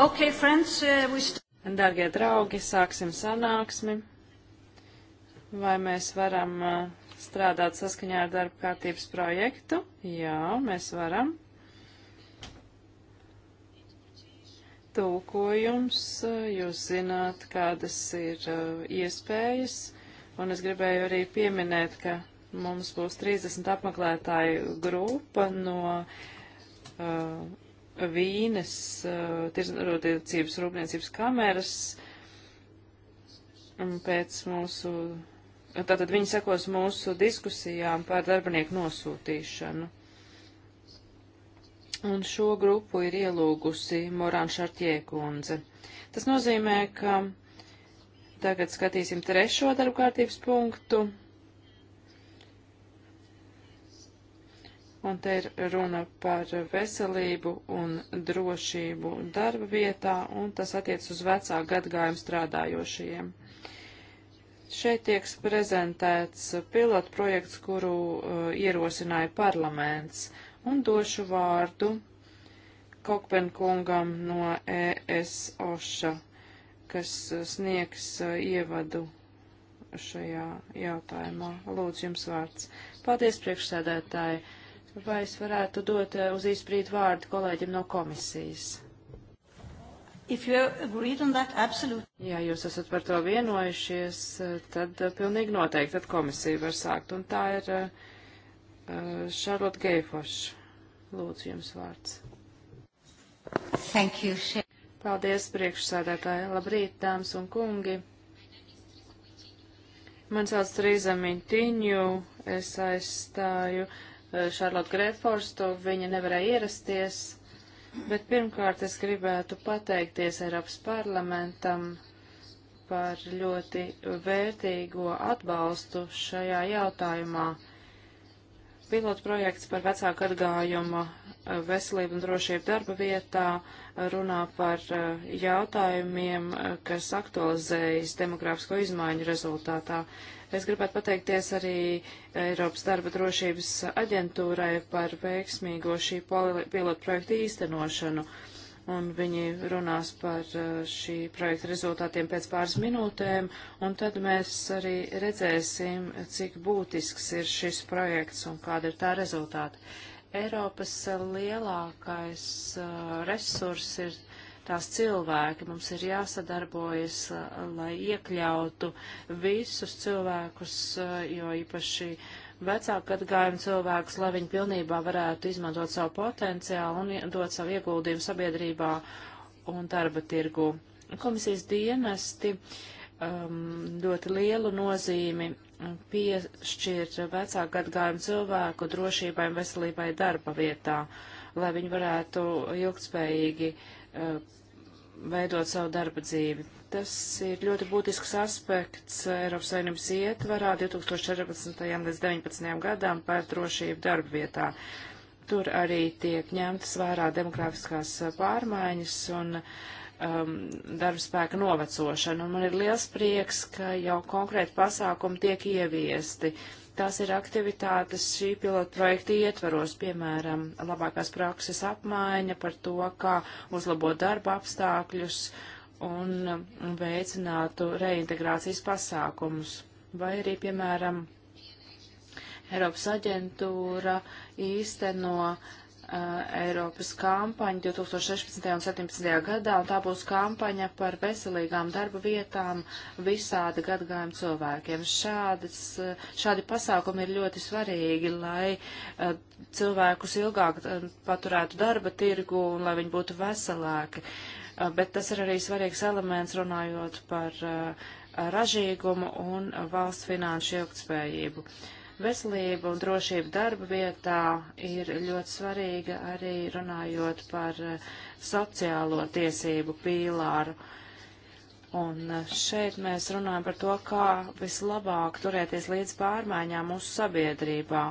Okay, friends, uh, we... Dargie draugi, sāksim sanāksmi. Vai mēs varam uh, strādāt saskaņā ar darba kārtības projektu? Jā, mēs varam. Tūkojums, uh, jūs zināt, kādas ir uh, iespējas, un es gribēju arī pieminēt, ka mums būs 30 apmeklētāju grupa no uh, Vīnes eh, tirzniecības rūpniecības kameras pēc mūsu, tātad viņi sekos mūsu diskusijām par darbinieku nosūtīšanu. Un šo grupu ir ielūgusi Morāna Šartie kundze. Tas nozīmē, ka tagad skatīsim trešo darba kārtības punktu un te ir runa par veselību un drošību darba vietā, un tas attiec uz vecā gadgājumu strādājošajiem. Šeit tiek prezentēts pilotu projekts, kuru uh, ierosināja parlaments, un došu vārdu Kokpenkungam no ESOŠA, kas uh, sniegs uh, ievadu šajā jautājumā. Lūdzu, jums vārds. Paldies, priekšsēdētāji! Uh, vai es varētu dot eh, uz īsprīt vārdu kolēģim no komisijas. That, ja jūs esat par to vienojušies, eh, tad eh, pilnīgi noteikti tad komisija var sākt. Un tā ir Šarlot uh, Geifoša. Lūdzu, jums vārds. Thank you, she... Paldies, priekšsādātāji. Labrīt, dāmas un kungi. Man sauc Trīza Mintiņu. Es aizstāju uh, Eh, Šarlotu Grētforstu, viņa nevarēja ierasties, bet pirmkārt es gribētu pateikties Eiropas parlamentam par ļoti vērtīgo atbalstu šajā jautājumā. Pilotu projekts par vecāku atgājumu eh, veselību un drošību darba vietā runā par eh, jautājumiem, kas aktualizējas demografisko izmaiņu rezultātā. Es gribētu pateikties arī Eiropas darba drošības aģentūrai par veiksmīgo šī pilotu projektu īstenošanu. Un viņi runās par uh, šī projekta rezultātiem pēc pāris minūtēm, un tad mēs arī redzēsim, cik būtisks ir šis projekts un kāda ir tā rezultāta. Eiropas uh, lielākais uh, resurs ir tās cilvēki. Mums ir jāsadarbojas, eh, lai iekļautu visus cilvēkus, eh, jo īpaši vecāku gadgājumu cilvēkus, lai viņi pilnībā varētu izmantot savu potenciālu un dot savu ieguldījumu sabiedrībā un darba tirgu. Komisijas dienesti um, ļoti lielu nozīmi piešķirt vecāku gadgājumu cilvēku drošībai un veselībai darba vietā, lai viņi varētu ilgtspējīgi uh, veidot savu darba dzīvi. Tas ir ļoti būtisks aspekts Eiropas Savienības ietvarā 2014. līdz 2019. gadām par drošību darba vietā. Tur arī tiek ņemtas vērā demografiskās pārmaiņas un um, darba spēka novecošana. Un man ir liels prieks, ka jau konkrēti pasākumi tiek ieviesti. Tās ir aktivitātes šī pilota projekta ietvaros, piemēram, labākās prakses apmaiņa par to, kā uzlabot darba apstākļus un veicinātu reintegrācijas pasākumus. Vai arī, piemēram, Eiropas aģentūra īsteno uh, Uh, Eiropas kampaņu 2016. un 2017. gadā, un tā būs kampaņa par veselīgām darba vietām visādi gadgājumu cilvēkiem. Šādas, uh, šādi pasākumi ir ļoti svarīgi, lai uh, cilvēkus ilgāk uh, paturētu darba tirgu un lai viņi būtu veselāki. Uh, bet tas ir arī svarīgs elements runājot par uh, ražīgumu un valsts finanšu ilgtspējību. Uh, Veselība un drošība darba vietā ir ļoti svarīga arī runājot par eh, sociālo tiesību pīlāru. Un eh, šeit mēs runājam par to, kā vislabāk turēties līdz pārmaiņām mūsu sabiedrībā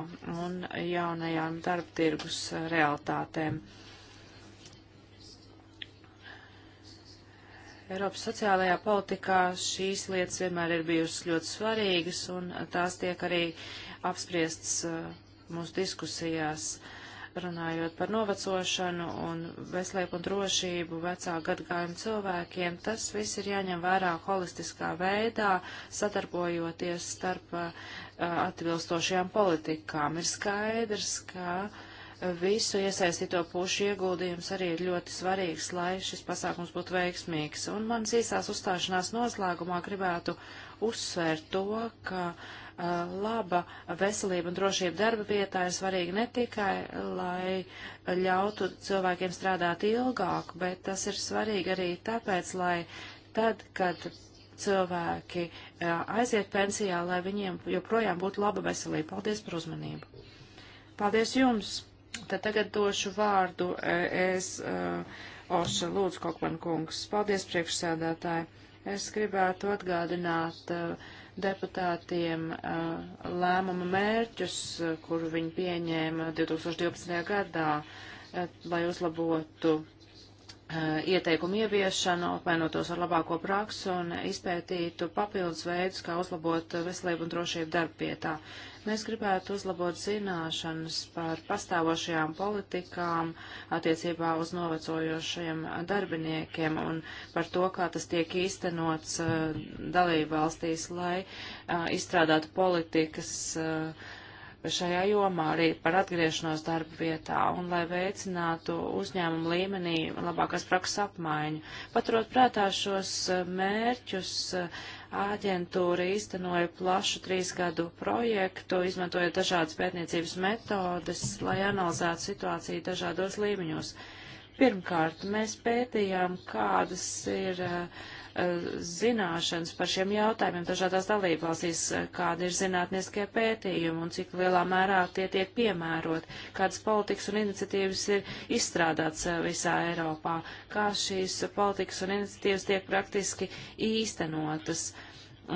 un jaunajām darba tirgus eh, realitātēm. Eiropas sociālajā politikā šīs lietas vienmēr ir bijušas ļoti svarīgas, un tās tiek arī apspriests eh, mūsu diskusijās. Runājot par novecošanu un veselību un drošību vecā gadgājuma cilvēkiem, tas viss ir jāņem vērā holistiskā veidā, sadarbojoties starp uh, atbilstošajām politikām. Ir skaidrs, ka uh, visu iesaistīto pušu ieguldījums arī ir ļoti svarīgs, lai šis pasākums būtu veiksmīgs. Un manas īsās uzstāšanās noslēgumā gribētu uzsvērt to, ka Eh, laba veselība un drošība darba vietā ir svarīga ne tikai, lai ļautu cilvēkiem strādāt ilgāk, bet tas ir svarīgi arī tāpēc, lai tad, kad cilvēki eh, aiziet pensijā, lai viņiem joprojām būtu laba veselība. Paldies par uzmanību. Paldies jums. Tad tagad došu vārdu eh, es, Oša, lūdzu, Kokman kungs. Paldies, priekšsēdētāji. Es gribētu atgādināt uh, deputātiem lēmuma mērķus, kuru viņi pieņēma 2012. gadā, lai uzlabotu Eh, ieteikumu ieviešanu, apmainotos ar labāko praksu un izpētītu papildus veidus, kā uzlabot veselību un drošību darbvietā. Mēs gribētu uzlabot zināšanas par pastāvošajām politikām attiecībā uz novecojošajiem darbiniekiem un par to, kā tas tiek īstenots eh, dalību valstīs, lai eh, izstrādātu politikas uh, šajā jomā arī par atgriešanos darba vietā un lai veicinātu uzņēmumu līmenī labākās prakses apmaiņu. Paturot prātā šos e, mērķus, e, aģentūra īstenoja plašu trīsgadu projektu, izmantojot dažādas pētniecības metodes, lai analizētu situāciju dažādos līmeņos. Pirmkārt, mēs pētījām, kādas ir uh, Eh, zināšanas par šiem jautājumiem dažādās dalībvalstīs, eh, kādi ir zinātniskie pētījumi un cik lielā mērā tie tiek piemērot, kādas politikas un iniciatīvas ir izstrādāts eh, visā Eiropā, kā šīs politikas un iniciatīvas tiek praktiski īstenotas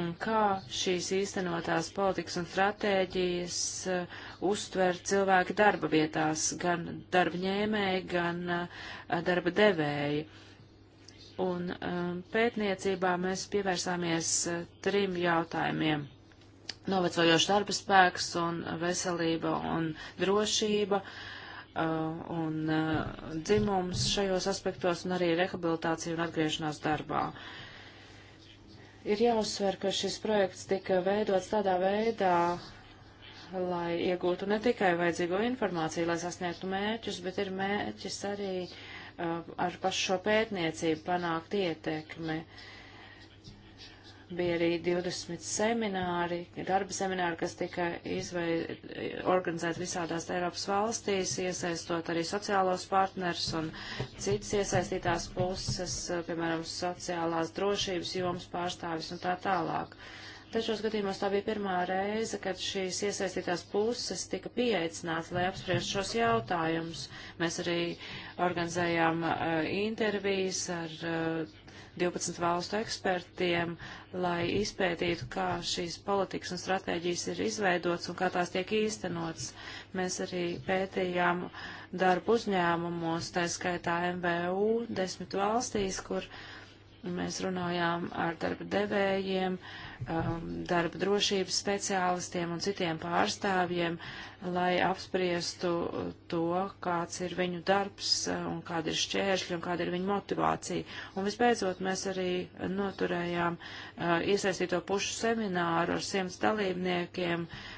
un kā šīs īstenotās politikas un stratēģijas uh, uztver cilvēki darba vietās, gan darba ņēmēji, gan uh, darba devēji. Uh, un um, pētniecībā mēs pievērsāmies uh, trim jautājumiem - novecojošs darba spēks un veselība un drošība uh, un uh, dzimums šajos aspektos un arī rehabilitācija un atgriešanās darbā. Ir jāuzsver, ka šis projekts tika veidots tādā veidā, lai iegūtu ne tikai vajadzīgo informāciju, lai sasniegtu mērķus, bet ir mērķis arī uh, Uh, ar pašu šo pētniecību panākt ietekmi. Bija arī 20 semināri, darba semināri, kas tika izveid, organizēti visādās Eiropas valstīs, iesaistot arī sociālos partners un citas iesaistītās puses, uh, piemēram, sociālās drošības jomas pārstāvis un tā tālāk. Uh, Tačos gadījumos tā bija pirmā reize, kad šīs iesaistītās puses tika pieaicināts, lai apspriež šos jautājumus. Mēs arī organizējām uh, intervijas ar uh, eh, 12 valstu ekspertiem, lai izpētītu, kā šīs politikas un stratēģijas ir izveidotas un kā tās tiek īstenotas. Mēs arī pētījām darbu uzņēmumos, tā skaitā MVU, desmit valstīs, kur mēs runājām ar darba devējiem, uh, um, darba drošības speciālistiem un citiem pārstāvjiem, lai apspriestu to, kāds ir viņu darbs uh, un kāda ir šķēršļa un kāda ir viņu motivācija. Un visbeidzot, mēs arī noturējām uh, iesaistīto pušu semināru ar simts dalībniekiem, uh,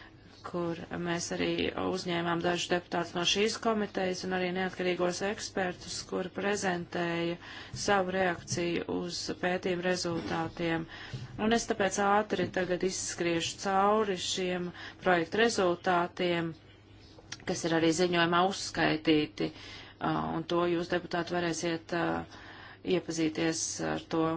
kur mēs arī uzņēmām dažus deputātus no šīs komitejas un arī neatkarīgos ekspertus, kur prezentēja savu reakciju uz pētījumu rezultātiem. Un es tāpēc ātri tagad izskriešu cauri šiem projektu rezultātiem, kas ir arī ziņojumā uzskaitīti, uh, un to jūs, deputāti, varēsiet uh, iepazīties ar to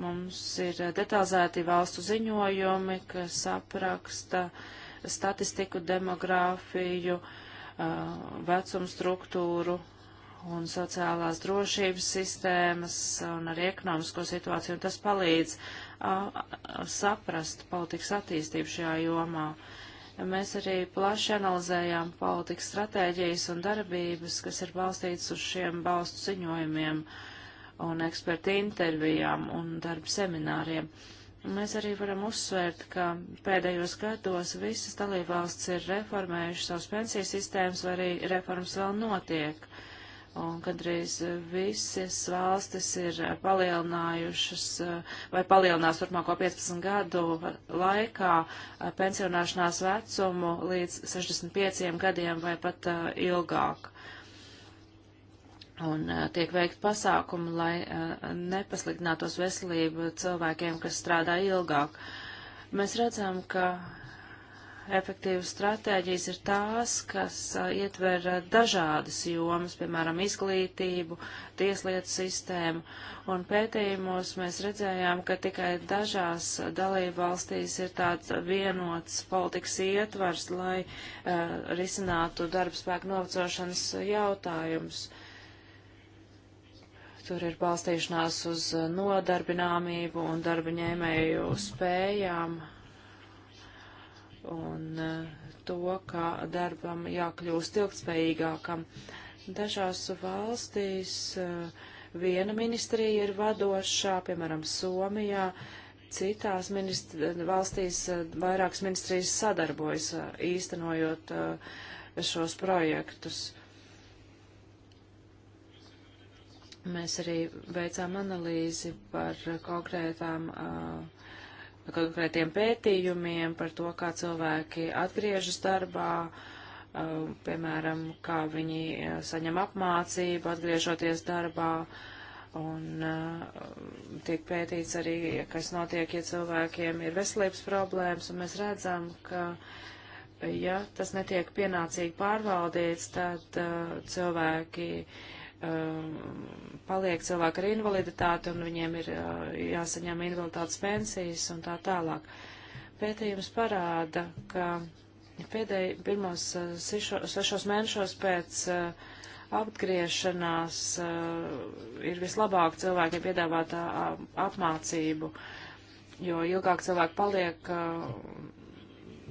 Mums ir uh, detalizēti valstu ziņojumi, kas apraksta uh, statistiku, demogrāfiju, vecumu struktūru un sociālās drošības sistēmas un arī ekonomisko situāciju, un tas palīdz saprast politikas attīstību šajā jomā. Mēs arī plaši analizējām politikas stratēģijas un darbības, kas ir balstītas uz šiem balstu ziņojumiem un eksperta intervijām un darba semināriem. Uh, Mēs arī varam uzsvērt, ka pēdējos gados visas dalībvalsts ir reformējuši savus pensiju sistēmas, vai arī reformas vēl notiek. Un kadreiz visas valstis ir palielinājušas vai palielinās turpmāko 15 gadu laikā pensionāšanās vecumu līdz 65 gadiem vai pat ilgāk un uh, tiek veikt pasākumi, lai uh, eh, nepasliktinātos veselība cilvēkiem, kas strādā ilgāk. Mēs redzam, ka efektīvas stratēģijas ir tās, kas uh, ietver dažādas jomas, piemēram, izglītību, tieslietu sistēmu, un pētījumos mēs redzējām, ka tikai dažās dalību valstīs ir tāds vienots politikas ietvars, lai risinātu darbspēku novecošanas jautājumus. Uh, Tur ir balstīšanās uz eh, nodarbināmību un darba ņēmēju spējām un eh, to, ka darbam jākļūst ilgspējīgākam. Dažās valstīs eh, viena ministrija ir vadošā, piemēram, Somijā, citās ministri, valstīs vairākas ministrijas sadarbojas īstenojot šos projektus. Mēs arī veicām analīzi par konkrētām, konkrētiem pētījumiem, par to, kā cilvēki atgriežas darbā, piemēram, kā viņi saņem apmācību, atgriežoties darbā. Un tiek pētīts arī, kas notiek, ja cilvēkiem ir veselības problēmas, un mēs redzam, ka ja tas netiek pienācīgi pārvaldīts, tad uh, cilvēki Um, paliek cilvēki ar invaliditāti un viņiem ir uh, jāsaņem invaliditātes pensijas un tā tālāk. Pētījums parāda, ka pēdēj, pirmos uh, sešo, sešos mēnešos pēc uh, apgriešanās ir vislabāk cilvēkiem piedāvāt apmācību, jo ilgāk cilvēki paliek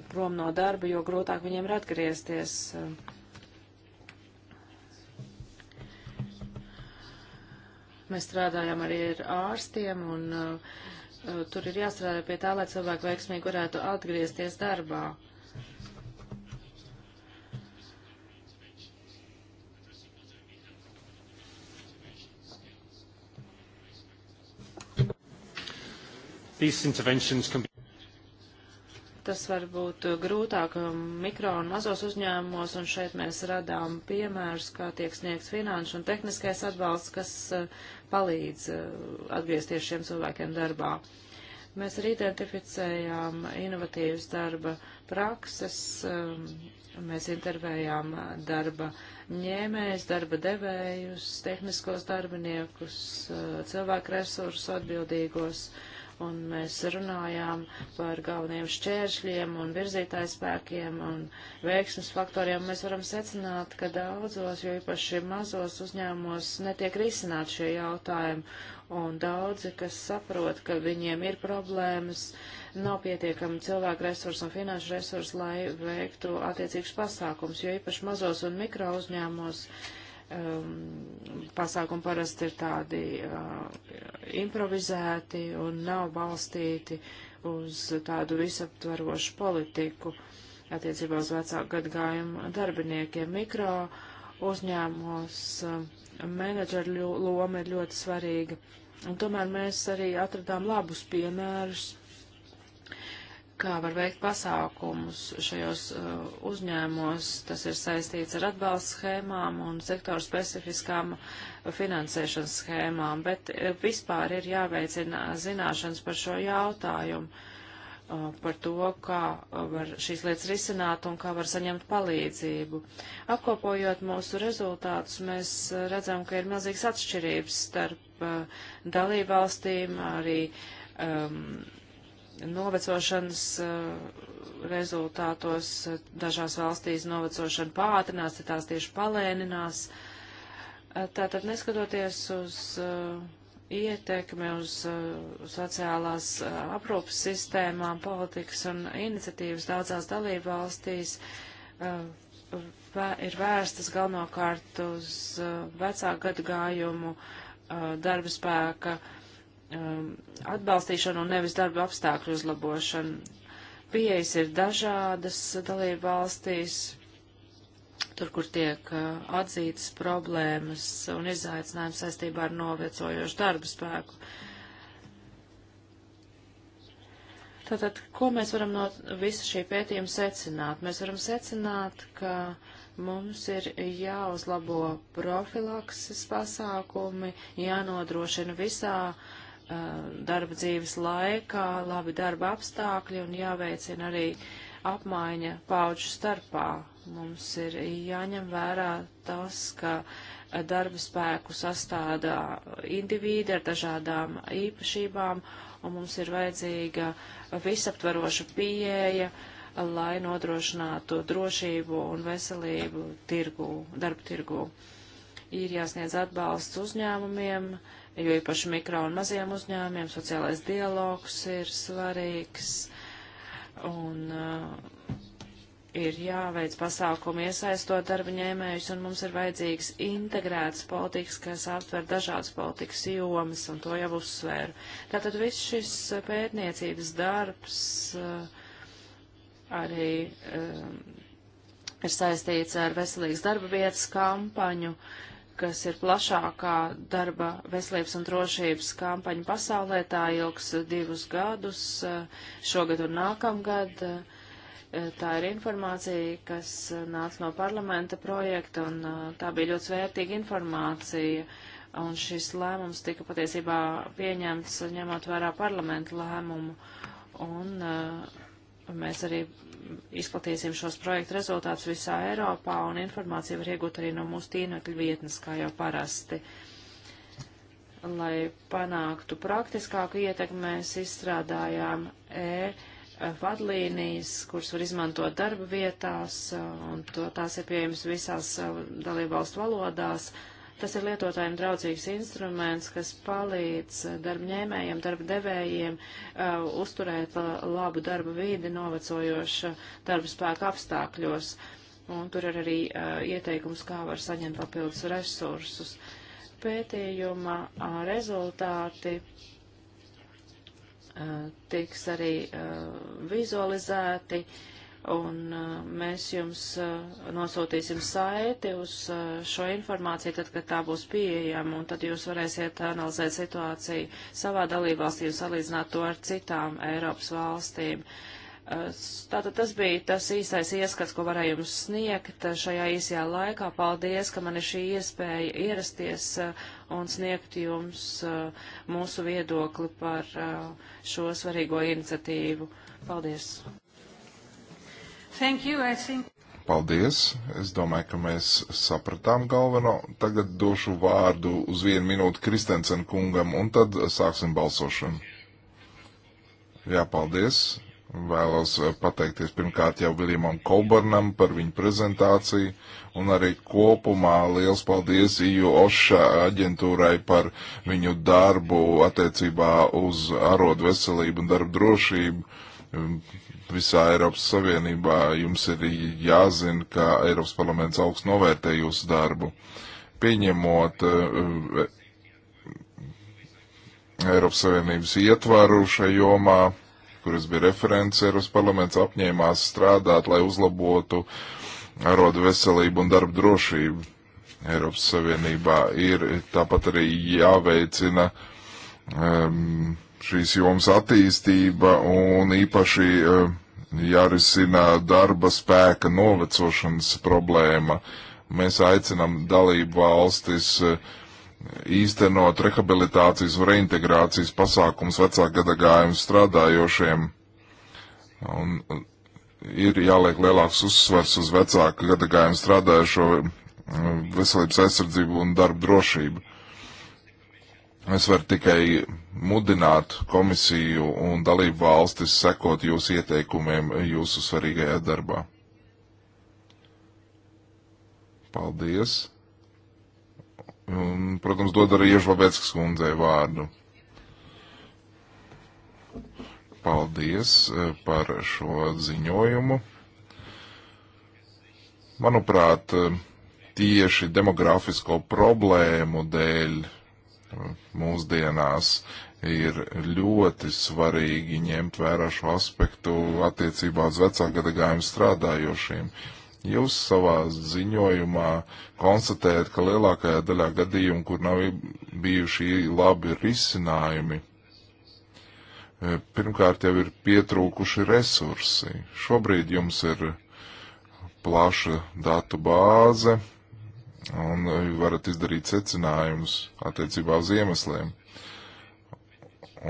prom no darba, jo grūtāk viņiem ir atgriezties. Uh, Mēs strādājam arī ar ārstiem, un uh, uh, tur ir jāstrādā pie tā, lai cilvēki veiksmīgi varētu atgriezties darbā. These interventions can be tas var būt grūtāk mikro un mazos uzņēmumos, un šeit mēs radām piemērus, kā tiek sniegts finanšu un tehniskais atbalsts, kas eh, palīdz eh, atgriezties šiem cilvēkiem darbā. Mēs arī identificējām inovatīvas darba prakses, eh, mēs intervējām darba ņēmējus, darba devējus, tehniskos darbiniekus, cilvēku resursu atbildīgos un mēs runājām par galveniem šķēršļiem un virzītājspēkiem un veiksmes faktoriem. Mēs varam secināt, ka daudzos, jo īpaši mazos uzņēmumos netiek risināt šie jautājumi, un daudzi, kas saprot, ka viņiem ir problēmas, nav pietiekami cilvēku resursu un finanšu resursu, lai veiktu attiecīgus pasākums, jo īpaši mazos un mikro uzņēmumos um, pasākumi parasti ir tādi uh, improvizēti un nav balstīti uz tādu visaptvarošu politiku attiecībā uz vecāku gadgājumu darbiniekiem. Mikro uzņēmumos uh, menedžera loma ir ļoti svarīga. Un tomēr mēs arī atradām labus piemērus kā var veikt pasākumus šajos uh, uzņēmos. Tas ir saistīts ar atbalsta schēmām un sektoru specifiskām finansēšanas schēmām, bet uh, vispār ir jāveicina zināšanas par šo jautājumu, uh, par to, kā var šīs lietas risināt un kā var saņemt palīdzību. Apkopojot mūsu rezultātus, mēs uh, redzam, ka ir milzīgas atšķirības starp uh, dalībvalstīm, arī um, novecošanas eh, rezultātos. Eh, dažās valstīs novecošana pātrinās, citās tieši palēninās. Eh, tātad neskatoties uz ietekmi uz sociālās aprūpas sistēmām, politikas un iniciatīvas daudzās dalību valstīs ir vērstas galvenokārt uz vecāku gadu gājumu darba spēka uh, um, atbalstīšanu un nevis darba apstākļu uzlabošanu. Pieejas ir dažādas dalība valstīs, tur, kur tiek uh, atzītas problēmas un izaicinājums saistībā ar novecojošu darba spēku. Tātad, ko mēs varam no visa šī pētījuma secināt? Mēs varam secināt, ka mums ir jāuzlabo profilakses pasākumi, jānodrošina visā uh, Eh, darba dzīves laikā, labi darba apstākļi un jāveicina arī apmaiņa pauģu starpā. Mums ir jāņem vērā tas, ka eh, darba spēku sastādā indivīdi ar dažādām īpašībām, un mums ir vajadzīga visaptvaroša pieeja, lai nodrošinātu drošību un veselību tirgu, darba tirgu. Ir jāsniedz atbalsts uzņēmumiem, uh, jo īpaši mikro un maziem uzņēmiem sociālais dialogs ir svarīgs un uh, ir jāveic pasākumi iesaistot darba ņēmējus, un mums ir vajadzīgs integrēts politikas, kas aptver dažādas politikas jomas, un to jau uzsvēru. Tātad viss šis pētniecības darbs uh, arī um, ir saistīts ar veselīgas darba vietas kampaņu, kas ir plašākā darba veselības un drošības kampaņa pasaulē. Tā ilgs divus gadus, eh, šogad un nākamgad. Eh, tā ir informācija, kas eh, nāca no parlamenta projekta, un tā bija ļoti svērtīga informācija. Un šis lēmums tika patiesībā pieņemts, ņemot vērā parlamenta lēmumu. Un mēs arī izplatīsim šos projektu rezultātus visā Eiropā, un informāciju var iegūt arī no mūsu tīnekļu vietnes, kā jau parasti. Lai panāktu praktiskāku ietekmi, mēs izstrādājām e vadlīnijas, kuras var izmantot darba vietās, un to, tās ir pieejamas visās uh, dalībvalstu valodās Tas ir lietotājiem draudzīgs instruments, kas palīdz darbņēmējiem, darba devējiem uh, uzturēt uh, labu darba vīdi novecojoša darba spēka apstākļos. Un tur ir arī uh, ieteikums, kā var saņemt papildus resursus. Pētījuma uh, rezultāti uh, tiks arī uh, vizualizēti. Uh, un uh, mēs jums uh, nosūtīsim saiti uz uh, šo informāciju, tad, kad tā būs pieejama, un tad jūs varēsiet analizēt situāciju savā dalībvalstī un salīdzināt to ar citām Eiropas valstīm. Tātad tas bija tas īstais ieskats, ko varēju jums sniegt šajā īsajā laikā. Paldies, ka man ir šī iespēja ierasties un sniegt jums mūsu viedokli par šo svarīgo iniciatīvu. Paldies! Thank you, I think. Paldies. Es domāju, ka mēs sapratām galveno. Tagad došu vārdu uz vienu minūti Kristensen kungam un tad sāksim balsošanu. Jā, paldies. Vēlos eh, pateikties pirmkārt jau Viljamam Kolbarnam par viņu prezentāciju un arī kopumā liels paldies IU OŠA aģentūrai par viņu darbu attiecībā uz arodu veselību un darbu drošību mm, visā Eiropas Savienībā. Jums ir jāzina, ka Eiropas parlaments augsts novērtē jūsu darbu. Pieņemot uh, Eiropas Savienības ietvaru šajā jomā, kuras bija referents, Eiropas parlaments apņēmās strādāt, lai uzlabotu arodu veselību un darbu drošību. Eiropas Savienībā ir tāpat arī jāveicina um, šīs jomas attīstība un īpaši eh, jārisina darba spēka novecošanas problēma. Mēs aicinām dalību valstis eh, īstenot rehabilitācijas un reintegrācijas pasākums vecāku gadagājumu strādājošiem. Un eh, ir jāliek lielāks uzsvers uz vecāku gadagājumu strādājošo veselības aizsardzību un darba drošību. Es varu tikai mudināt komisiju un dalību valstis sekot jūsu ieteikumiem jūsu svarīgajā darbā. Paldies! Un, protams, dod arī Iežvabēckas kundzei vārdu. Paldies e, par šo ziņojumu. Manuprāt, e, tieši demografisko problēmu dēļ mūsdienās ir ļoti svarīgi ņemt vērā šo aspektu attiecībā uz vecākgadagājumu strādājošiem. Jūs savā ziņojumā konstatējat, ka lielākajā daļā gadījumu, kur nav bijuši labi risinājumi, e, pirmkārt jau ir pietrūkuši resursi. Šobrīd jums ir plaša datu bāze, Un eh, varat izdarīt secinājumus attiecībā uz iemesliem.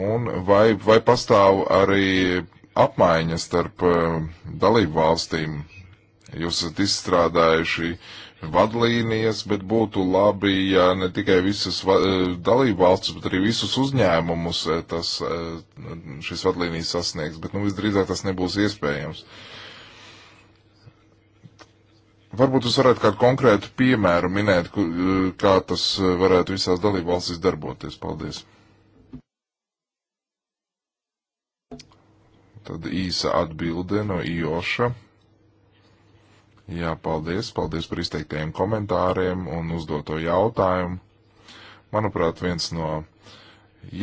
Un vai, vai pastāv arī apmaiņa starp eh, dalību valstīm? Jūs esat izstrādājuši vadlīnijas, bet būtu labi, ja ne tikai visas eh, dalību valstis, bet arī visus uzņēmumus tas, šis vadlīnijas sasniegs, bet nu visdrīzāk tas nebūs iespējams. Uh, Varbūt jūs varētu kādu konkrētu piemēru minēt, eh, kā tas eh, varētu visās dalībvalstīs darboties. Paldies. Tad īsa atbilde no Ioša. Jā, paldies. Paldies par izteiktajiem komentāriem un uzdoto jautājumu. Manuprāt, viens no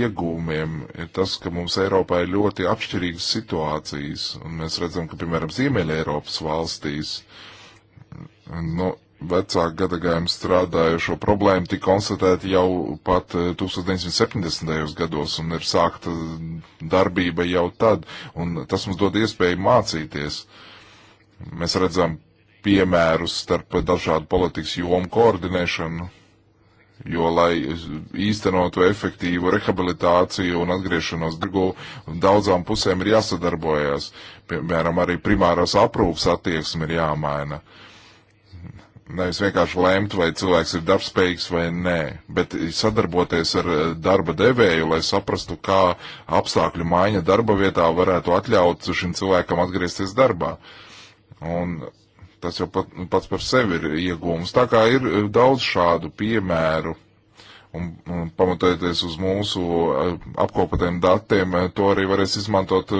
iegūmiem ir tas, ka mums Eiropā ir ļoti atšķirīgas situācijas, un mēs redzam, ka, piemēram, Ziemeļa Eiropas valstīs uh, no nu, vecāku gadagājumu strādājušo problēma tika konstatēta jau pat 1970. Eh, gados un ir sākta darbība jau tad, un tas mums dod iespēju mācīties. Mēs redzam piemērus starp dažādu politikas jomu koordinēšanu, jo, lai īstenotu efektīvu rehabilitāciju un atgriešanos dargu, daudzām pusēm ir jāsadarbojas. Piemēram, arī primārās aprūpas attieksme ir jāmaina. Uh, Nevis vienkārši lemt, vai cilvēks ir darbspējīgs vai nē, bet sadarboties ar eh, darba devēju, lai saprastu, kā apstākļu maiņa darba vietā varētu atļaut šim cilvēkam atgriezties darbā. Un tas jau pat, nu, pats par sevi ir iegūms. Tā kā ir eh, daudz šādu piemēru, un, un pamatojoties uz mūsu eh, apkopotiem datiem, to arī varēs izmantot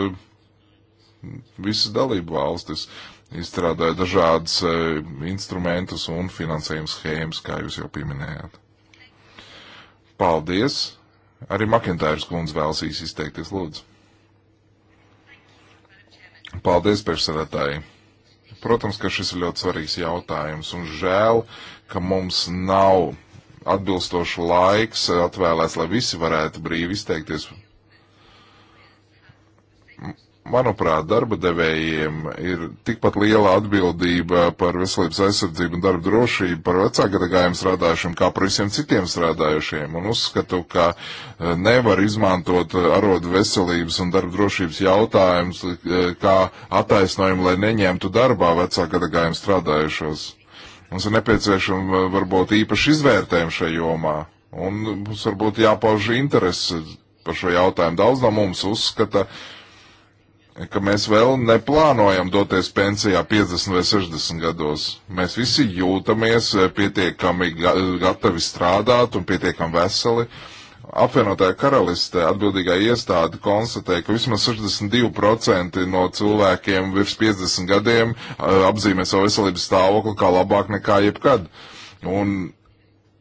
visas dalību valstis izstrādāja dažādas e, instrumentus un finansējuma schēmas, kā jūs jau pieminējāt. Paldies! Arī Makintājas kundze vēlas īsi izteikties, lūdzu. Paldies, priekšsēdētāji! Protams, ka šis ir ļoti svarīgs jautājums un žēl, ka mums nav atbilstoši laiks atvēlēts, lai visi varētu brīvi izteikties Manuprāt, darba devējiem ir tikpat liela atbildība par veselības aizsardzību un darba drošību par vecākajiem strādājušiem, kā par visiem citiem strādājušiem. Un uzskatu, ka eh, nevar izmantot arodu veselības un darba drošības jautājumus eh, kā attaisnojumu, lai neņemtu darbā vecākajiem strādājušos. Mums ir nepieciešama varbūt īpaši izvērtējumi šajā jomā. Un mums varbūt jāpauž interesi par šo jautājumu. Daudz no mums uzskata, uh, ka mēs vēl neplānojam doties pensijā 50 vai 60 gados. Mēs visi jūtamies eh, pietiekami ga gatavi strādāt un pietiekami veseli. Apvienotāja karaliste atbildīgā iestāde konstatēja, ka vismaz 62% no cilvēkiem virs 50 gadiem eh, apzīmē savu veselības stāvokli kā labāk nekā jebkad. Un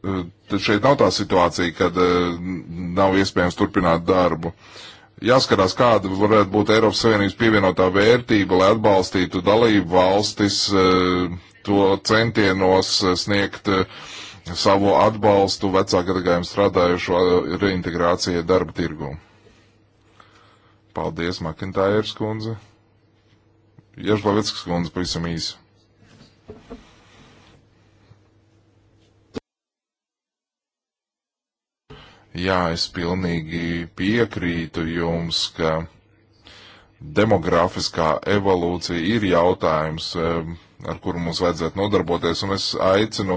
eh, šeit nav tā situācija, kad nav iespējams turpināt darbu. Uh, jāskarās, kāda varētu būt Eiropas Savienības pievienotā vērtība, lai atbalstītu dalību valstis eh, to centienos eh, sniegt eh, savu atbalstu vecāku gadagājumu strādājušo reintegrācijai darba tirgū. Paldies, Makintājers kundze. Ježbaveckas kundze, pavisam īsi. Jā, es pilnīgi piekrītu jums, ka demografiskā evolūcija ir jautājums, ar kuru mums vajadzētu nodarboties, un es aicinu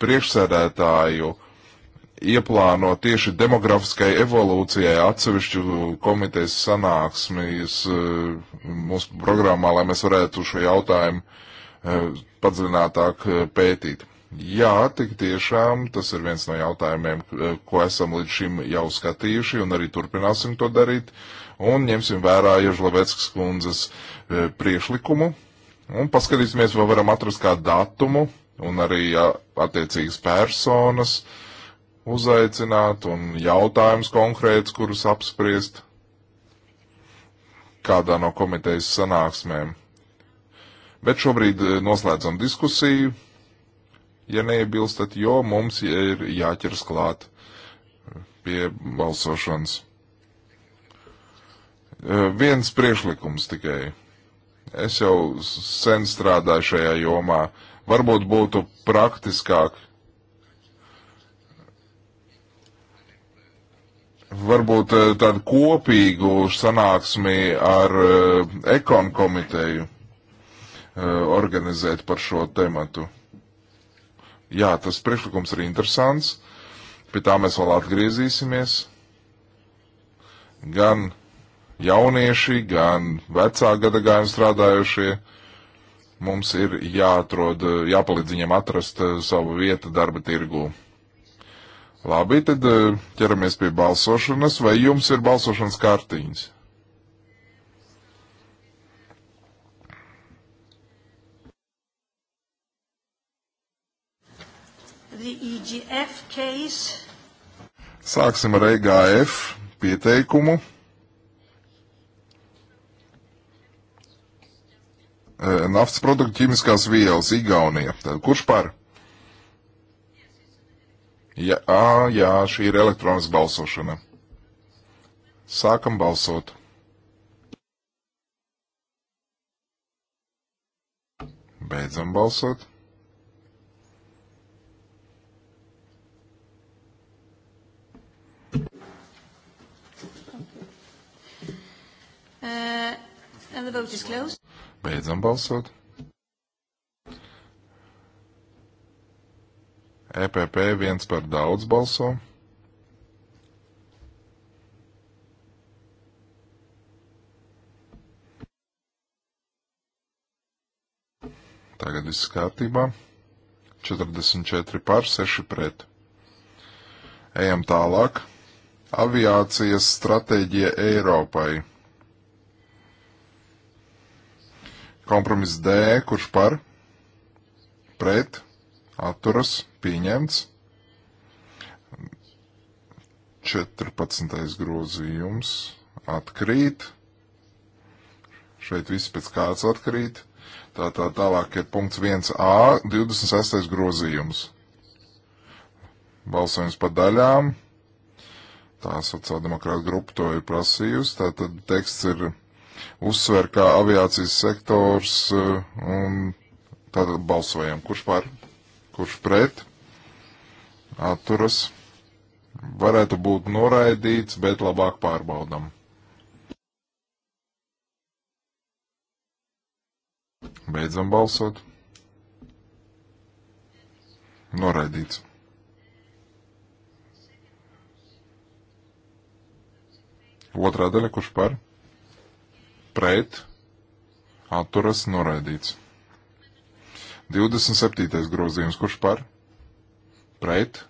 priekšsēdētāju ieplāno tieši demografiskai evolūcijai atsevišķu komitejas sanāksmes eh, mūsu programmā, lai mēs varētu šo jautājumu eh, padziļinātāk eh, pētīt. Jā, tik tiešām tas ir viens no jautājumiem, eh, ko esam līdz šim jau skatījuši un arī turpināsim to darīt. Un ņemsim vērā Jožlaveckas kundzes eh, priešlikumu un paskatīsimies, vai varam atrast kādu datumu un arī attiecīgas personas uzaicināt un jautājums konkrēts, kurus apspriest kādā no komitejas sanāksmēm. Bet šobrīd eh, noslēdzam diskusiju ja neiebilstat, jo mums ir jāķers klāt pie balsošanas. E, viens priekšlikums tikai. Es jau sen strādāju šajā jomā. Varbūt būtu praktiskāk. Varbūt e, tādu kopīgu sanāksmi ar e, ekon komiteju organizēt par šo tematu. Jā, tas priekšlikums ir interesants, pie tā mēs vēl atgriezīsimies. Gan jaunieši, gan vecā gada gājuma strādājošie mums ir jāatrod, jāpalīdz viņiem atrast eh, savu vietu darba tirgū. Labi, tad eh, ķeramies pie balsošanas. Vai jums ir balsošanas kartiņas? the EGF case. Sāksim ar EGF pieteikumu. E, Naftas produktu ķīmiskās vielas Igaunija. Tad kurš par? Jā, jā, šī ir elektroniska balsošana. Sākam balsot. Beidzam balsot. Uh, and the vote is closed. Beidzam balsot. EPP viens par daudz balso. Tagad viss kārtībā. 44 par 6 pret. Ejam tālāk. Aviācijas stratēģija Eiropai Kompromiss D, kurš par, pret, atturas, pieņemts. 14. grozījums atkrīt. Šeit viss pēc kārtas atkrīt. Tā tā tālāk ir punkts 1a, 26. grozījums. Balsojums pa daļām. Tā sociāldemokrāta grupa to ir prasījusi. Tātad teksts ir uzsver kā aviācijas sektors eh, un tad balsojam, kurš par, kurš pret, atturas. Varētu būt noraidīts, bet labāk pārbaudam. Beidzam balsot. Noraidīts. Otrā daļa, kurš par? pret, atturas noraidīts. 27. grozījums, kurš par, pret,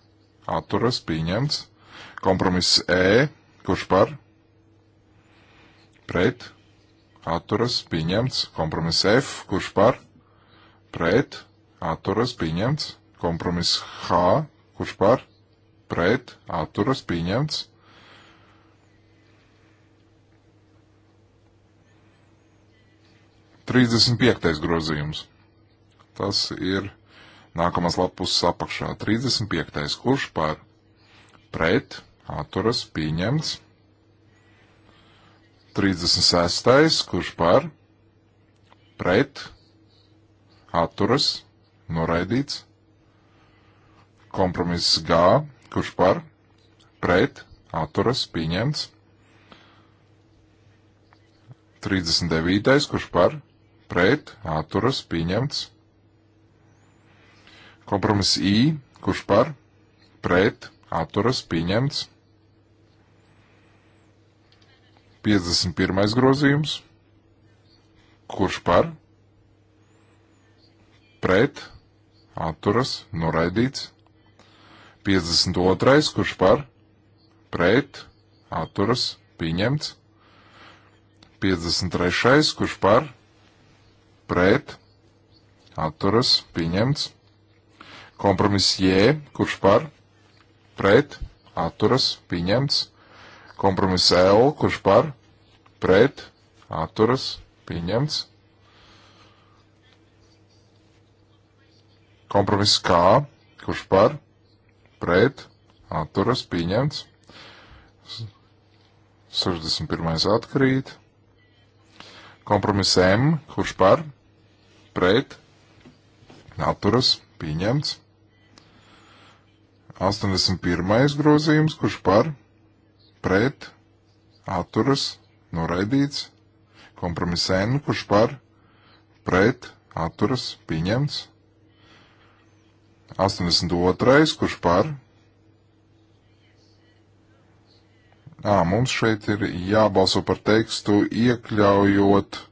atturas pieņemts. Kompromiss E, kurš par, pret, atturas pieņemts. Kompromiss F, kurš par, pret, atturas pieņemts. Kompromiss H, kurš par, pret, atturas pieņemts. 35. grozījums. Tas ir nākamās lapus apakšā. 35. kurš par pret atturas pieņemts. 36. kurš par pret atturas noraidīts. Kompromiss G, kurš par pret atturas pieņemts. 39. kurš par pret, atturas, pieņemts. Kompromiss I, kurš par, pret, atturas, pieņemts. 51. grozījums, kurš par, pret, atturas, noraidīts. 52. kurš par, pret, atturas, pieņemts. 53. kurš par, pret, atturas, pieņemts. Kompromiss J, kurš par, pret, atturas, pieņemts. Kompromiss L, kurš par, pret, atturas, pieņemts. Kompromiss K, kurš par, pret, atturas, pieņemts. 61. atkrīt. Kompromiss M, kurš par, pret pret, atturas, pieņemts. 81. grozījums, kurš par, pret, atturas, noraidīts. Kompromiss N, kurš par, pret, atturas, pieņemts. 82. kurš par. Ā, mums šeit ir jābalso par tekstu iekļaujot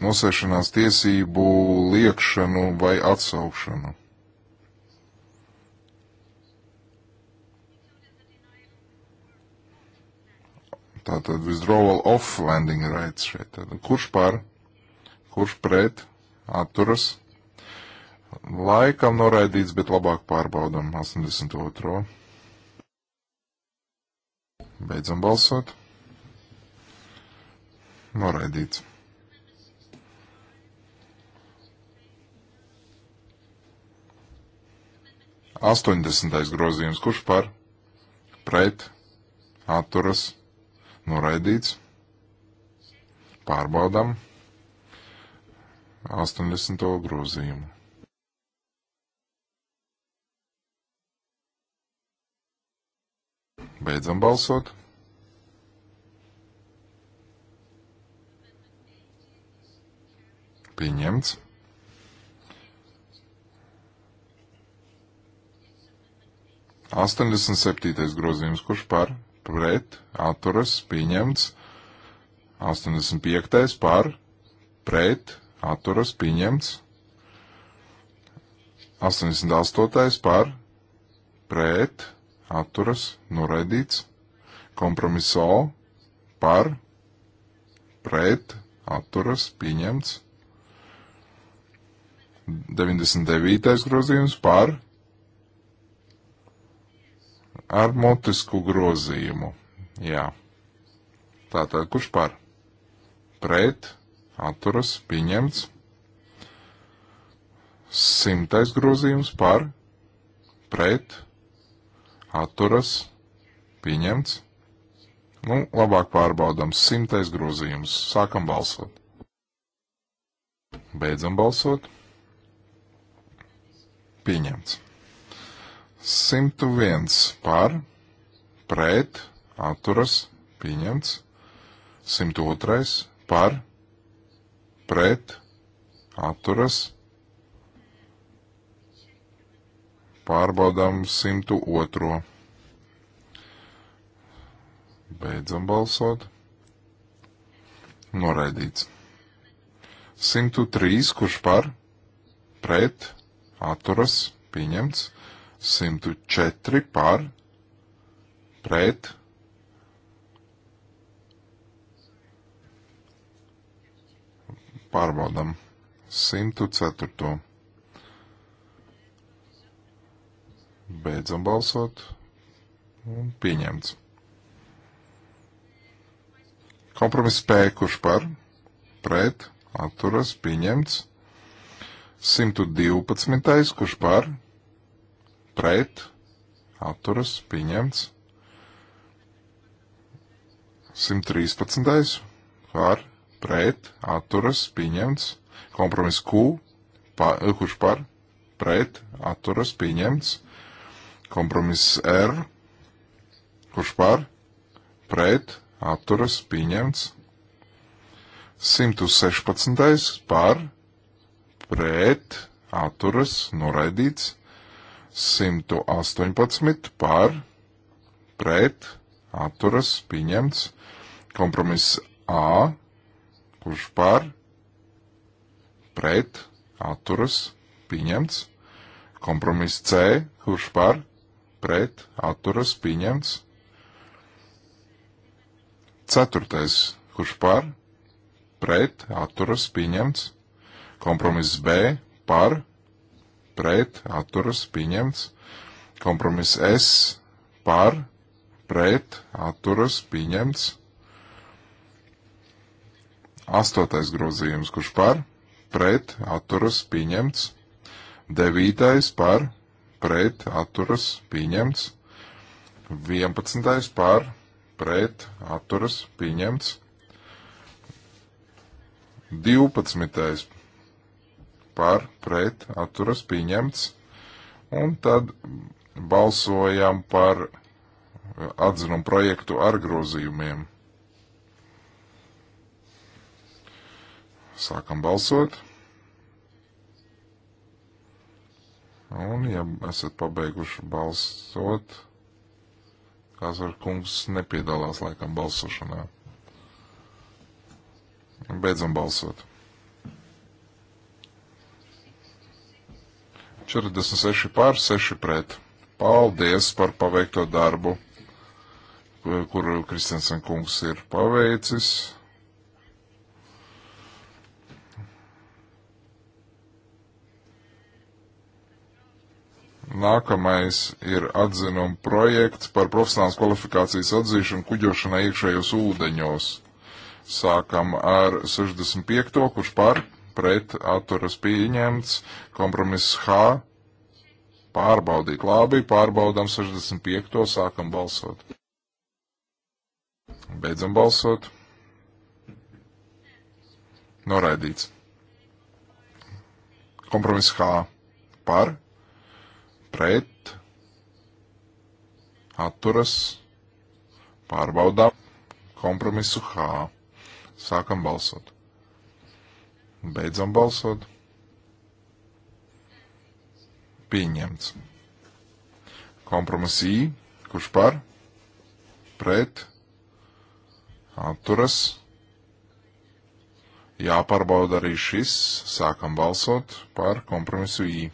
nosēšanās tiesību liekšanu vai atsaukšanu. Tātad withdrawal of landing rights šeit. Tātad, kurš par, kurš pret, atturas. Laikam noraidīts, bet labāk pārbaudam 82. Beidzam balsot. Noraidīts. 80. grozījums, kurš par pret atturas noraidīts. Pārbaudam 80. grozījumu. Beidzam balsot. Pieņemts. 87. grozījums, kurš par, pret, atturas, pieņemts. 85. par, pret, atturas, pieņemts. 88. par, pret, atturas, noraidīts. Kompromiso par, pret, atturas, pieņemts. 99. grozījums par, pret ar mutisku grozījumu. Jā. Tātad, kurš par? Pret, atturas, pieņemts. Simtais grozījums par, pret, atturas, pieņemts. Nu, labāk pārbaudām simtais grozījums. Sākam balsot. Beidzam balsot. Pieņemts. 101 par, pret, atturas, pieņemts. 102 par, pret, atturas. Pārbaudām 102. Beidzam balsot. Noraidīts. 103, kurš par, pret, atturas, pieņemts. 104 par pret. Pārbaudam 104. Beidzam balsot un pieņemts. Kompromiss P, kurš par, pret, atturas, pieņemts. 112. kurš par, pret pret, atturas, pieņemts. 113. par, pret, atturas, pieņemts. Kompromiss Q, pa, kurš par, pret, atturas, pieņemts. Kompromiss R, kurš par, pret, atturas, pieņemts. 116. par, pret, atturas, noraidīts. 118 par, pret, atturas, pieņemts. Kompromiss A, kurš par, pret, atturas, pieņemts. Kompromiss C, kurš par, pret, atturas, pieņemts. Ceturtais, kurš par, pret, atturas, pieņemts. Kompromiss B, par, pret, atturas, pieņemts. Kompromiss S par, pret, atturas, pieņemts. Astotais grozījums, kurš par, pret, atturas, pieņemts. Devītais par, pret, atturas, pieņemts. Vienpadsmitais par, pret, atturas, pieņemts. Divpadsmitais par pret atturas pieņemts. Un tad balsojam par eh, atzinumu projektu ar grozījumiem. Sākam balsot. Un, ja esat pabeiguši balsot, Kazar kungs nepiedalās laikam balsošanā. Beidzam balsot. 46 pār 6 pret. Paldies par paveikto darbu, kuru Kristensen kungs ir paveicis. Nākamais ir atzinuma projekts par profesionālas kvalifikācijas atzīšanu kuģošanai iekšējos ūdeņos. Sākam ar 65. kurš par? pret atturas pieņemts, kompromiss H, pārbaudīt labi, pārbaudām 65. sākam balsot. Beidzam balsot. Noraidīts. Kompromiss H par, pret, atturas, pārbaudām kompromisu H. Sākam balsot. Beidzam balsot. Pieņemts. Kompromiss I, kurš par, pret, atturas. Jāpārbauda arī šis. Sākam balsot par kompromisu I.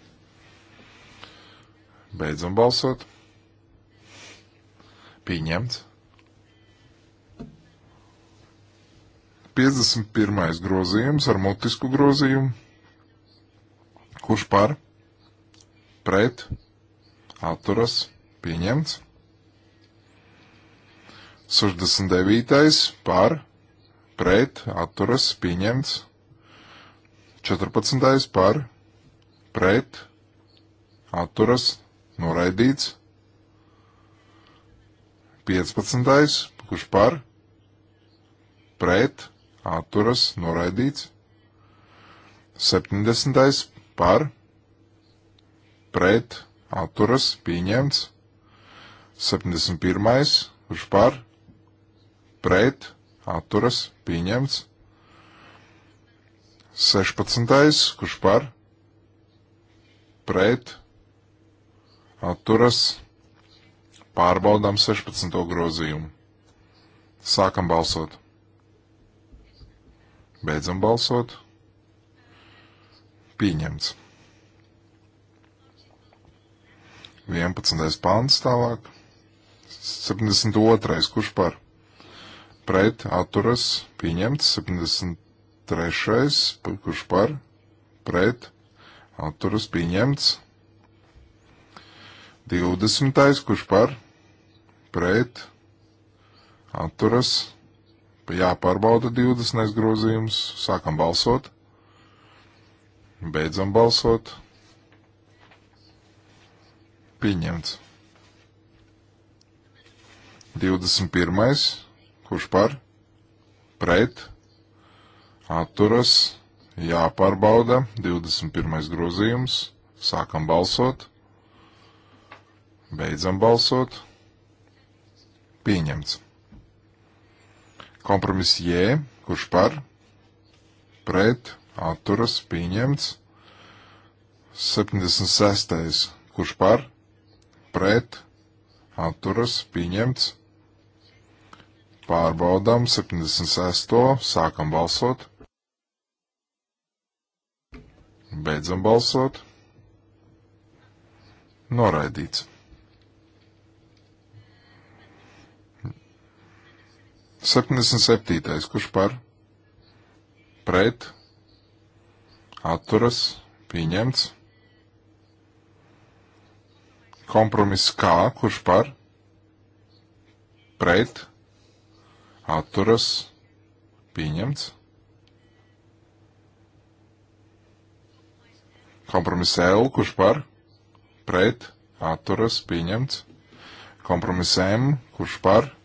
Beidzam balsot. Pieņemts. 51. grozījums ar mutisku grozījumu. Kurš par? Pret? Atturas? Pieņemts. 69. par? Pret? Atturas? Pieņemts. 14. par? Pret? Atturas? Noraidīts. 15. kurš par? Pret? atturas noraidīts. 70. par pret atturas pieņemts. 71. kurš par pret atturas pieņemts. 16. kurš par pret atturas pārbaudām 16. grozījumu. Sākam balsot! Beidzam balsot. Pieņemts. 11. pāns tālāk. 72. kurš par? Pret atturas pieņemts. 73. kurš par? Pret atturas pieņemts. 20. kurš par? Pret atturas pieņemts jāpārbauda 20. grozījums, sākam balsot, beidzam balsot, pieņemts. 21. kurš par, pret, atturas, jāpārbauda, 21. grozījums, sākam balsot, beidzam balsot, pieņemts. Kompromiss J, kurš par, pret, atturas, pieņemts. 76. kurš par, pret, atturas, pieņemts. Pārbaudām 76. sākam balsot. Beidzam balsot. Noraidīts. 77. Kurš par? Pret? Atturas? Pieņemts. Kompromiss kā? Kurš par? Pret? Atturas? Pieņemts. Kompromiss L. Kurš par? Pret? Atturas? Pieņemts. Kompromiss M. Kurš par?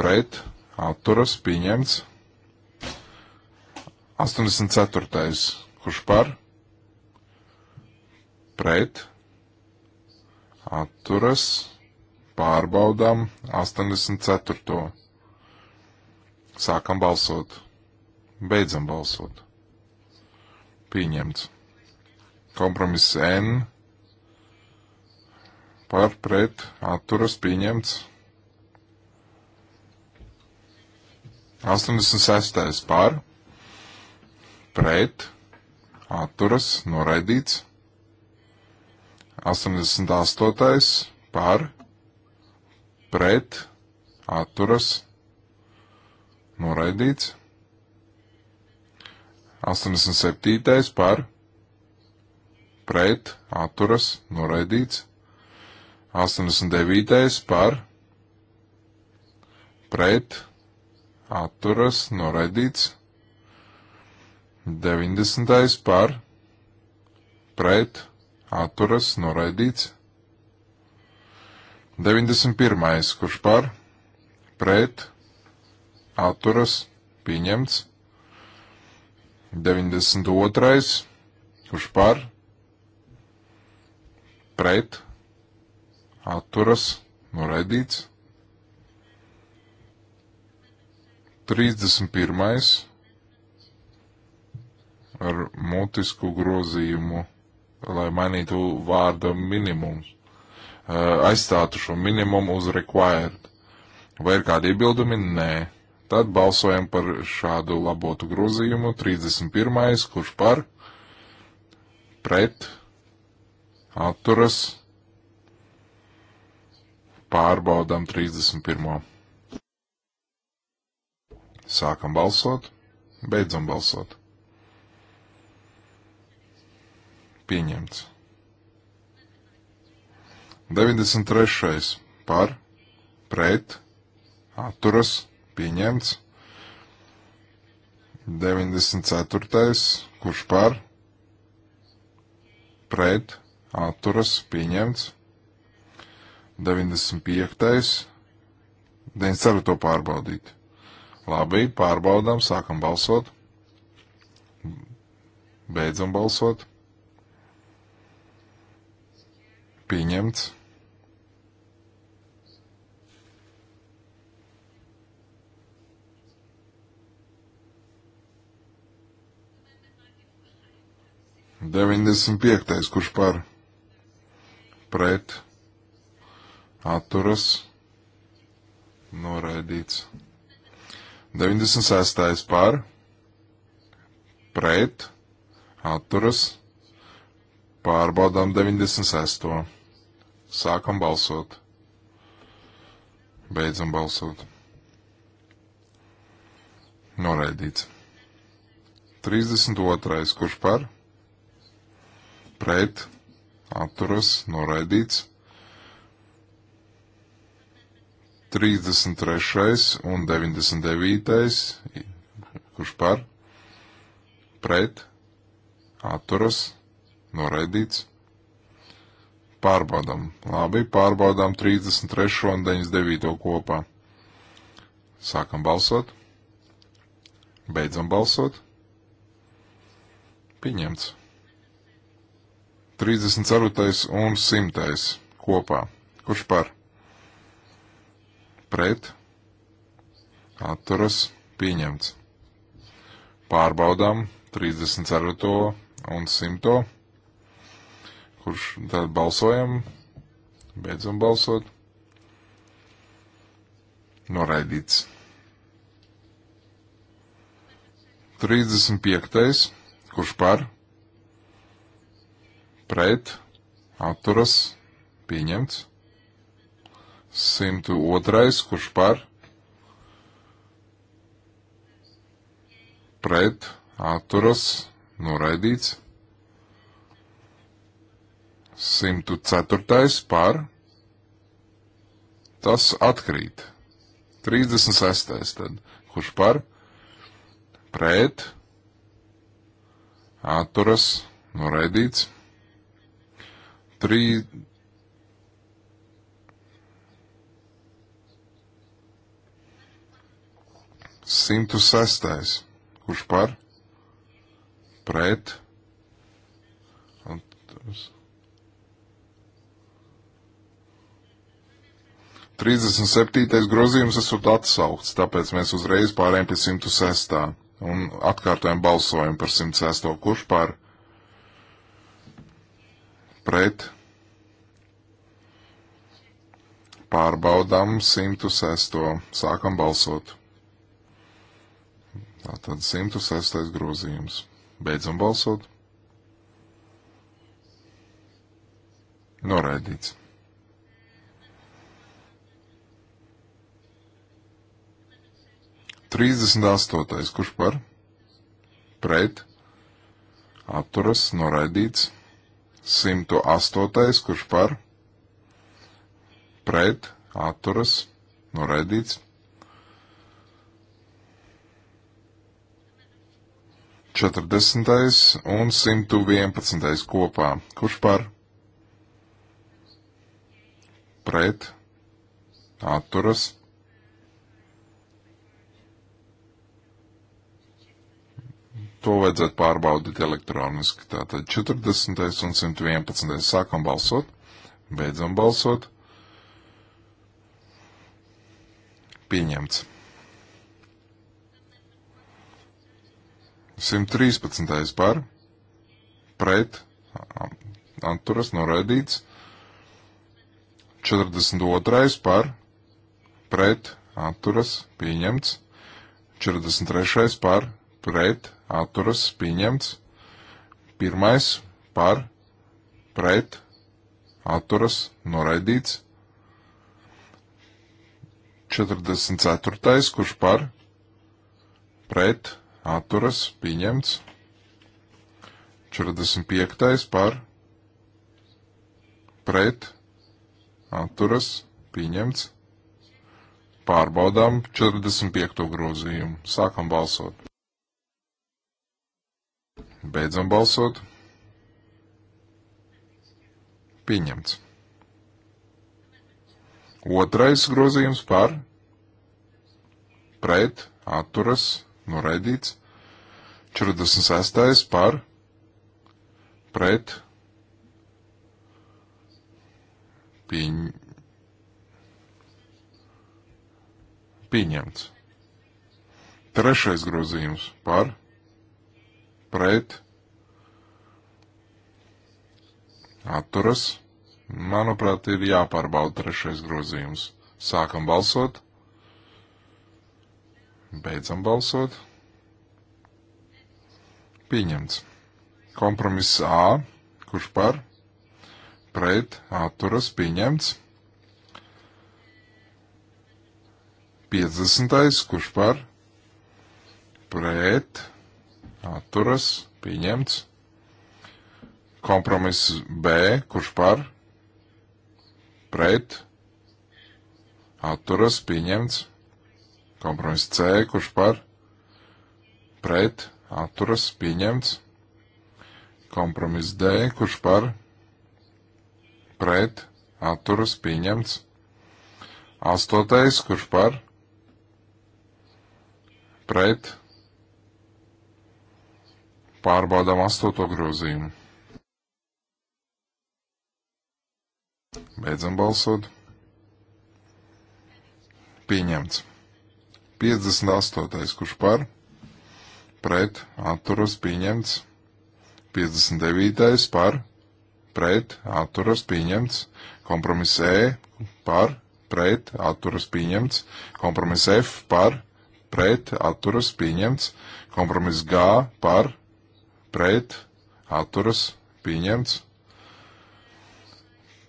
pret, atturas, pieņemts. 84. kurš par, pret, atturas, pārbaudām 84. Sākam balsot, beidzam balsot. Pieņemts. Kompromiss N par pret atturas pieņemts. 86. par, pret, atturas, noraidīts. 88. par, pret, atturas, noraidīts. 87. par, pret, atturas, noraidīts. 89. par, pret, atturas noraidīts. 90. par pret atturas noraidīts. 91. kurš par pret atturas pieņemts. 92. kurš par pret atturas noraidīts. 31. ar mutisku grozījumu, lai mainītu vārda minimumu. Eh, aizstātu šo minimumu uz required. Vai ir kādi iebildumi? Nē. Tad balsojam par šādu labotu grozījumu. 31. kurš par, pret, atturas, pārbaudām 31. Sākam balsot, beidzam balsot. Pieņemts. 93. par, pret, atturas, pieņemts. 94. kurš par, pret, atturas, pieņemts. 95. 94. to pārbaudīt. Labi, pārbaudām, sākam balsot. Beidzam balsot. Pieņemts. Deviņdesmit piektais, kurš par pret atturas noraidīts. 96. par, pret, atturas, pārbaudām 96. Sākam balsot. Beidzam balsot. Noraidīts. 32. Kurš par? Pret. Atturas. Noraidīts. 33. un 99. kurš par, pret, atturas, noraidīts. Pārbaudām. Labi, pārbaudām 33. un 99. kopā. Sākam balsot. Beidzam balsot. Pieņemts. 34. un 100. kopā. Kurš par? pret, atturas, pieņemts. Pārbaudām 34. un 100. Kurš tad balsojam? Beidzam balsot. Noraidīts. 35. Kurš par? Pret, atturas, pieņemts. 102. Kurš par? Pret. Atturas. Noraidīts. 104. par. Tas atkrīt. 36. tad. Kurš par? Pret. Atturas. Noraidīts. 3. 106. Kurš par? Pret. Atturs. 37. grozījums esot atsaukts, tāpēc mēs uzreiz pārējām pie 106. un atkārtojam balsojumu par 106. Kurš par? Pret. Pārbaudām 106. Sākam balsot. Tātad 106. grozījums. Beidzam balsot. Noraidīts. Trīsdesmit astotais, kurš par? Pret. Atturas, noraidīts. 108. kurš par? Pret. Atturas, noraidīts. 140. un 111. kopā. Kurš par? Pret. Atturas. To vajadzētu pārbaudīt elektroniski. Tātad 40. un 111. sākam balsot, beidzam balsot. Pieņemts. 113. par, pret, atturas noraidīts. 42. par, pret, atturas pieņemts. 43. par, pret, atturas pieņemts. 1. par, pret, atturas noraidīts. 44. kurš par, pret, atturas pieņemts. 45. par pret atturas pieņemts. Pārbaudām 45. grozījumu. Sākam balsot. Beidzam balsot. Pieņemts. Otrais grozījums par pret atturas pieņemts noraidīts. 46. par, pret, pieņ... pieņemts. Trešais grozījums par, pret, atturas. Manuprāt, ir jāpārbauda trešais grozījums. Sākam balsot. Beidzam balsot. Pieņemts. Kompromiss A. Kurš par? Pret. Atturas. Pieņemts. 50. Kurš par? Pret. Atturas. Pieņemts. Kompromiss B. Kurš par? Pret. Atturas. Pieņemts. Kompromiss C, kurš par pret atturas pieņemts. Kompromiss D, kurš par pret atturas pieņemts. Astotais, kurš par pret pārbaudām astoto grozījumu. Beidzam balsot. Pieņemts. 58. kurš par, pret, atturas pieņemts. 59. par, pret, atturas pieņemts. Kompromiss E par, pret, atturas pieņemts. Kompromiss F par, pret, atturas pieņemts. Kompromiss G par, pret, atturas pieņemts.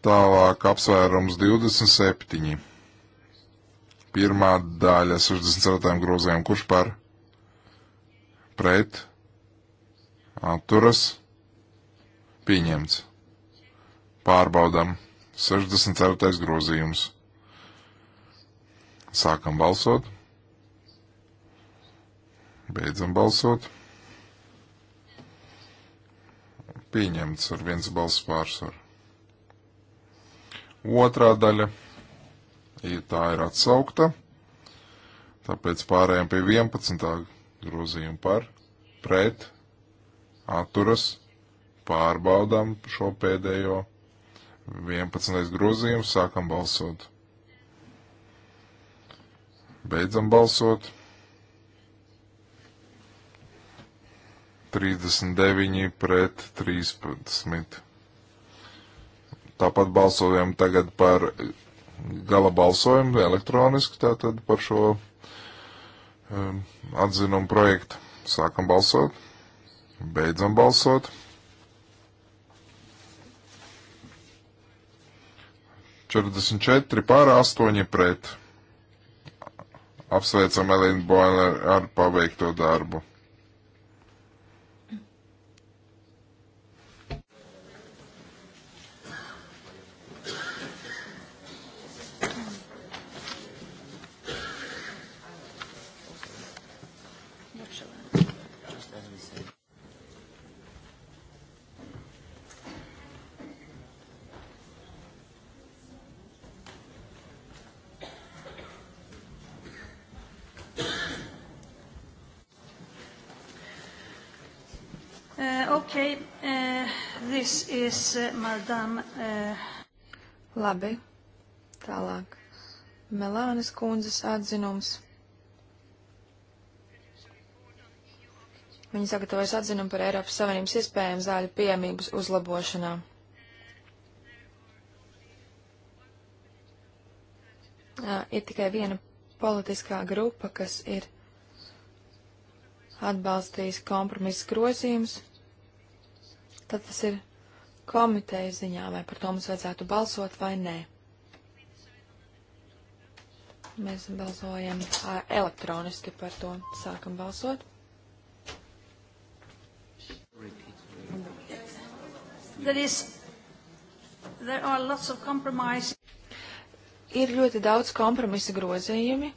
Tālāk apsvērums 27 Pirmā daļa 64. grozējiem, kurš par pret atturas pieņemts. Pārbaudam 64. grozījums. Sākam balsot. Beidzam balsot. Pieņemts ar viens balss pārsvaru. Otrā daļa ja tā ir atsaukta. Tāpēc pārējām pie 11. grozījuma par, pret, atturas, pārbaudām šo pēdējo 11. grozījumu, sākam balsot. Beidzam balsot. 39 pret 13. Tāpat balsojam tagad par gala balsojumu elektroniski tātad par šo um, atzinumu projektu. Sākam balsot, beidzam balsot. Četrdesmit četri pār astoņi pret. Apsveicam Elīnu Boileru ar paveikto darbu. madam. Uh... Eh, Labi, tālāk. Melānas kundzes atzinums. Viņa sagatavojas atzinumu par Eiropas Savienības iespējām zāļu pieejamības uzlabošanā. Uh, ir tikai viena politiskā grupa, kas ir atbalstījis kompromisu grozījumus, tad tas ir komiteju ziņā, vai par to mums vajadzētu balsot vai nē. Mēs balsojam elektroniski par to. Sākam balsot. There is, there are lots of compromise. Ir ļoti daudz kompromisa grozījumi,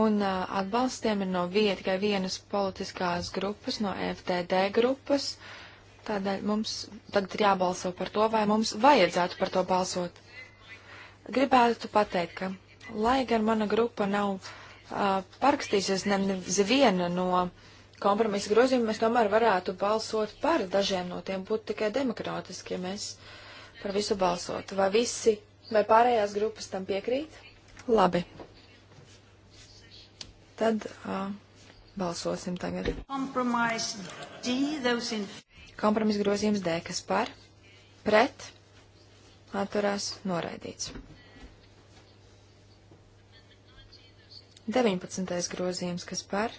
un uh, atbalstiem ir no vieta tikai vienas politiskās grupas, no FTD grupas. Uh, Tādēļ mums tagad ir jābalso par to, vai mums vajadzētu par to balsot. Gribētu pateikt, ka lai gan mana grupa nav uh, parakstījusies neviena no kompromisa grozījumiem, mēs tomēr varētu balsot par dažiem no tiem, būtu tikai demokrātiski, ja mēs par visu balsotu. Vai visi, vai pārējās grupas tam piekrīt? Labi. Tad uh, balsosim tagad. Compromise D, those in Kompromis grozījums D, kas par, pret, atturās, noraidīts. 19. grozījums, kas par,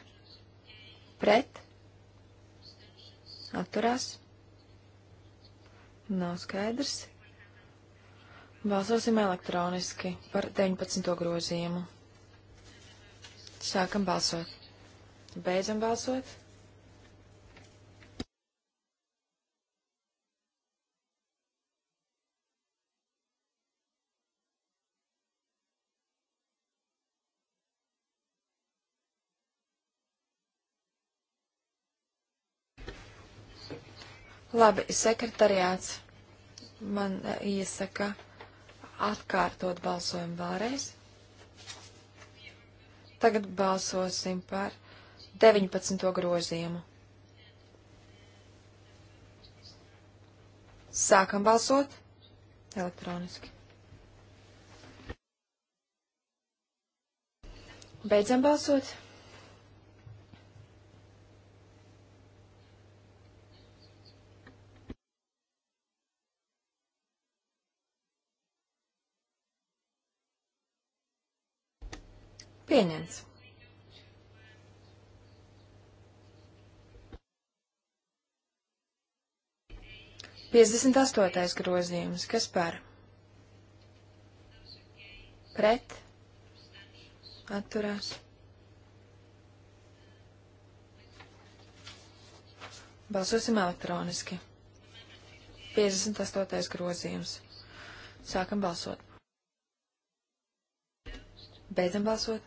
pret, atturās, nav skaidrs. Balsosim elektroniski par 19. grozījumu. Sākam balsot. Beidzam balsot. Labi, sekretariāts man e, iesaka atkārtot balsojumu vēlreiz. Tagad balsosim par 19. grozījumu. Sākam balsot elektroniski. Beidzam balsot. Pieņemts. Piecdesmit astotais grozījums. Kas par? Pret. Atturās. Balsosim elektroniski. 58. grozījums. Sākam balsot. Beidzam balsot.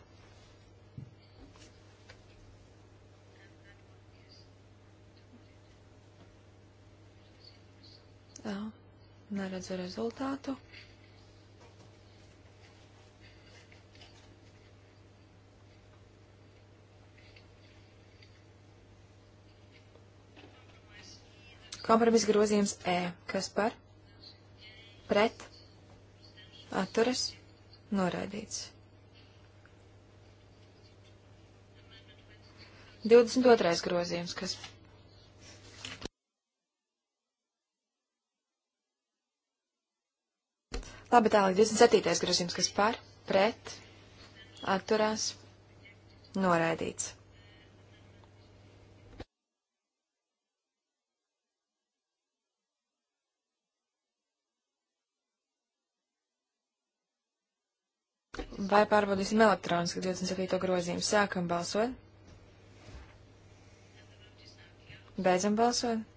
Neredzu rezultātu. Kompromis grozījums E. Kas par? Pret. Atturas. Noraidīts. 22. grozījums. Kas Labi, tālāk 27. grozījums, kas par, pret, atturās, noraidīts. Vai pārbaudīsim elektroniski 27. grozījumu? Sākam balsot. Beidzam balsot.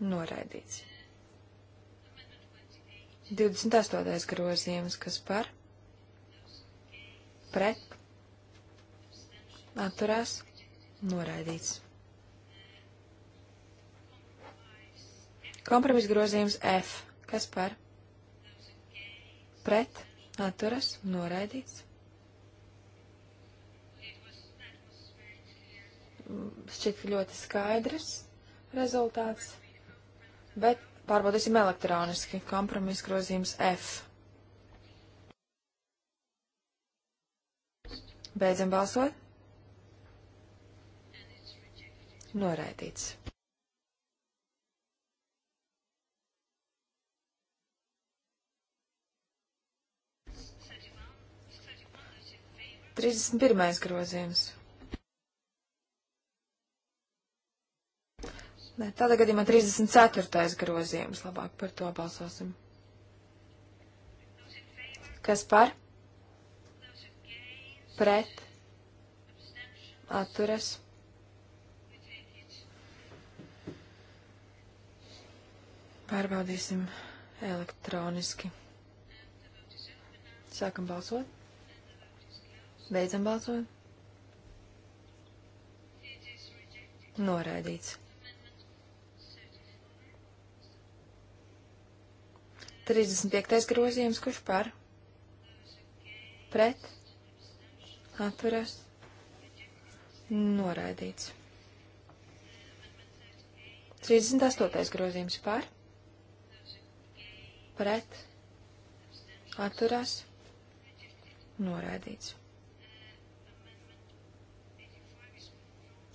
Noraidīts. 28. grozījums, kas par, pret, atturās, noraidīts. Kompromis grozījums F, kas par, pret, atturas, noraidīts. Šķiet ļoti skaidrs rezultāts bet pārbaudīsim elektroniski. Kompromis grozījums F. Beidzam balsot. Noraidīts. Trīsdesmit pirmais grozījums. Nē, tādā gadījumā 34. grozījums labāk par to balsosim. Kas par? Pret? Atturas? Pārbaudīsim elektroniski. Sākam balsot. Beidzam balsot. Noraidīts. 35. grozījums, kurš par? Pret? Atturas? Noraidīts. 38. grozījums par? Pret? Atturas? Noraidīts.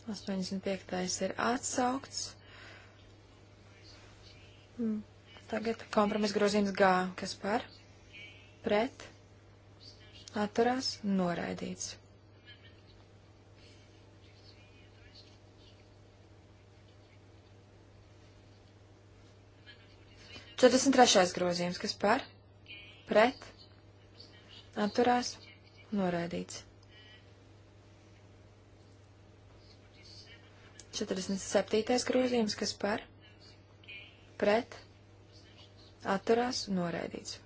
85. ir atsaukts. Mm. Tagad kompromis grozījums G, kas par, pret, atturās, noraidīts. Četrdesmit trešais grozījums, kas par, pret, atturās, noraidīts. 47. grozījums, kas par pret atturās noraidīts.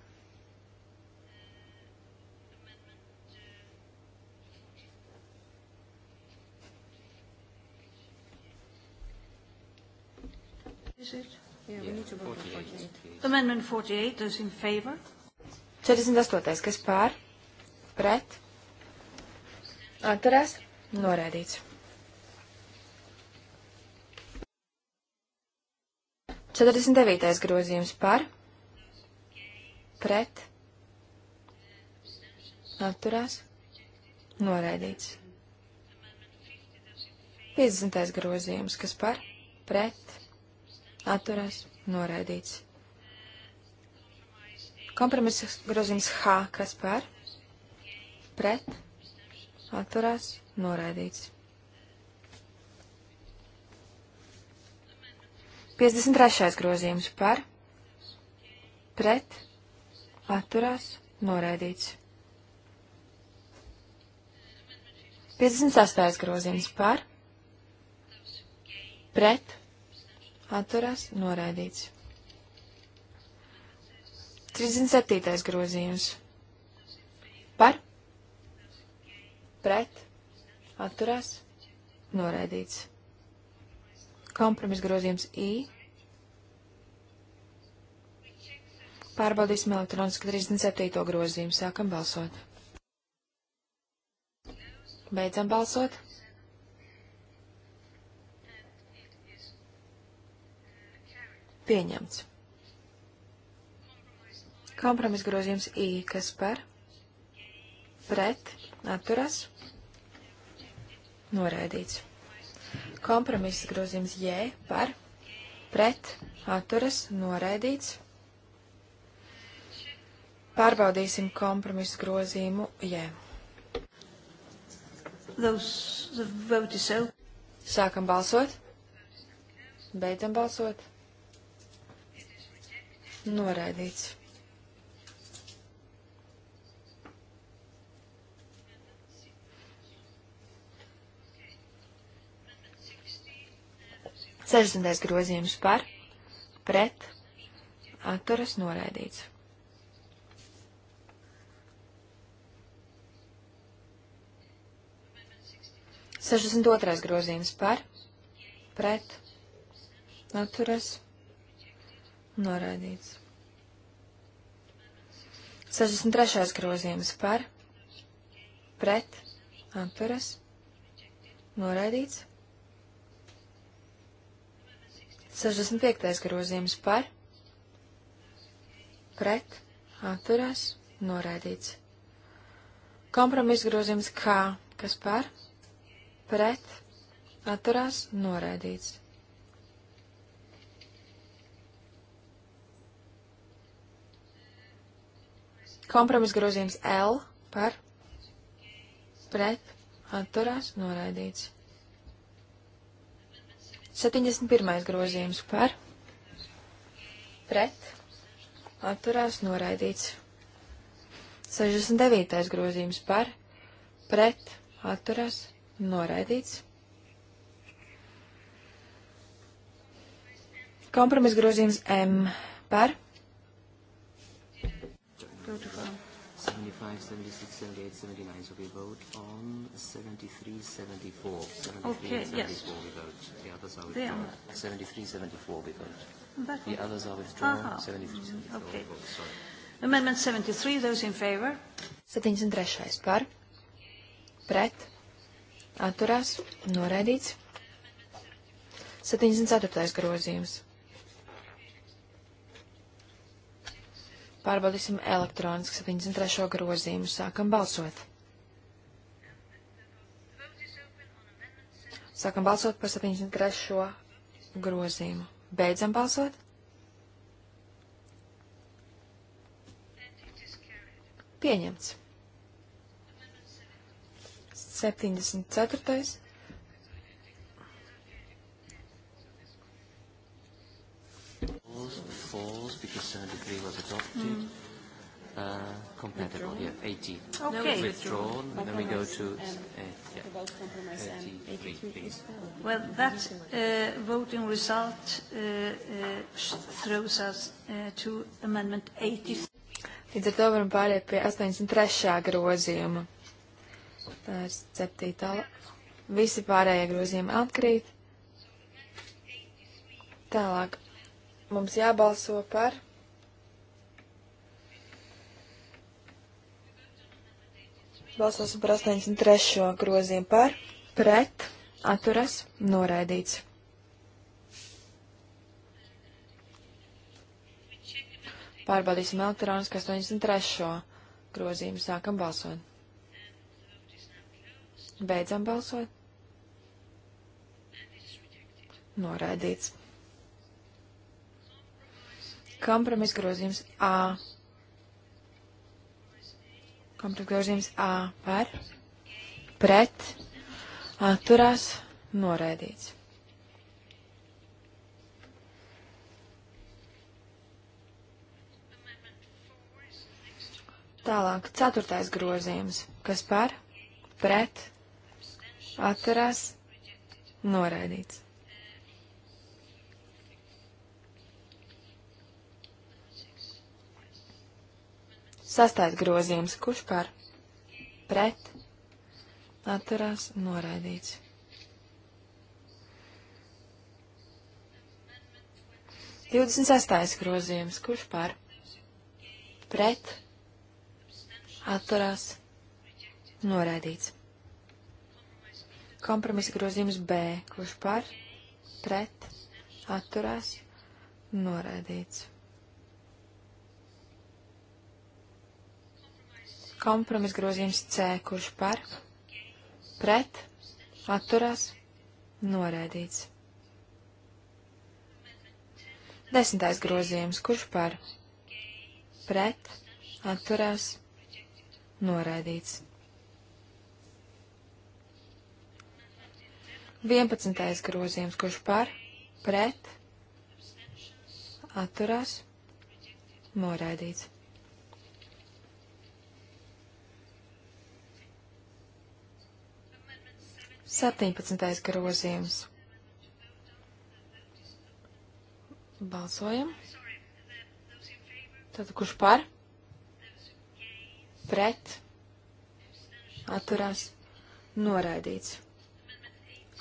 Is it? Yeah, we need to vote 48. 48. Amendment 48, those in favor? 48. Kas pār? Pret? Atturās? Norēdīts. 49. grozījums par? pret, atturās, noraidīts. 50. grozījums, kas par, pret, atturās, noraidīts. Kompromiss grozījums H, kas par, pret, atturās, noraidīts. 53. grozījums par, pret, atturās, noraidīts. 58. grozījums par, pret, atturās, noraidīts. 37. grozījums par, pret, atturās, noraidīts. Kompromis grozījums I Pārbaudīsim elektroniski 37. grozījumu. Sākam balsot. Beidzam balsot. Pieņemts. Kompromis grozījums I, kas par, pret, atturas, noraidīts. Kompromiss grozījums J par, pret, atturas, noraidīts. Pārbaudīsim kompromisu grozījumu J. Sākam balsot. Beidzam balsot. Noraidīts. Sešdesmitais grozījums par, pret, atturas noraidīts. 62. grozījums par, pret, atturas, noraidīts. 63. grozījums par, pret, atturas, noraidīts. 65. grozījums par, pret, atturās, noraidīts. Kompromiss grozījums kā, kas par, pret, atturās, noraidīts. Kompromis grozījums L par pret, atturās, noraidīts. 71. grozījums par pret, atturās, noraidīts. 69. grozījums par pret, atturās, noraidīts. Noraidīts. Kompromis grozījums M par. Go to file. 75, 76, 78, 79. So we vote on 73, 74. 73, okay, 74 yes. we vote. The others are withdrawn. Are... 73, 74 we vote. That the one. others are withdrawn. Uh -huh. 73, 74 okay. we vote. Sorry. Amendment 73, those in favor? 73. par. Pret atturās, noraidīts. 74. grozījums. Pārbaudīsim elektroniski 73. grozījumu. Sākam balsot. Sākam balsot par 73. grozījumu. Beidzam balsot. Pieņemts. 74. False because 73 was adopted. Mm. Uh, compatible, withdrawn? yeah, 80. Okay. No, it's withdrawn. Compromise. Then we go to uh, yeah. about compromise 83, please. Well, that uh, voting result uh, uh, throws us uh, to amendment 83. Līdz ar to varam pāriet pie 83. grozījuma tā ir septītā. Visi pārējie grozījumi atkrīt. Tālāk mums jābalso par. Balsosim par 83. grozījumu par, pret, atturas, noraidīts. Pārbaudīsim elektroniski 83. grozījumu, sākam balsot. Beidzam balsot. Noraidīts. Kompromis grozījums A. Kompromis grozījums A par, pret, atturās, noraidīts. Tālāk, ceturtais grozījums, kas par, pret, atturās, noraidīts. Sastais grozījums, kurš par, pret, atturās, noraidīts. Divdesmit sastais grozījums, kurš par, pret, atturās, noraidīts. Kompromisa grozījums B, kurš par, pret, atturās, noraidīts. Kompromisa grozījums C, kurš par, pret, atturās, noraidīts. Desmitais grozījums, kurš par, pret, atturās, noraidīts. 11. grozījums, kurš par, pret, atturās, noraidīts. Septiņpadsmitais grozījums. Balsojam. Tad kurš par? Pret. Atturās. Noraidīts.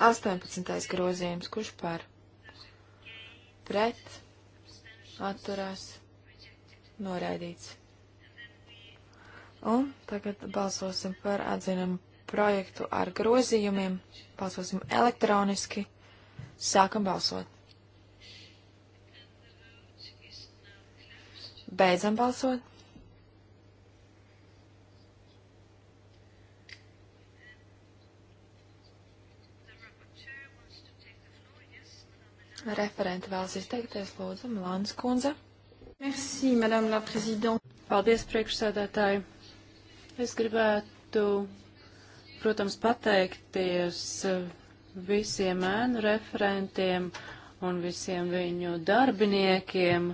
18. grozījums, kurš par pret atturās noraidīts. Un tagad balsosim par atzinumu projektu ar grozījumiem. Balsosim elektroniski. Sākam balsot. Beidzam balsot. Referenti vēlas izteikties, lūdzu, Milānas kundze. Merci, madame la prezidente. Paldies, priekšsēdētāji. Es gribētu, protams, pateikties visiem ēnu referentiem un visiem viņu darbiniekiem,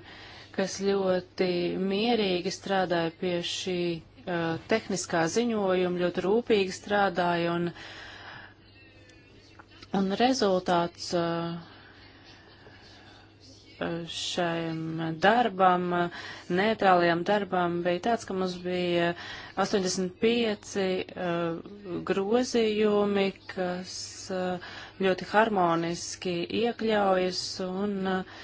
kas ļoti mierīgi strādāja pie šī uh, tehniskā ziņojuma, ļoti rūpīgi strādāja un, un rezultāts uh, šajam darbam, neitrālajam darbam, bija tāds, ka mums bija 85 uh, eh, grozījumi, kas uh, ļoti harmoniski iekļaujas un uh,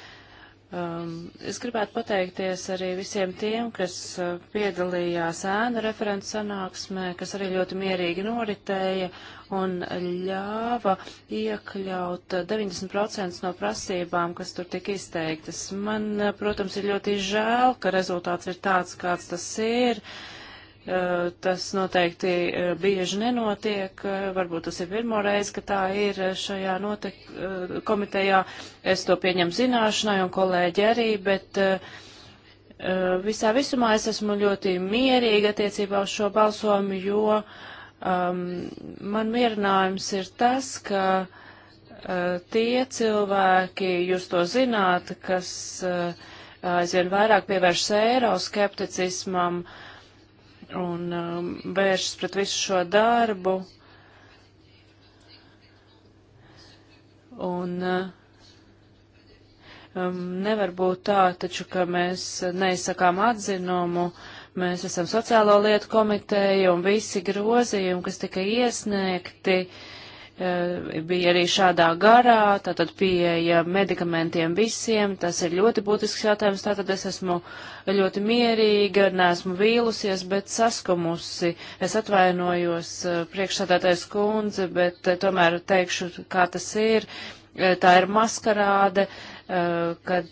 Um, es gribētu pateikties arī visiem tiem, kas uh, piedalījās ēnu referents sanāksmē, kas arī ļoti mierīgi noritēja un ļāva iekļaut 90% no prasībām, kas tur tika izteiktas. Man, uh, protams, ir ļoti žēl, ka rezultāts ir tāds, kāds tas ir. Uh, Eh, tas noteikti eh, bieži nenotiek, eh, varbūt tas ir pirmo reizi, ka tā ir šajā notek komitejā. Es to pieņemu zināšanai un kolēģi arī, bet visā visumā es esmu ļoti mierīga attiecībā uz šo balsojumu, jo um, man mierinājums ir tas, ka uh, tie cilvēki, jūs to zināt, kas uh, aizvien vairāk pievēršas eiroskepticismam, uh, un um, vēršas pret visu šo darbu. Un uh, um, nevar būt tā, taču, ka mēs neizsakām atzinumu, mēs esam sociālo lietu komiteja un visi grozījumi, kas tika iesniegti, uh, Eh, bija arī šādā garā, tātad pieeja medikamentiem visiem, tas ir ļoti būtisks jautājums, tātad es esmu ļoti mierīga, neesmu vīlusies, bet saskumusi. Es atvainojos eh, priekšsādātais kundze, bet eh, tomēr teikšu, kā tas ir. Tā ir maskarāde, kad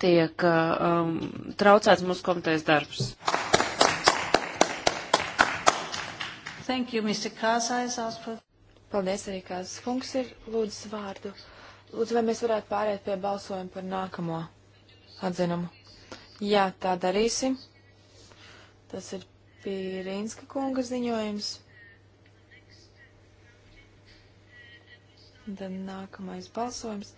tiek um, traucēts mūsu komitejas darbs. Thank you, Mr. Kāzais. For... Paldies arī Kāzas kungs ir lūdzis vārdu. Lūdzu, vai mēs varētu pārēt pie balsojuma par nākamo atzinumu? Jā, tā darīsim. Tas ir Pīrīnska kunga ziņojums. Tad nākamais balsojums.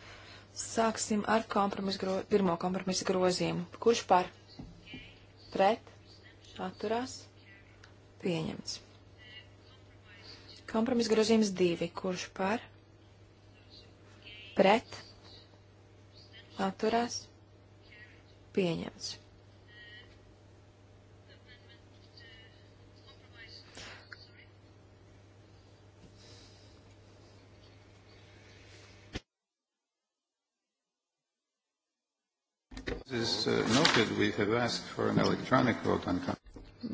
Sāksim ar kompromisu gro... pirmo kompromisu grozījumu. Kurš par? Pret? Atturās? Pieņemts. Kompromis grozījums 2. Kurš par? Pret? Atturās? Pieņemts. is uh, noted, we have asked for an electronic vote on.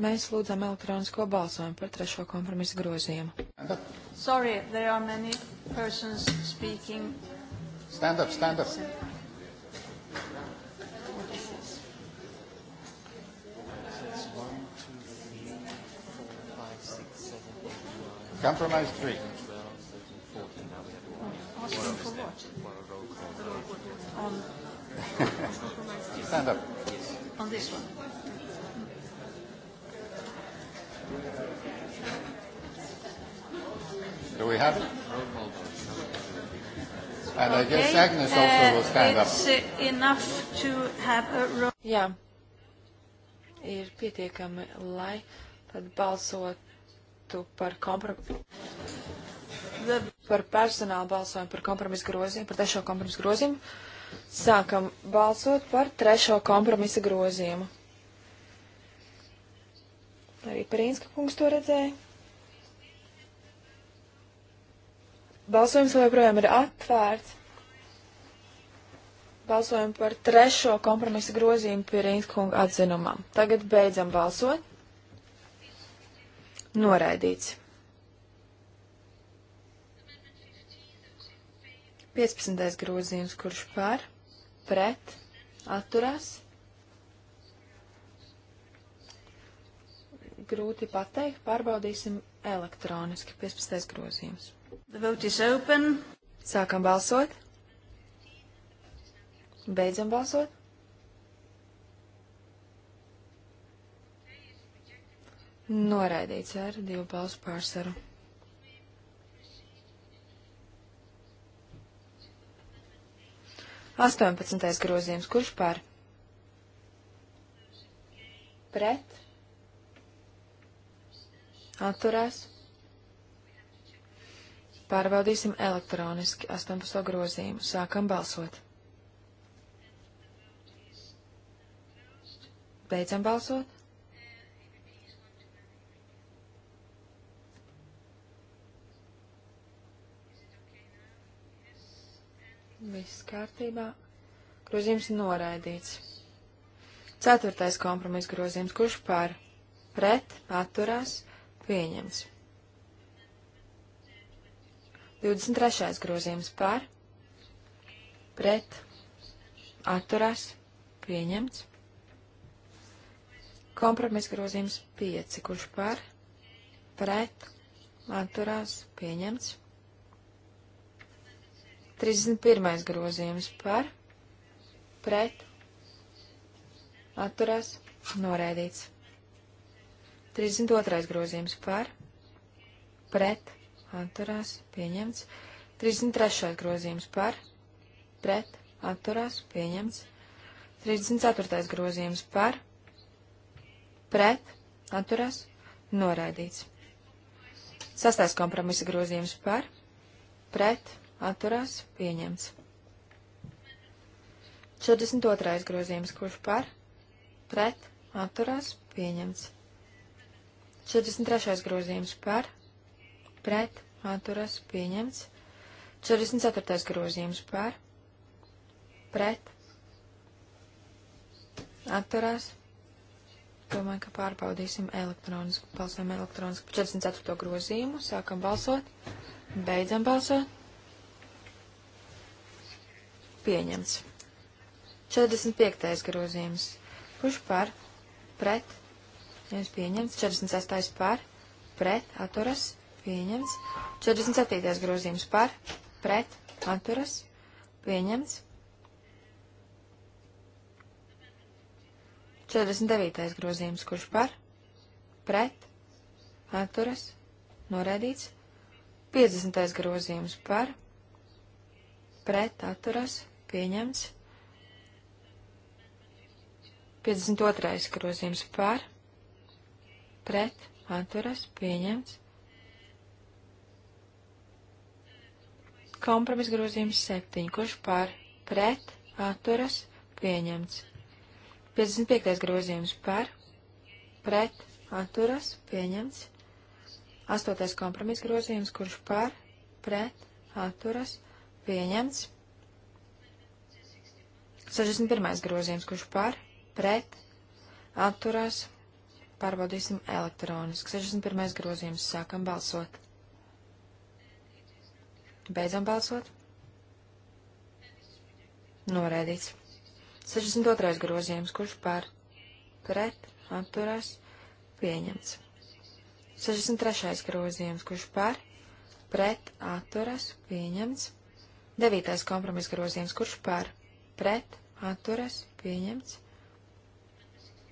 Mēs lūdzam elektronisko balsojumu par trešo kompromisu grozījumu. Sorry, there are many persons speaking. Stand up, stand up. Compromise three. Asking for what? On. stand up. On this one. Do we have it? And I guess okay. Agnes also uh, will stand it's up. Uh, enough to have a roll. Jā, ir pietiekami, lai tad balsotu par kompromisu. Par personālu balsojumu, par kompromisu grozījumu, par trešo kompromisu grozījumu. Sākam balsot par trešo kompromisa grozījumu. Arī Parīnska kungs to redzēja. Balsojums joprojām ir atvērts. Balsojam par trešo kompromisa grozījumu pie Rīnskunga atzinumam. Tagad beidzam balsot. Noraidīts. 15. grozījums, kurš par, pret, atturās, grūti pateikt, pārbaudīsim elektroniski 15. grozījums. The vote is open. Sākam balsot. Beidzam balsot. Noraidīts ar divu balsu pārsvaru. Astoņpadsmitais grozījums. Kurš par? Pret? atturās. Pārbaudīsim elektroniski 18. grozījumu. Sākam balsot. Beidzam balsot. Viss kārtībā. Grozījums noraidīts. Ceturtais kompromiss grozījums. Kurš par? Pret, atturās, Pieņems. 23. grozījums par, pret, atturās, pieņemts. Kompromiss grozījums 5, kurš par, pret, atturās, pieņemts. 31. grozījums par, pret, atturās, noraidīts. 32. grozījums par, pret, atturās, pieņemts. 33. grozījums par, pret, atturās, pieņemts. 34. grozījums par, pret, atturās, noraidīts. Sastais kompromisa grozījums par, pret, atturās, pieņemts. 42. grozījums, kurš par, pret, atturās, pieņemts. 43. grozījums par, pret, atturas, pieņemts. 44. grozījums par, pret, atturas. Domāju, ka pārbaudīsim elektronisku, balsojam elektronisku 44. grozījumu, sākam balsot, beidzam balsot. Pieņemts. 45. grozījums. Kurš par, pret, atturas viens pieņemts, 46. par, pret, atturas, pieņemts, 47. grozījums par, pret, atturas, pieņemts, 49. grozījums, kurš par, pret, atturas, norēdīts, 50. grozījums par, pret, atturas, pieņemts, 52. grozījums par, pret atturas pieņemts. Kompromis grozījums 7, kurš par pret atturas pieņemts. 55. grozījums par pret atturas pieņemts. 8. kompromis grozījums, kurš par pret atturas pieņemts. 61. grozījums, kurš par pret atturas pieņemts. Pārbaudīsim elektroniski. 61. grozījums. Sākam balsot. Beidzam balsot. Norēdīts. 62. grozījums. Kurš par? Pret. Atturās. Pieņemts. 63. grozījums. Kurš par? Pret. Atturās. Pieņemts. 9. kompromis grozījums. Kurš par? Pret. Atturās. Pieņemts.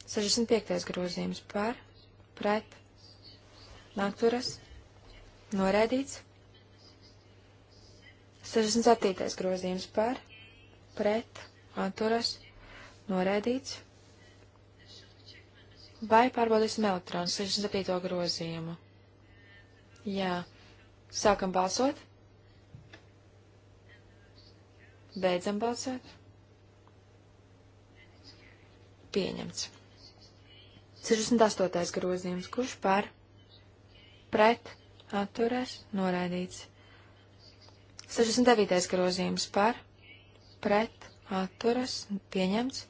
65. grozījums par, pret, naturas, noraidīts. 67. grozījums par, pret, naturas, noraidīts. Vai pārbaudīsim elektronu 67. grozījumu? Jā. Sākam balsot. Beidzam balsot. Pieņemts. 68. grozījums, kurš par pret atturēs noraidīts. 69. grozījums par pret atturēs pieņemts.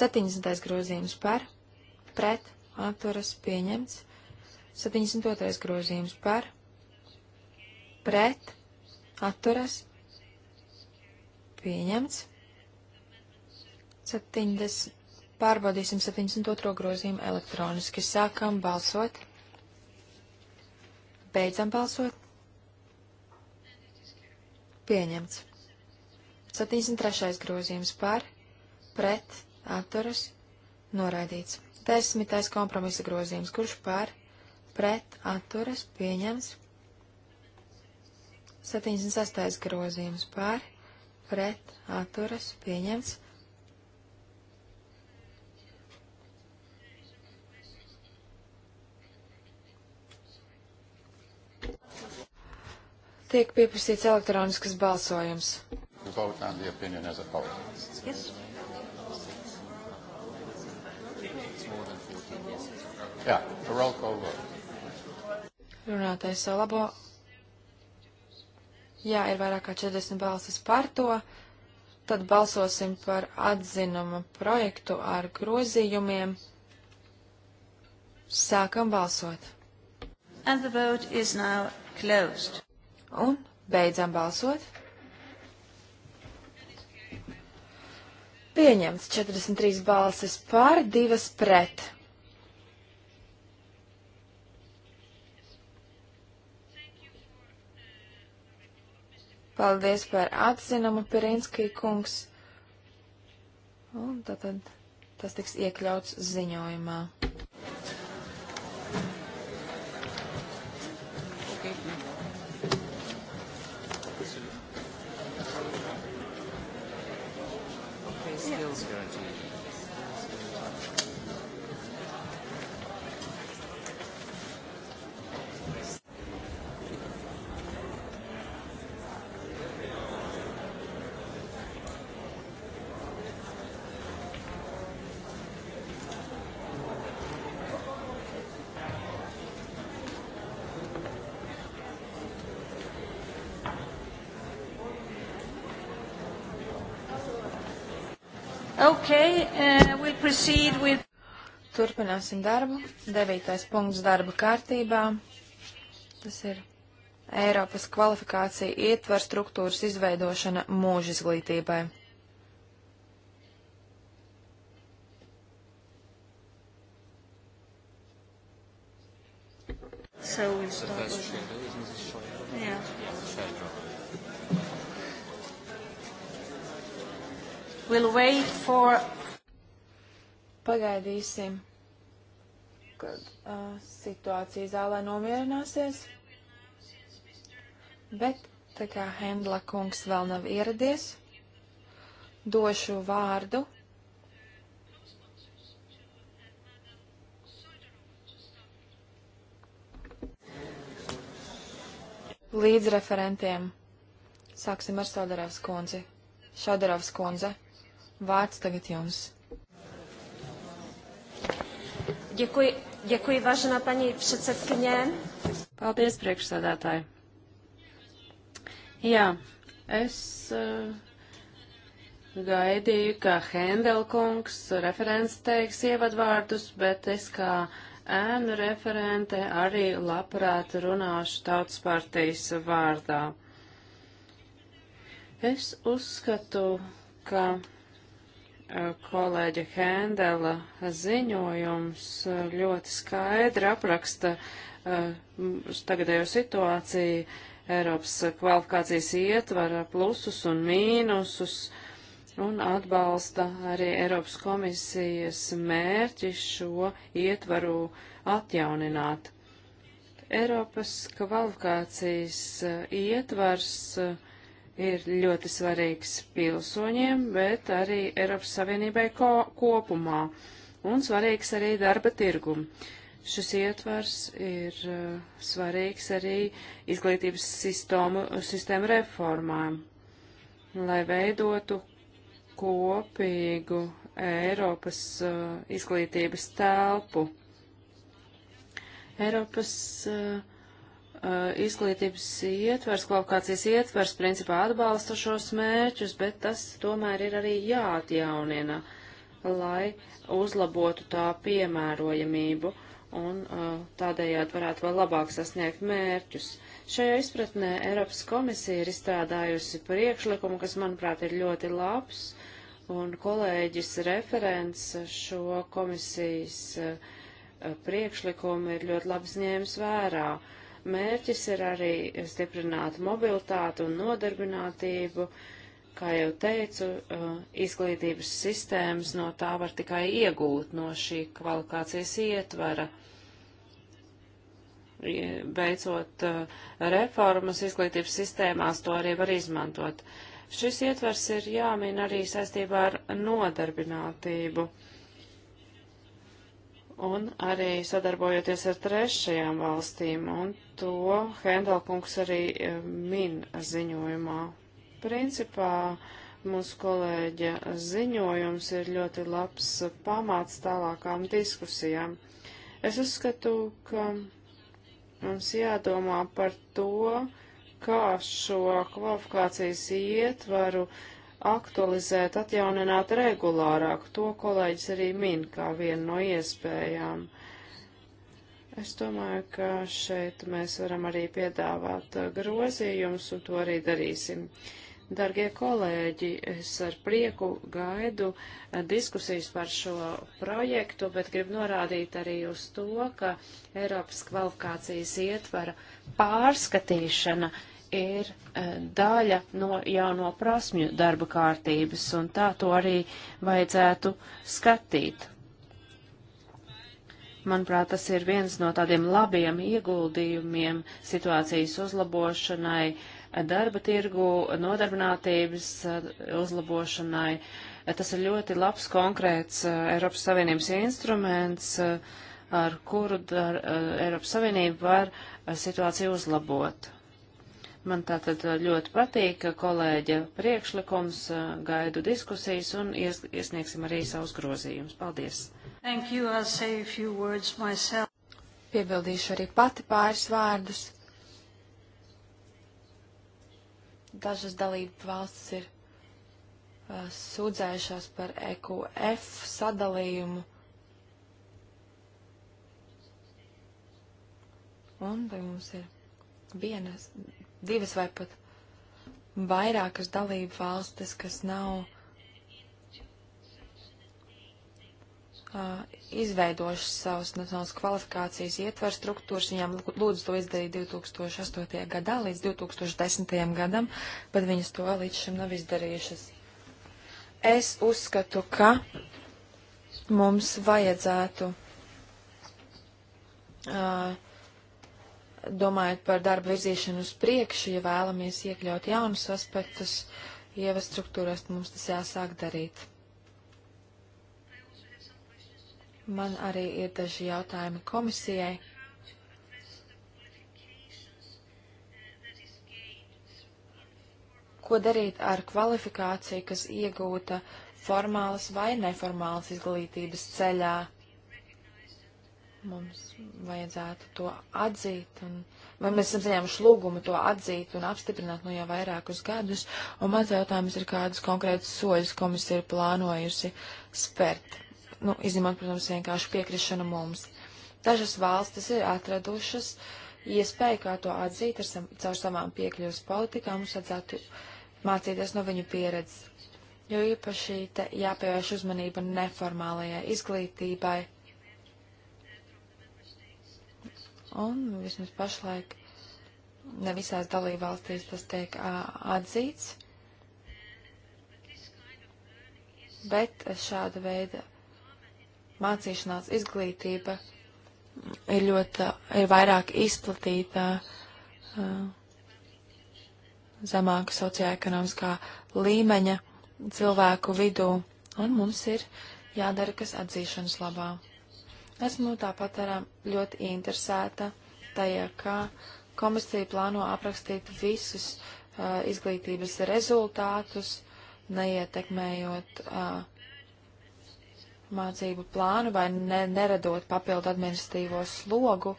70. grozījums par pret atturēs pieņemts. 72. grozījums par pret atturēs pieņemts. 70. Pārbaudīsim 72. grozījumu elektroniski. Sākam balsot. Beidzam balsot. Pieņemts. 73. grozījums par, pret, atturas, noraidīts. 10. kompromisa grozījums, kurš par, pret, atturas, pieņemts. 76. grozījums par, pret, atturas, pieņemts. Tiek pieprasīts elektroniskas balsojums. Yes. Yeah, Runātais savu labo. Jā, ir vairāk kā 40 balsis par to. Tad balsosim par atzinuma projektu ar grozījumiem. Sākam balsot. And the vote is now closed. Un beidzam balsot. Pieņemts 43 balsis pār, 2 pret. Paldies par atzinumu, Pirinskī kungs. Un tātad tas tiks iekļauts ziņojumā. With... Turpināsim darbu. Devītais punkts darba kārtībā. Tas ir Eiropas kvalifikācija ietver struktūras izveidošana mūža izglītībai. So we start with that. Yeah. We'll wait for Pagaidīsim, kad uh, situācija zālē nomierināsies. Bet tā kā Hendla kungs vēl nav ieradies, došu vārdu. Līdz referentiem. Sāksim ar Šaudarovs kundzi. Šaudarovs kundze, vārds tagad jums. Děkuji, děkuji vážená paní předsedkyně. Paldies, priekšsādātāji. Jā, es uh, gaidīju, ka Hendelkungs referents teiks ievadvārdus, bet es kā ēnu referente arī labprāt runāšu tautas partijas vārdā. Es uzskatu, ka kolēģa Hendela ziņojums eh, ļoti skaidri apraksta eh, tagadējo situāciju, Eiropas kvalifikācijas ietvara plusus un mīnusus un atbalsta arī Eiropas komisijas mērķi šo ietvaru atjaunināt. Eiropas kvalifikācijas eh, ietvars uh, ir ļoti svarīgs pilsoņiem, bet arī Eiropas Savienībai ko kopumā un svarīgs arī darba tirgumu. Šis ietvars ir uh, svarīgs arī izglītības sistēmu, sistēmu reformām, lai veidotu kopīgu Eiropas uh, izglītības telpu. Eiropas uh, Eh, izglītības ietvers, kvalifikācijas ietvers principā atbalsta šos mērķus, bet tas tomēr ir arī jāatjaunina, lai uzlabotu tā piemērojamību un eh, tādējādi varētu vēl labāk sasniegt mērķus. Šajā izpratnē Eiropas komisija ir izstrādājusi priekšlikumu, kas, manuprāt, ir ļoti labs, un kolēģis referents šo komisijas eh, priekšlikumu ir ļoti labs ņēmis vērā. Uh, Mērķis ir arī stiprināt mobilitātu un nodarbinātību. Kā jau teicu, uh, izglītības sistēmas no tā var tikai iegūt no šī kvalifikācijas ietvara. Beidzot, uh, reformas izglītības sistēmās to arī var izmantot. Šis ietvers ir jāmin arī saistībā ar nodarbinātību. Uh, un arī sadarbojoties ar trešajām valstīm, un to Hendelkungs arī e, min ziņojumā. Principā mūsu kolēģa ziņojums ir ļoti labs pamāts tālākām diskusijām. Es uzskatu, ka mums jādomā par to, kā šo kvalifikācijas ietvaru uh, aktualizēt, atjaunināt regulārāk. To kolēģis arī min kā vienu no iespējām. Es domāju, ka šeit mēs varam arī piedāvāt uh, grozījumus, un to arī darīsim. Dargie kolēģi, es ar prieku gaidu uh, diskusijas par šo projektu, bet gribu norādīt arī uz to, ka Eiropas kvalifikācijas ietvara pārskatīšana uh, ir e, daļa no jauno prasmju darba kārtības, un tā to arī vajadzētu skatīt. Manuprāt, tas ir viens no tādiem labiem ieguldījumiem situācijas uzlabošanai, e, darba tirgu, nodarbinātības e, uzlabošanai. Tas ir ļoti labs konkrēts Eiropas Savienības instruments, ar kuru dar, Eiropas Savienība var situāciju uzlabot. Man tātad ļoti patīk kolēģa priekšlikums, gaidu diskusijas un ies, iesniegsim arī savus grozījumus. Paldies! Piebildīšu arī pati pāris vārdus. Dažas dalību valstis ir uh, sūdzējušās par EQF sadalījumu. Un vai mums ir vienas divas vai pat vairākas dalību valstis, kas nav uh, izveidojušas savus nacionālas kvalifikācijas ietvaru struktūras. Viņām lūdzu to izdarīt 2008. gadā līdz 2010. gadam, bet viņas to līdz šim nav izdarījušas. Es uzskatu, ka mums vajadzētu uh, domājot par darbu virzīšanu uz priekšu, ja vēlamies iekļaut jaunus aspektus ievas struktūrās, mums tas jāsāk darīt. Man arī ir daži jautājumi komisijai. Ko darīt ar kvalifikāciju, kas iegūta formālas vai neformālas izglītības ceļā? Mums vajadzētu to atzīt, un, vai mēs esam saņēmuši lūgumu to atzīt un apstiprināt nu jau vairākus gadus, un mans jautājums ir, kādas konkrētas soļas komisija ir plānojusi spērt, nu, izņemot, protams, vienkārši piekrišanu mums. Dažas valstis ir atradušas iespēju, kā to atzīt ar sam, caur savām piekļuvas politikām, mums vajadzētu mācīties no viņu pieredzes. Jo īpaši te jāpievērš uzmanība neformālajai izglītībai, Un vismaz pašlaik ne visās dalībvalstīs tas tiek atzīts. Bet šāda veida mācīšanās izglītība ir ļoti, ir vairāk izplatīta zemāka sociāekonomiskā līmeņa cilvēku vidū, un mums ir jādara kas atzīšanas labā. Esmu tāpat arī ļoti interesēta tajā, kā komisija plāno aprakstīt visus uh, izglītības rezultātus, neietekmējot uh, mācību plānu vai ne, neradot papildu administratīvo slogu.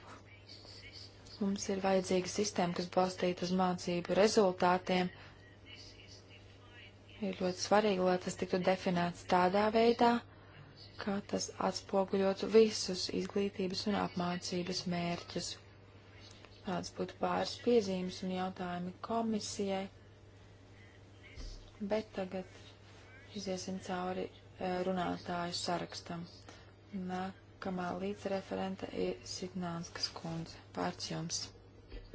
Mums ir vajadzīga sistēma, kas balstīta uz mācību rezultātiem. Ir ļoti svarīgi, lai tas tiktu definēts tādā veidā, uh, ka tas atspoguļotu visus izglītības un apmācības mērķus. Tāds būtu pāris piezīmes un jautājumi komisijai. Bet tagad iziesim cauri e, runātāju sarakstam. Nākamā līdzreferente ir Sidnānskas kundze. Pārts jums.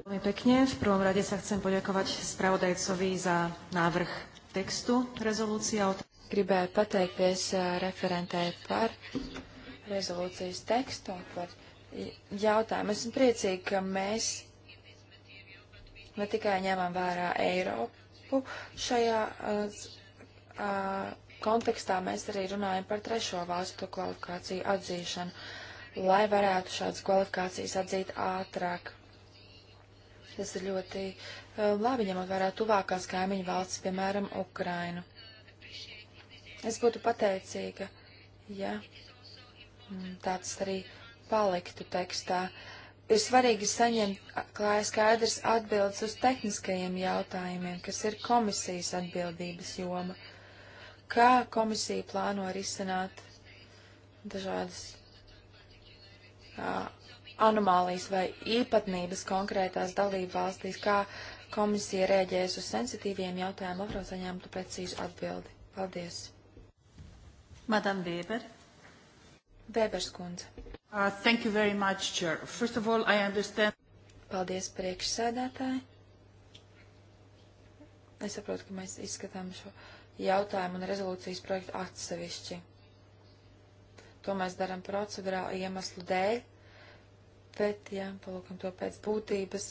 Veľmi pekne. V prvom rade sa chcem poďakovať spravodajcovi za návrh textu rezolúcie. Gribēju pateikties referentē par rezolūcijas tekstu un par jautājumu. Esmu priecīgi, ka mēs ne tikai ņemam vērā Eiropu šajā uh, kontekstā, mēs arī runājam par trešo valstu kvalifikāciju atzīšanu, lai varētu šādas kvalifikācijas atzīt ātrāk. Tas ir ļoti uh, labi, ņemot vērā tuvākās kaimiņu valsts, piemēram, Ukrainu. Es būtu pateicīga, ja mm, tāds arī paliktu tekstā. Ir svarīgi saņemt klāja skaidrs atbildes uz tehniskajiem jautājumiem, kas ir komisijas atbildības joma. Kā komisija plāno risināt dažādas uh, anomālijas vai īpatnības konkrētās dalību valstīs, kā komisija rēģēs uz sensitīviem jautājumiem, labprāt saņemtu precīzu atbildi. Paldies! Madam Weber. Vēbers kundze. Uh, thank you very much, Chair. First of all, I understand. Paldies, priekšsēdētāji. Es saprotu, ka mēs izskatām šo jautājumu un rezolūcijas projektu atsevišķi. To mēs darām procedurālu iemeslu dēļ, bet, ja palūkam to pēc būtības,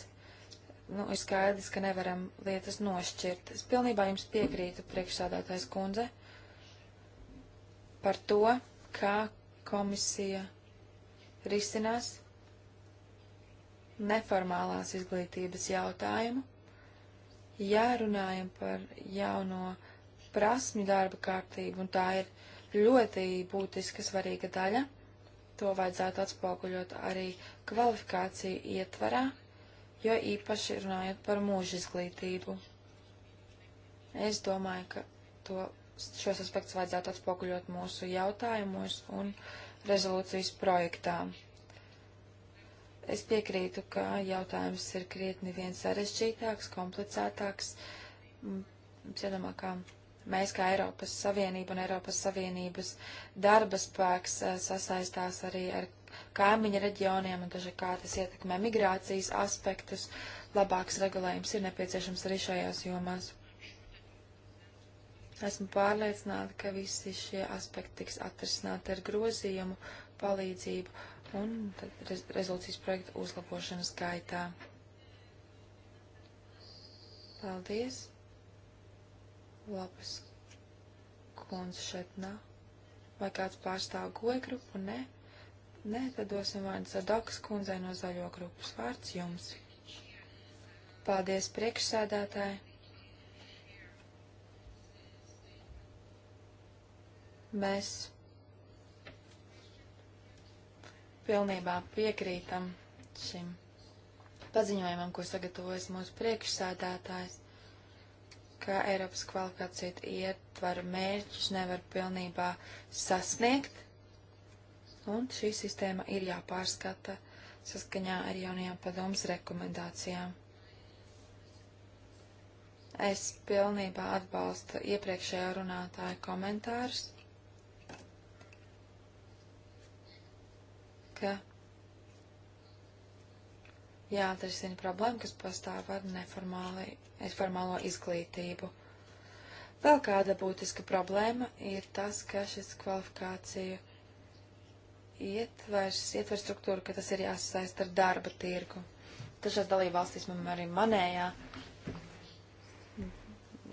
nu, ir skaidrs, ka nevaram lietas nošķirt. Es pilnībā jums piekrītu, priekšsādātājs kundze par to, kā komisija risinās neformālās izglītības jautājumu. Ja runājam par jauno prasmi darba kārtību, un tā ir ļoti būtiska svarīga daļa, to vajadzētu atspoguļot arī kvalifikāciju ietvarā, jo īpaši runājot par mūža izglītību. Es domāju, ka to šos aspektus vajadzētu atspoguļot mūsu jautājumos un rezolūcijas projektā. Es piekrītu, ka jautājums ir krietni viens sarežģītāks, komplicētāks. Zinām, mm, ka mēs kā Eiropas Savienība un Eiropas Savienības darba spēks eh, sasaistās arī ar kaimiņa reģioniem un daži kā tas ietekmē migrācijas aspektus. Labāks regulējums ir nepieciešams arī šajās jomās. Esmu pārliecināta, ka visi šie aspekti tiks atrisināti ar grozījumu, palīdzību un rez rezolūcijas projektu uzlabošanas gaitā. Paldies! Labas kundze šeit nav. Vai kāds pārstāv goja grupu? Nē. Nē, tad dosim vārdu Zadokas kundzei no zaļo grupas vārds jums. Paldies priekšsēdētāji! Mēs pilnībā piekrītam šim paziņojumam, ko sagatavojas mūsu priekšsādātājs, ka Eiropas kvalifikācija ietvaru mērķus nevar pilnībā sasniegt, un šī sistēma ir jāpārskata saskaņā ar jaunajām padomas rekomendācijām. Es pilnībā atbalstu iepriekšējā runātāja komentārus. ka jāatrisina problēma, kas pastāv ar neformālo izglītību. Vēl kāda būtiska problēma ir tas, ka šis kvalifikāciju ietvers, ietvers struktūra, ka tas ir jāsasaist ar darba tirgu. Dažās dalībvalstīs, man arī manējā,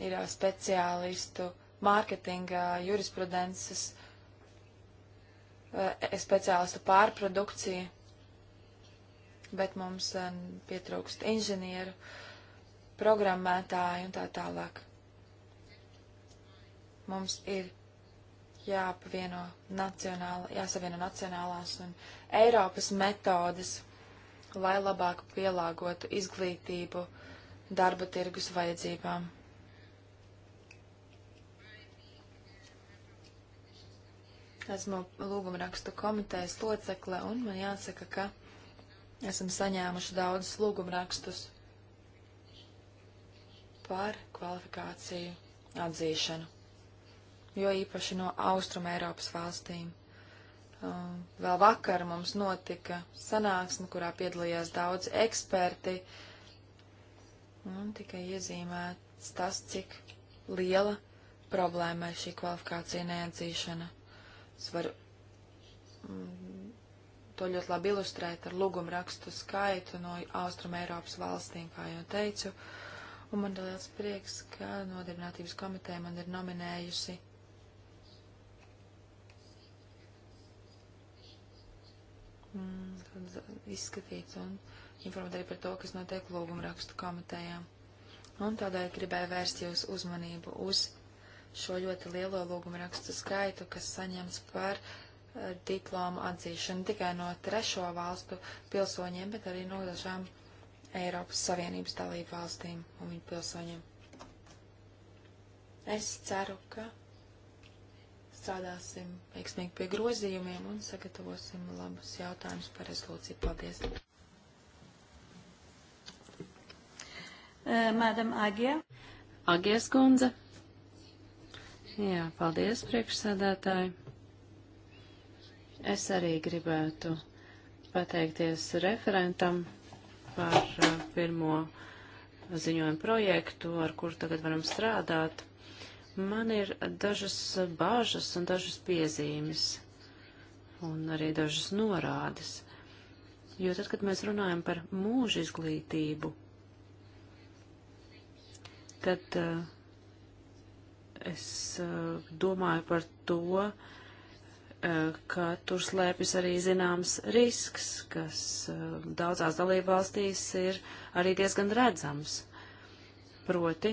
ir speciālistu mārketinga, jurisprudences uh, Eh, speciālistu pārprodukcija, bet mums eh, pietrūkst inženieru, programmētāju un tā tālāk. Mums ir jāapvieno nacionāla, jāsavieno nacionālās un Eiropas metodes, lai labāk pielāgotu izglītību darba tirgus vajadzībām. Esmu lūguma rakstu komitejas locekle, un man jāsaka, ka esam saņēmuši daudzus lūguma rakstus par kvalifikāciju atzīšanu, jo īpaši no Austrum Eiropas valstīm. Uh, vēl vakar mums notika sanāksme, kurā piedalījās daudz eksperti, un tikai iezīmēts tas, cik liela problēma ir šī kvalifikācija neatzīšana. Es varu mm, to ļoti labi ilustrēt ar lūgumu rakstu skaitu no Austrum Eiropas valstīm, kā jau teicu. Un man ir liels prieks, ka nodarbinātības komiteja man ir nominējusi mm, izskatīt un informēt arī par to, kas notiek lūguma rakstu komitejām. Un tādēļ gribēju vērst jūsu uzmanību uz šo ļoti lielo lūgumu rakstu skaitu, kas saņems par uh, diplomu atzīšanu tikai no trešo valstu pilsoņiem, bet arī no dažām Eiropas Savienības dalību valstīm un viņu pilsoņiem. Es ceru, ka strādāsim veiksmīgi pie grozījumiem un sagatavosim labus jautājumus par rezolūciju. Paldies! Eh, Madam Agija. Agijas kundze. Jā, paldies, priekšsēdētāji. Es arī gribētu pateikties referentam par uh, pirmo ziņojumu projektu, ar kuru tagad varam strādāt. Man ir dažas bāžas un dažas piezīmes un arī dažas norādes. Jo tad, kad mēs runājam par mūža izglītību, tad uh, Es uh, domāju par to, uh, ka tur slēpjas arī zināms risks, kas uh, daudzās dalībvalstīs ir arī diezgan redzams. Proti,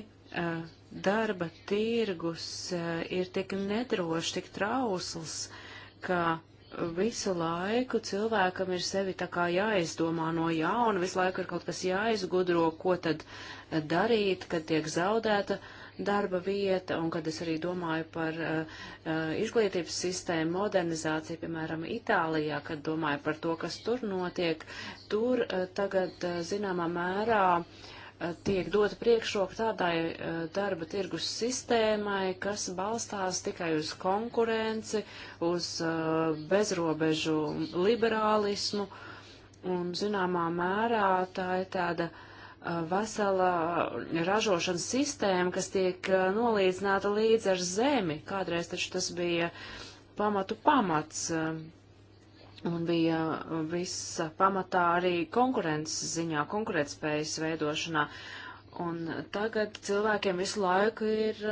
darba tirgus ir tik nedrošs, tik trausls, ka visu laiku cilvēkam ir sevi tā kā jāizdomā no jauna, visu laiku ir kaut kas jāizgudro, ko tad darīt, kad tiek zaudēta darba vieta, un kad es arī domāju par uh, izglītības sistēmu modernizāciju, piemēram, Itālijā, kad domāju par to, kas tur notiek, tur uh, tagad uh, zināmā mērā uh, tiek dota priekšroka tādai uh, darba tirgus sistēmai, kas balstās tikai uz konkurenci, uz uh, bezrobežu liberālismu, un zināmā mērā tā ir tāda uh, Uh, vesela ražošanas sistēma, kas tiek uh, nolīdzināta līdz ar zemi. Kādreiz taču tas bija pamatu pamats uh, un bija visa pamatā arī konkurences ziņā, konkurētspējas veidošanā. Un tagad cilvēkiem visu laiku ir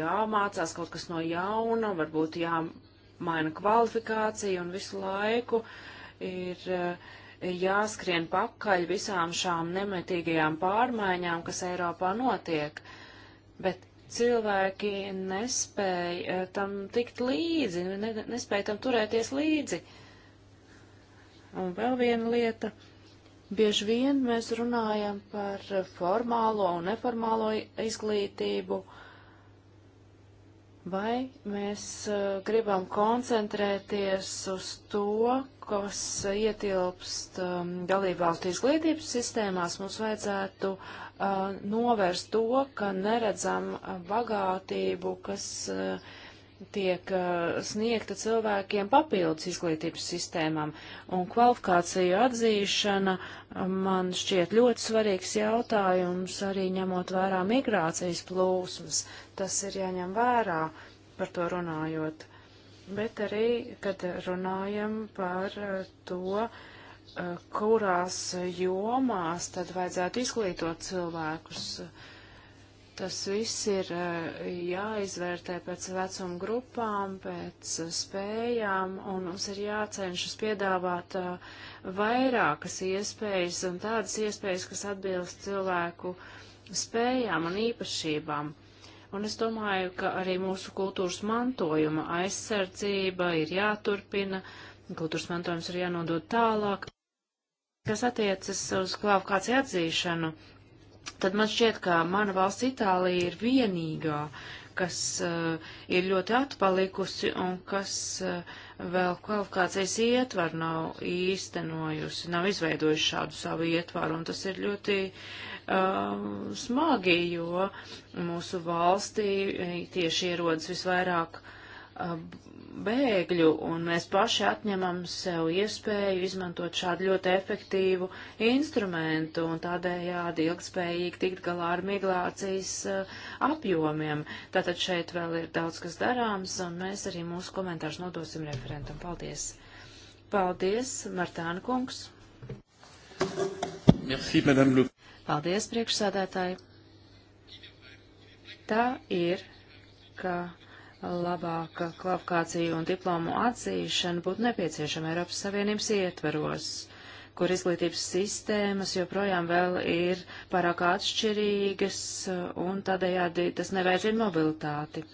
jāmācās kaut kas no jauna, varbūt jāmaina kvalifikācija un visu laiku ir uh, jāskrien pakaļ visām šām nemetīgajām pārmaiņām, kas Eiropā notiek. Bet cilvēki nespēja eh, tam tikt līdzi, ne, nespēja tam turēties līdzi. Un vēl viena lieta. Bieži vien mēs runājam par formālo un neformālo izglītību, vai mēs eh, gribam koncentrēties uz to, kas ietilpst um, dalībvalstu izglītības sistēmās, mums vajadzētu uh, novērst to, ka neredzam uh, bagātību, kas uh, tiek uh, sniegta cilvēkiem papildus izglītības sistēmām. Un kvalifikāciju atzīšana um, man šķiet ļoti svarīgs jautājums, arī ņemot vērā migrācijas plūsmas. Tas ir jāņem vērā par to runājot bet arī, kad runājam par eh, to, eh, kurās jomās tad vajadzētu izglītot cilvēkus. Tas viss ir eh, jāizvērtē pēc vecuma grupām, pēc spējām, un mums ir jācenšas piedāvāt vairākas iespējas un tādas iespējas, kas atbilst cilvēku spējām un īpašībām. Uh, Un es domāju, ka arī mūsu kultūras mantojuma aizsardzība ir jāturpina, kultūras mantojums ir jānodod tālāk. Kas attiecas uz klāvu kāds atzīšanu, tad man šķiet, ka mana valsts Itālija ir vienīgā, kas uh, ir ļoti atpalikusi un kas uh, vēl kvalifikācijas ietvaru nav īstenojusi, nav izveidojusi šādu savu ietvaru, un tas ir ļoti um, smagi, jo mūsu valstī tieši ierodas visvairāk um, bēgļu, un mēs paši atņemam sev iespēju izmantot šādu ļoti efektīvu instrumentu un tādējādi ilgspējīgi tikt galā ar migrācijas uh, apjomiem. Tātad šeit vēl ir daudz, kas darāms, un mēs arī mūsu komentārus nodosim referentam. Paldies! Paldies, Martāna kungs! Merci, Paldies, priekšsādātāji! Tā ir, ka labāka kvalifikācija un diplomu atzīšana būtu nepieciešama Eiropas Savienības ietveros, kur izglītības sistēmas joprojām vēl ir pārāk atšķirīgas uh, un tādējādi tas neveicina mobilitāti.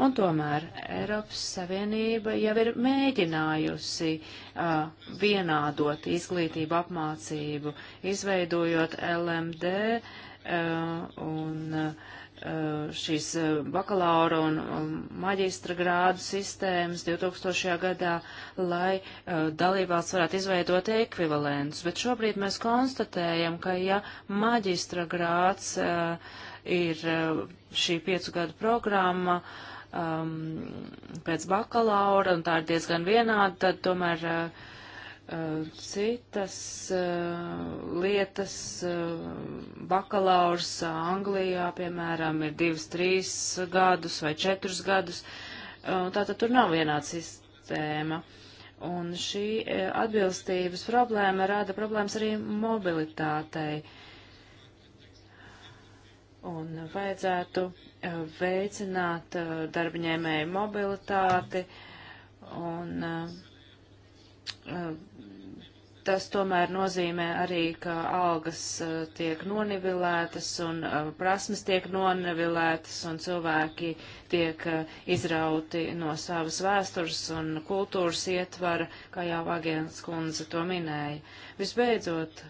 Un tomēr Eiropas Savienība jau ir mēģinājusi uh, vienādot izglītību apmācību, izveidojot LMD uh, un uh, Eh, šīs eh, bakalaura un um, maģistra grādu sistēmas 2000. gadā, lai eh, dalībvalsts varētu izveidot ekvivalentus. Bet šobrīd mēs konstatējam, ka ja maģistra grāds ir šī piecu gadu programma, um, pēc bakalaura, un tā ir diezgan vienāda, tad tomēr uh, Eh, citas eh, lietas, eh, bakalaurs Anglijā, piemēram, ir divas, trīs gadus vai četrus gadus. Tātad tur nav vienāda sistēma. Un šī atbilstības problēma rada problēmas arī mobilitātei. Un vajadzētu veicināt darbaņēmēju mobilitāti un uh, Eh, tas tomēr nozīmē arī, ka algas eh, tiek nonivilētas un eh, prasmes tiek nonivilētas un cilvēki tiek izrauti no savas vēstures un kultūras ietvara, kā jau Vagienas kundze to minēja. Visbeidzot,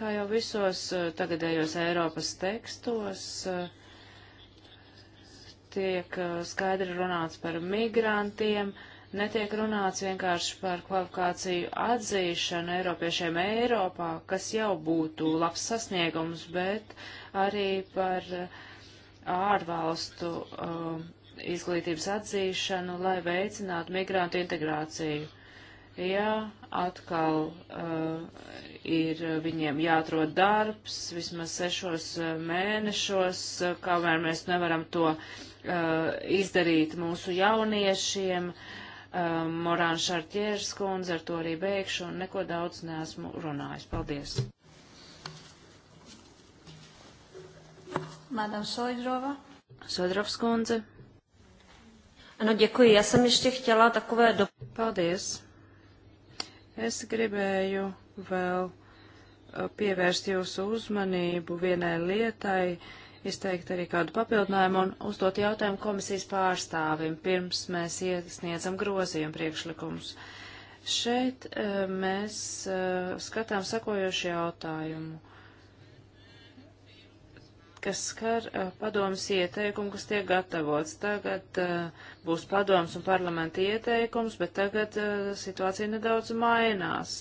kā jau visos tagadējos Eiropas tekstos, tiek skaidri runāts par migrantiem, uh, netiek runāts vienkārši par kvalifikāciju atzīšanu Eiropiešiem Eiropā, kas jau būtu labs sasniegums, bet arī par uh, ārvalstu uh, izglītības atzīšanu, lai veicinātu migrantu integrāciju. Ja atkal uh, ir viņiem jāatrod darbs vismaz sešos uh, mēnešos, uh, kamēr mēs nevaram to uh, izdarīt mūsu jauniešiem, uh, um, Morāna Šarķērs kundze, ar to arī beigšu un neko daudz neesmu runājis. Paldies! Madam Sojdrova. Sodrovskundze. Ano, děkuji. Já jsem ještě chtěla takové do... Paldies. Es gribēju vēl uh, pievērst jūsu uzmanību vienai lietai, uh, izteikt arī kādu papildinājumu un uzdot jautājumu komisijas pārstāvim, pirms mēs iesniedzam grozījumu priekšlikumus. Šeit e, mēs e, skatām sakojošu jautājumu, kas skar e, padomas ieteikumu, kas tiek gatavots. Tagad būs padomas un parlamenta ieteikums, bet tagad situācija nedaudz mainās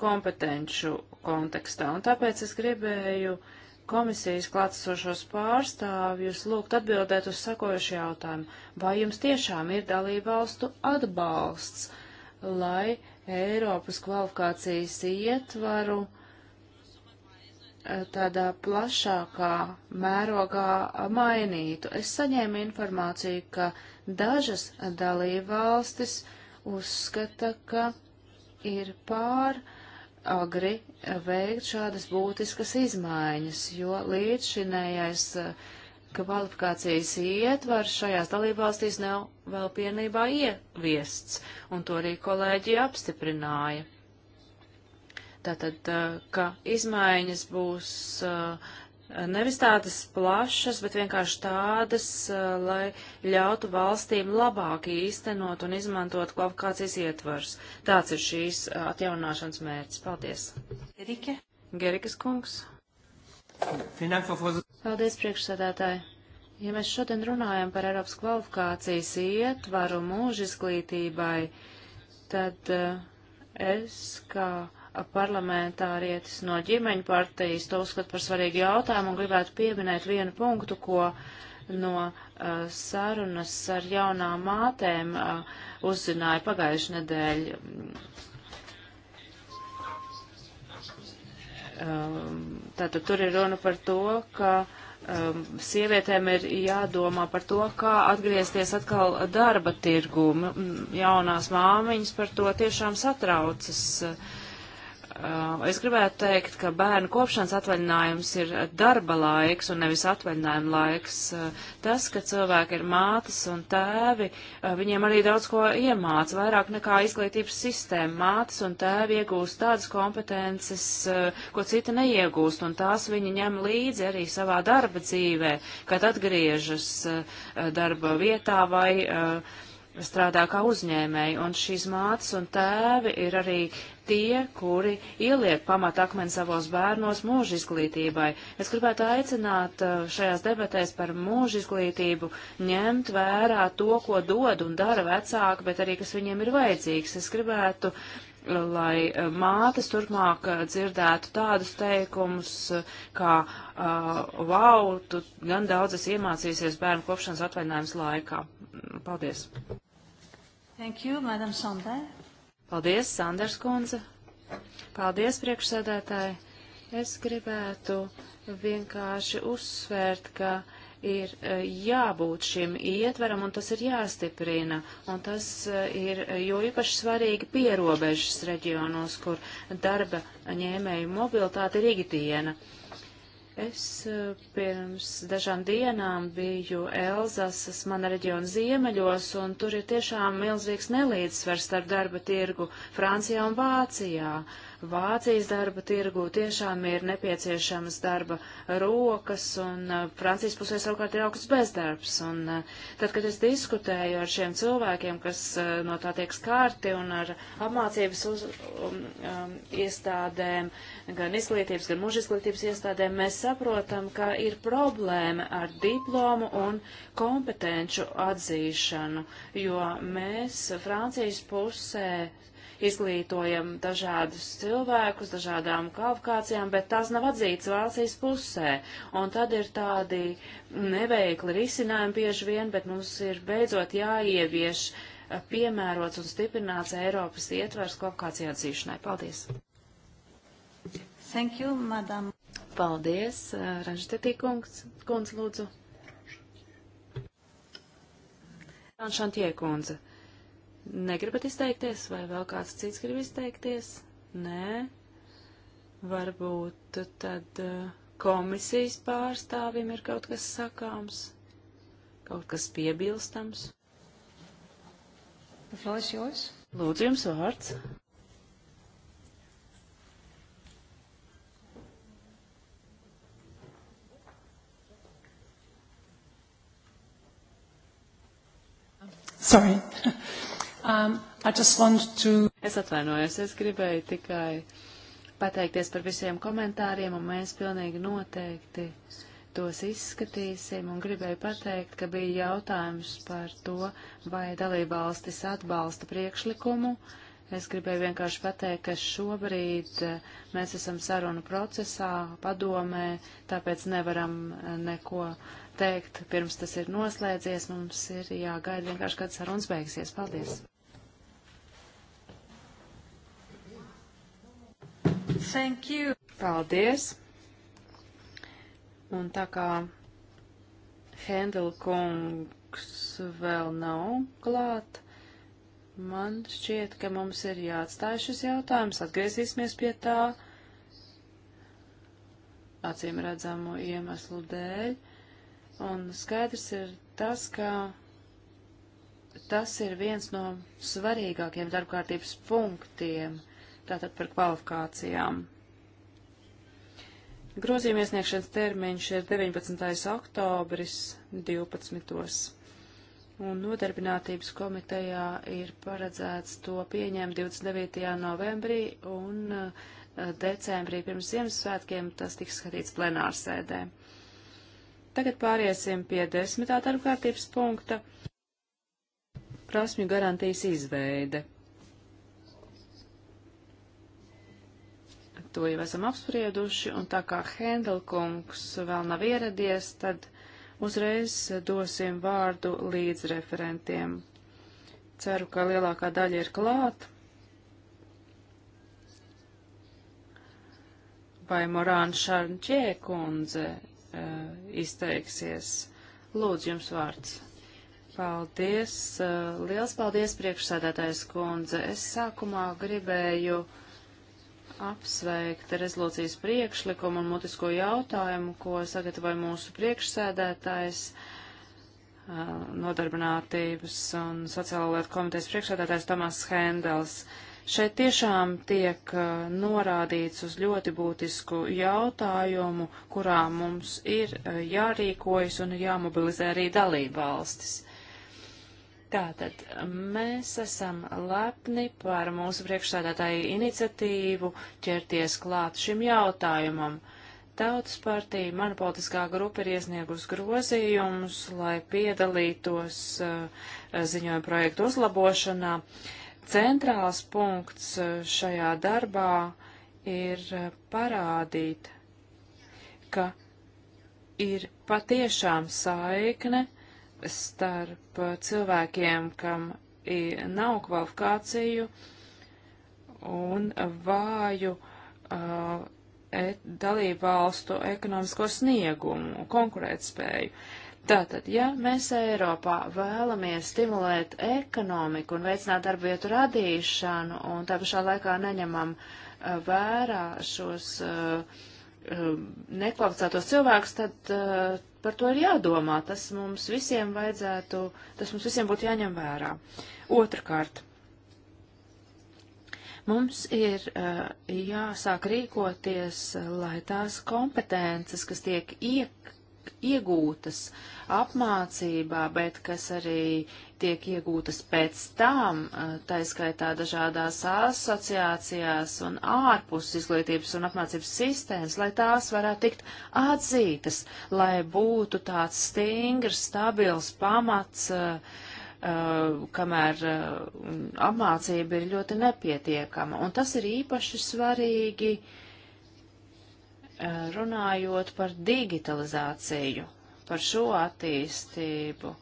kompetenču kontekstā. Un tāpēc es gribēju uh, komisijas klātsošos pārstāvjus lūgt atbildēt uz sakojuši jautājumu. Vai jums tiešām ir dalībvalstu atbalsts, lai Eiropas kvalifikācijas ietvaru eh, tādā plašākā mērogā mainītu? Es saņēmu informāciju, ka dažas dalībvalstis uzskata, ka ir pār agri veikt šādas būtiskas izmaiņas, jo līdzšinējais eh, kvalifikācijas ietvars šajās dalībvalstīs nav vēl pilnībā ieviests, un to arī kolēģi apstiprināja. Tātad, eh, ka izmaiņas būs uh, Nevis tādas plašas, bet vienkārši tādas, eh, lai ļautu valstīm labāk īstenot un izmantot kvalifikācijas ietvars. Tāds ir šīs eh, atjaunināšanas mērķis. Paldies. Gerike. Gerikas kungs. Paldies, priekšsēdētāji. Ja mēs šodien runājam par Eiropas kvalifikācijas ietvaru mūža izglītībai, tad eh, es kā. Ka parlamentārietis no ģimeņu partijas to uzskat par svarīgu jautājumu un gribētu pieminēt vienu punktu, ko no uh, sarunas ar jaunām mātēm uh, uzzināja pagājuši nedēļ. Um, tātad tur ir runa par to, ka um, sievietēm ir jādomā par to, kā atgriezties atkal darba tirgu. Jaunās māmiņas par to tiešām satraucas. Uh, Um, es gribētu teikt, ka bērnu kopšanas atvaļinājums ir darba laiks un nevis atvaļinājuma laiks. Uh, tas, ka cilvēki ir mātes un tēvi, uh, viņiem arī daudz ko iemāca, vairāk nekā izglītības sistēma. Mātes un tēvi iegūst tādas kompetences, uh, ko cita neiegūst, un tās viņi ņem līdzi arī savā darba dzīvē, kad atgriežas darba vietā vai uh, strādā kā uzņēmēji, un šīs mātes un tēvi ir arī tie, kuri ieliek pamat akmeni savos bērnos mūža izglītībai. Es gribētu aicināt uh, šajās debatēs par mūža izglītību ņemt vērā to, ko dod un dara vecāki, bet arī, kas viņiem ir vajadzīgs. Es gribētu uh, lai uh, mātes turpmāk dzirdētu tādus teikumus, kā uh, wow, tu gan daudz esi iemācījusies bērnu kopšanas atvaļinājums laikā. Paldies. Thank you, Madam Sander. Paldies, Sanders kundze. Paldies, priekšsēdētāji. Es gribētu vienkārši uzsvērt, ka ir eh, jābūt šim ietveram un tas ir jāstiprina. Un tas eh, ir jo īpaši svarīgi pierobežas reģionos, kur darba ņēmēju mobilitāte ir ikdiena. Uh, Es eh, pirms dažām dienām biju Elzasas, mana reģiona ziemeļos, un tur ir tiešām milzīgs nelīdzsvars starp darba tirgu Francijā un Vācijā. Uh, Vācijas darba tirgu tiešām ir nepieciešamas darba rokas, un uh, Francijas pusē savukārt ir augsts bezdarbs. Un, uh, tad, kad es diskutēju ar šiem cilvēkiem, kas uh, no tā tiek skārti, un ar apmācības uz, um, um, iestādēm, gan izglītības, gan mūža izglītības iestādēm, mēs saprotam, ka ir problēma ar diplomu un kompetenču atzīšanu, jo mēs Francijas pusē izglītojam dažādus cilvēkus, dažādām kvalifikācijām, bet tās nav atzīts Vācijas pusē. Un tad ir tādi neveikli risinājumi bieži vien, bet mums ir beidzot jāievieš eh, piemērots un stiprināts Eiropas ietvers kvalifikācijā atzīšanai. Paldies! Thank you, madam. Paldies, eh, Ranžtetī kungs, kundz lūdzu. Ranšantie kundze. Negribat izteikties, vai vēl kāds cits grib izteikties? Nē. Varbūt tad eh, komisijas pārstāvim ir kaut kas sakāms, kaut kas piebilstams. Lūdzu, jums vārds. Sorry. Um, to... Es atvainojos, es gribēju tikai pateikties par visiem komentāriem, un mēs pilnīgi noteikti tos izskatīsim, un gribēju pateikt, ka bija jautājums par to, vai dalībvalstis atbalsta priekšlikumu. Es gribēju vienkārši pateikt, ka šobrīd eh, mēs esam sarunu procesā, padomē, tāpēc nevaram eh, neko teikt, pirms tas ir noslēdzies. Mums ir jāgaida vienkārši, kad sarunas beigsies. Paldies! Thank you. Paldies. Un tā kā Hendel kungs vēl nav klāt, man šķiet, ka mums ir jāatstāj šis jautājums. Atgriezīsimies pie tā acīm redzamu iemeslu dēļ. Un skaidrs ir tas, ka tas ir viens no svarīgākiem darbkārtības punktiem – tātad par kvalifikācijām. Grozījuma iesniegšanas termiņš ir 19. oktobris 12. Un nodarbinātības komitejā ir paredzēts to pieņemt 29. novembrī un eh, decembrī pirms Ziemassvētkiem tas tiks skatīts plenārsēdē. Tagad pāriesim pie desmitā darbkārtības punkta - prasmju garantijas izveide. to jau esam apsprieduši, un tā kā Hendelkungs vēl nav ieradies, tad uzreiz dosim vārdu līdz referentiem. Ceru, ka lielākā daļa ir klāt. Vai Morāna Šarņķē kundze uh, izteiksies? Lūdzu, jums vārds. Paldies, uh, liels paldies priekšsēdētājs kundze. Es sākumā gribēju uh, apsveikt rezolūcijas priekšlikumu un mutisko jautājumu, ko sagatavoja mūsu priekšsēdētājs, nodarbinātības un sociālo lietu komitejas priekšsēdētājs Tomas Hendels. Šeit tiešām tiek norādīts uz ļoti būtisku jautājumu, kurā mums ir jārīkojas un jāmobilizē arī dalība valstis. Tātad mēs esam lepni par mūsu priekšsādātāju iniciatīvu ķerties klāt šim jautājumam. Tautas partija, mana politiskā grupa ir iesniegus grozījumus, lai piedalītos uh, ziņojuma projektu uzlabošanā. Centrāls punkts eh, šajā darbā ir eh, parādīt, ka ir patiešām saikne uh, starp cilvēkiem, kam nav kvalifikāciju un vāju uh, et, dalību valstu ekonomisko sniegumu, konkurētspēju. Tātad, ja mēs Eiropā vēlamies stimulēt ekonomiku un veicināt darba vietu radīšanu un tā pašā laikā neņemam uh, vērā šos uh, nekvalificētos cilvēkus, tad uh, Par to ir jādomā, tas mums visiem vajadzētu, tas mums visiem būtu jāņem vērā. Otrakārt, mums ir eh, jāsāk rīkoties, lai tās kompetences, kas tiek iek, iegūtas apmācībā, bet kas arī tiek iegūtas pēc tam, eh, taiskaitā dažādās asociācijās un ārpus izglītības un apmācības sistēmas, lai tās varētu tikt atzītas, lai būtu tāds stingrs, stabils pamats, eh, eh, kamēr apmācība ir ļoti nepietiekama. Un tas ir īpaši svarīgi runājot par digitalizāciju, par šo attīstību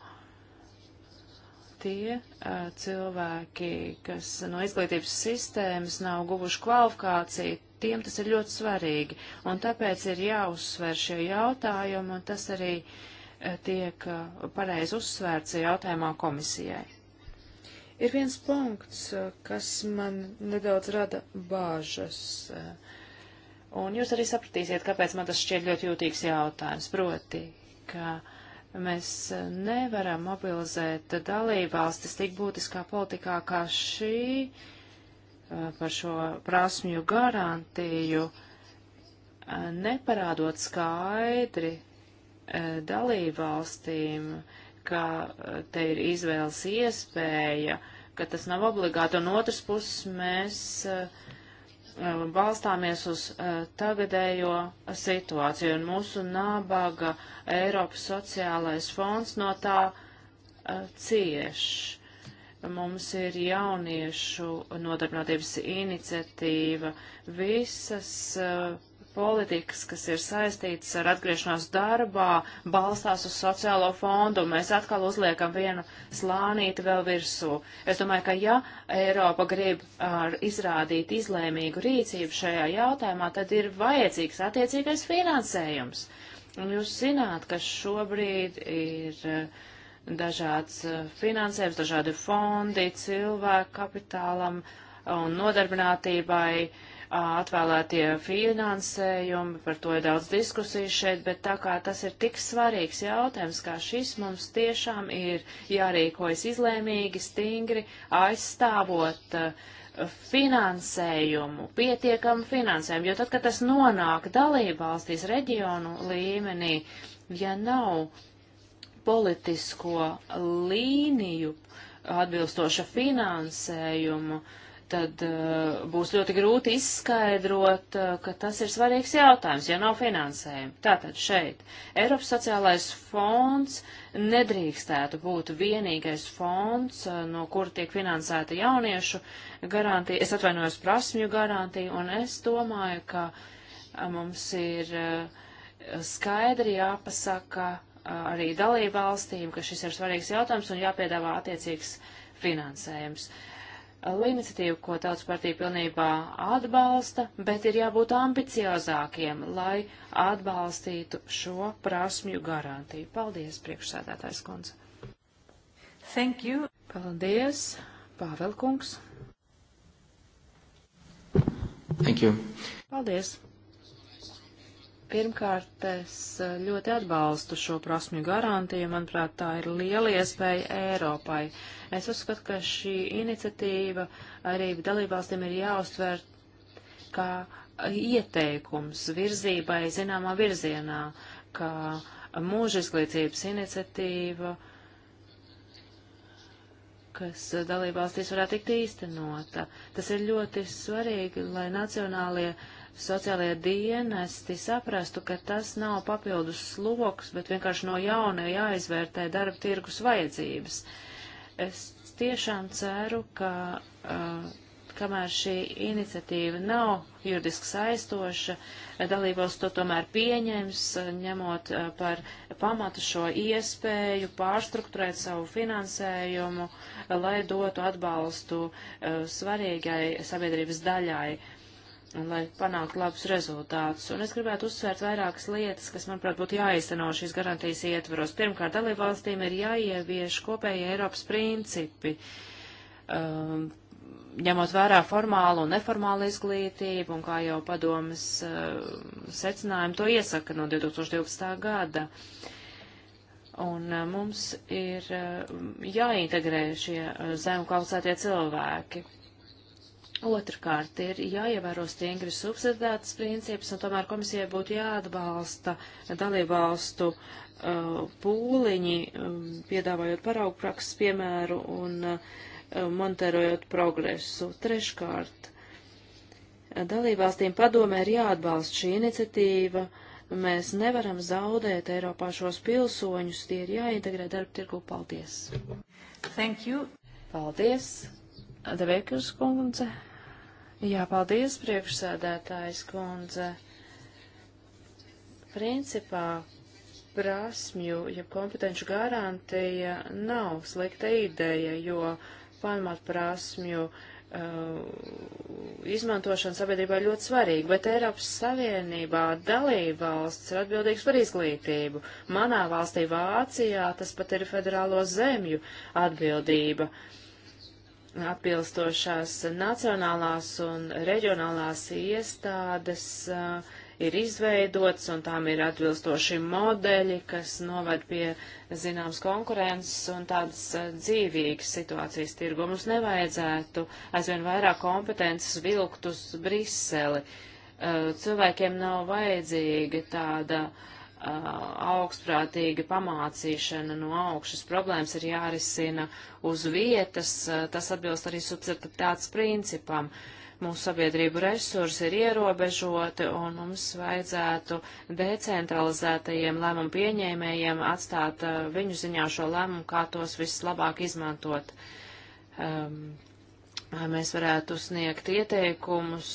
tie uh, cilvēki, kas no izglītības sistēmas nav guvuši kvalifikāciju, tiem tas ir ļoti svarīgi. Un tāpēc ir jāuzsver šie jautājumi, un tas arī uh, tiek uh, pareizi uzsvērts jautājumā komisijai. Ir viens punkts, kas man nedaudz rada bāžas. Un jūs arī sapratīsiet, kāpēc man tas šķiet ļoti jūtīgs jautājums. Proti, ka uh, Mēs e, nevaram mobilizēt dalībvalstis tik būtiskā politikā kā šī e, par šo prasmju garantiju, e, neparādot skaidri dalībvalstīm, ka te ir izvēles iespēja, ka tas nav obligāti, un otrs puses mēs uh, balstāmies uz tagadējo situāciju, un mūsu nabaga Eiropas sociālais fonds no tā cieš. Mums ir jauniešu nodarbinātības iniciatīva, visas uh, politikas, kas ir saistītas ar atgriešanos darbā, balstās uz sociālo fondu, un mēs atkal uzliekam vienu slānīti vēl virsū. Es domāju, ka ja Eiropa grib ar, izrādīt izlēmīgu rīcību šajā jautājumā, tad ir vajadzīgs attiecīgais finansējums. Un jūs zināt, ka šobrīd ir eh, dažāds eh, finansējums, dažādi fondi cilvēku kapitālam un nodarbinātībai. Uh, atvēlētie finansējumi, par to ir daudz diskusiju šeit, bet tā kā tas ir tik svarīgs jautājums, kā šis mums tiešām ir jārīkojas izlēmīgi, stingri, aizstāvot uh, finansējumu, pietiekamu finansējumu, jo tad, kad tas nonāk dalību valstīs reģionu līmenī, ja nav politisko līniju atbilstoša finansējumu, uh, tad uh, būs ļoti grūti izskaidrot, uh, ka tas ir svarīgs jautājums, ja nav finansējuma. Tātad šeit Eiropas sociālais fonds nedrīkstētu būt vienīgais fonds, uh, no kura tiek finansēta jauniešu garantija. Es atvainojos prasmju garantiju, un es domāju, ka mums ir skaidri jāpasaka arī dalību valstīm, ka šis ir svarīgs jautājums un jāpiedāvā attiecīgs finansējums. Uh, iniciatīva, ko tautas partija pilnībā atbalsta, bet ir jābūt ambiciozākiem, lai atbalstītu šo prasmju garantiju. Paldies, priekšsēdētājs kundze. Thank you. Paldies, Pāvelkungs. Thank you. Paldies. Pirmkārt, es eh, ļoti atbalstu šo prasmju garantiju. Manuprāt, tā ir liela iespēja Eiropai. Es uzskatu, ka šī iniciatīva arī dalībvalstīm ir jāuztver kā ieteikums virzībai zināmā virzienā, kā mūža izglītības iniciatīva, kas dalībvalstīs varētu tikt īstenota. Tas ir ļoti svarīgi, lai nacionālie uh, sociālajie dienesti saprastu, ka tas nav papildus sloks, bet vienkārši no jauna jāizvērtē darba tirgus vajadzības. Es tiešām ceru, ka uh, kamēr šī iniciatīva nav juridiski saistoša, dalībvalsts to tomēr pieņems, uh, ņemot uh, par pamatu šo iespēju pārstruktūrēt savu finansējumu, lai dotu atbalstu uh, svarīgai sabiedrības daļai un lai panāktu labus rezultātus. Un es gribētu uzsvērt vairākas lietas, kas, manuprāt, būtu jāizteno šīs garantijas ietvaros. Pirmkārt, dalībvalstīm ir jāievieš kopēji Eiropas principi, um, ņemot vērā formālu un neformālu izglītību, un kā jau padomas uh, secinājumi to iesaka no 2012. gada. Un uh, mums ir uh, jāintegrē šie uh, zemu kvalificētie cilvēki Otrakārt, ir jāievēro stingri subsidētas princips, un tomēr komisijai būtu jāatbalsta dalībvalstu uh, pūliņi, um, piedāvājot paraugu prakses piemēru un uh, monitorējot progresu. Treškārt, dalībvalstīm padomē ir jāatbalsta šī iniciatīva. Mēs nevaram zaudēt Eiropā šos pilsoņus, tie ir jāintegrē darba tirgu. Paldies! Thank you! Paldies! Devēkers kundze! Jā, paldies, priekšsēdētājs kundze. Principā prasmju, ja kompetenci garantija nav slikta ideja, jo pamatprasmju uh, izmantošana sabiedrībā ir ļoti svarīga, bet Eiropas Savienībā dalība valsts ir atbildīgs par izglītību. Manā valstī Vācijā tas pat ir federālo zemju atbildība. Uh, atbilstošās nacionālās un reģionālās iestādes uh, ir izveidotas un tām ir atbilstoši modeļi, kas novad pie zināmas konkurences un tādas uh, dzīvīgas situācijas tirgu. Mums nevajadzētu aizvien vairāk kompetences vilkt uz Briseli. Uh, cilvēkiem nav vajadzīga tāda uh, augstprātīga pamācīšana no augšas problēmas ir jārisina uz vietas, tas atbilst arī subsidiaritātes principam. Mūsu sabiedrību resursi ir ierobežoti, un mums vajadzētu decentralizētajiem lēmumu pieņēmējiem atstāt uh, viņu ziņā šo lēmumu, kā tos vislabāk izmantot. Um, mēs varētu sniegt ieteikumus,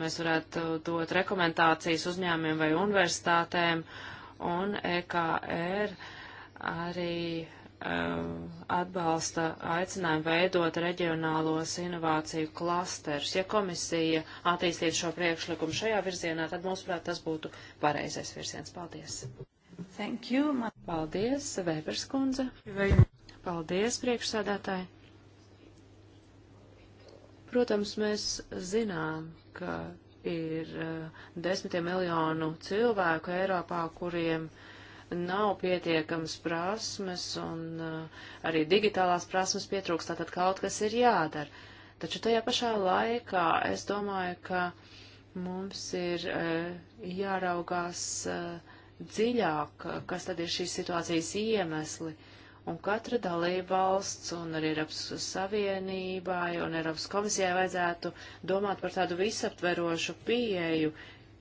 mēs varētu dot rekomendācijas uzņēmiem vai universitātēm. Uh, un EKR arī um, atbalsta aicinājumu veidot reģionālos inovāciju klasterus. Ja komisija attīstītu šo priekšlikumu šajā virzienā, tad, mūsuprāt, tas būtu pareizais virziens. Paldies! Thank you, man... Paldies, Vēbers kundze! Paldies, priekšsādātāji! Protams, mēs zinām, ka ir eh, desmitiem miljonu cilvēku Eiropā, kuriem nav pietiekams prasmes un eh, arī digitālās prasmes pietrūkst, tātad kaut kas ir jādara. Taču tajā pašā laikā es domāju, ka mums ir eh, jāraugās dziļāk, kas tad ir šīs situācijas iemesli. Uh, Un katra dalība valsts un arī Eiropas Savienībai un Eiropas komisijai vajadzētu domāt par tādu visaptverošu pieeju,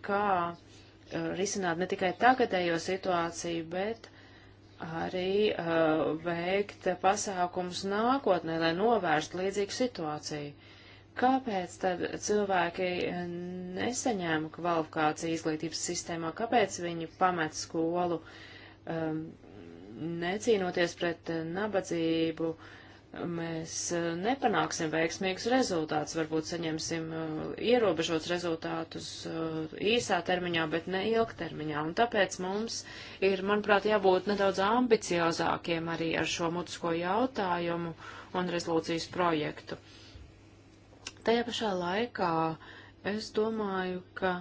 kā uh, risināt ne tikai tagadējo situāciju, bet arī uh, veikt pasākums nākotnē, lai novērstu līdzīgu situāciju. Kāpēc tad cilvēki nesaņēma kvalifikāciju izglītības sistēmā? Kāpēc viņi pamet skolu? Um, necīnoties pret eh, nabadzību, mēs eh, nepanāksim veiksmīgus rezultātus, varbūt saņemsim eh, ierobežots rezultātus īsā termiņā, bet ne ilgtermiņā. Un tāpēc mums ir, manuprāt, jābūt nedaudz ambiciozākiem arī ar šo mutisko jautājumu un rezolūcijas projektu. Tajā pašā laikā es domāju, ka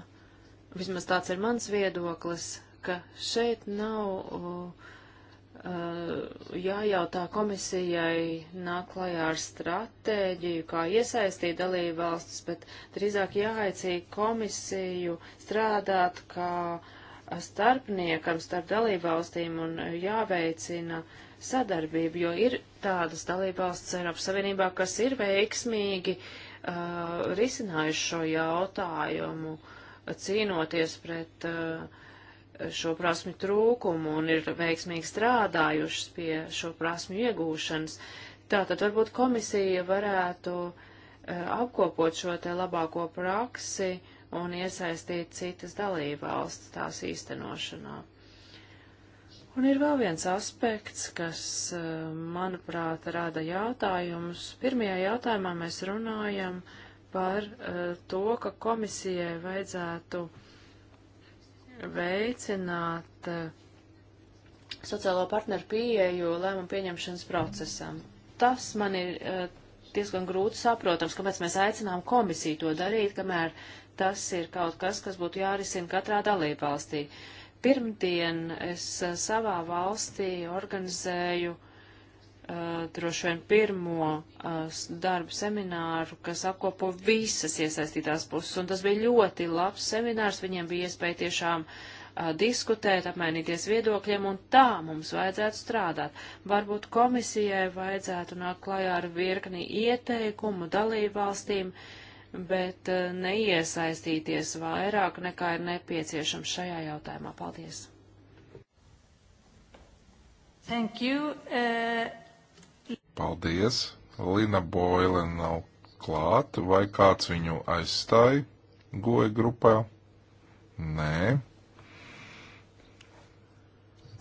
vismaz tāds ir mans viedoklis, ka šeit nav uh, Uh, jājautā komisijai nāk klajā ar stratēģiju, kā iesaistīt dalību valstis, bet drīzāk jāaicīja komisiju strādāt kā starpniekam starp dalību valstīm un jāveicina sadarbību, jo ir tādas dalību valsts Eiropas Savienībā, kas ir veiksmīgi uh, risinājuši šo jautājumu, cīnoties pret uh, šo prasmi trūkumu un ir veiksmīgi strādājušas pie šo prasmu iegūšanas. Tātad varbūt komisija varētu eh, apkopot šo te labāko praksi un iesaistīt citas dalībvalstis tās īstenošanā. Un ir vēl viens aspekts, kas, eh, manuprāt, rada jautājumus. Pirmajā jautājumā mēs runājam par eh, to, ka komisijai vajadzētu uh, veicināt eh, sociālo partneru pieeju lēmumu pieņemšanas procesam. Tas man ir eh, diezgan grūti saprotams, kāpēc mēs aicinām komisiju to darīt, kamēr tas ir kaut kas, kas būtu jārisina katrā dalībvalstī. Pirmdien es eh, savā valstī organizēju uh, droši vien pirmo uh, darbu semināru, kas apkopo visas iesaistītās puses, un tas bija ļoti labs seminārs, viņiem bija iespēja tiešām uh, diskutēt, apmainīties viedokļiem, un tā mums vajadzētu strādāt. Varbūt komisijai vajadzētu nākt klajā ar virkni ieteikumu dalībvalstīm, bet neiesaistīties vairāk nekā ir nepieciešams šajā jautājumā. Paldies! Thank you. Uh, Paldies! Lina Boile nav klāt, vai kāds viņu aizstāja goja grupā? Nē.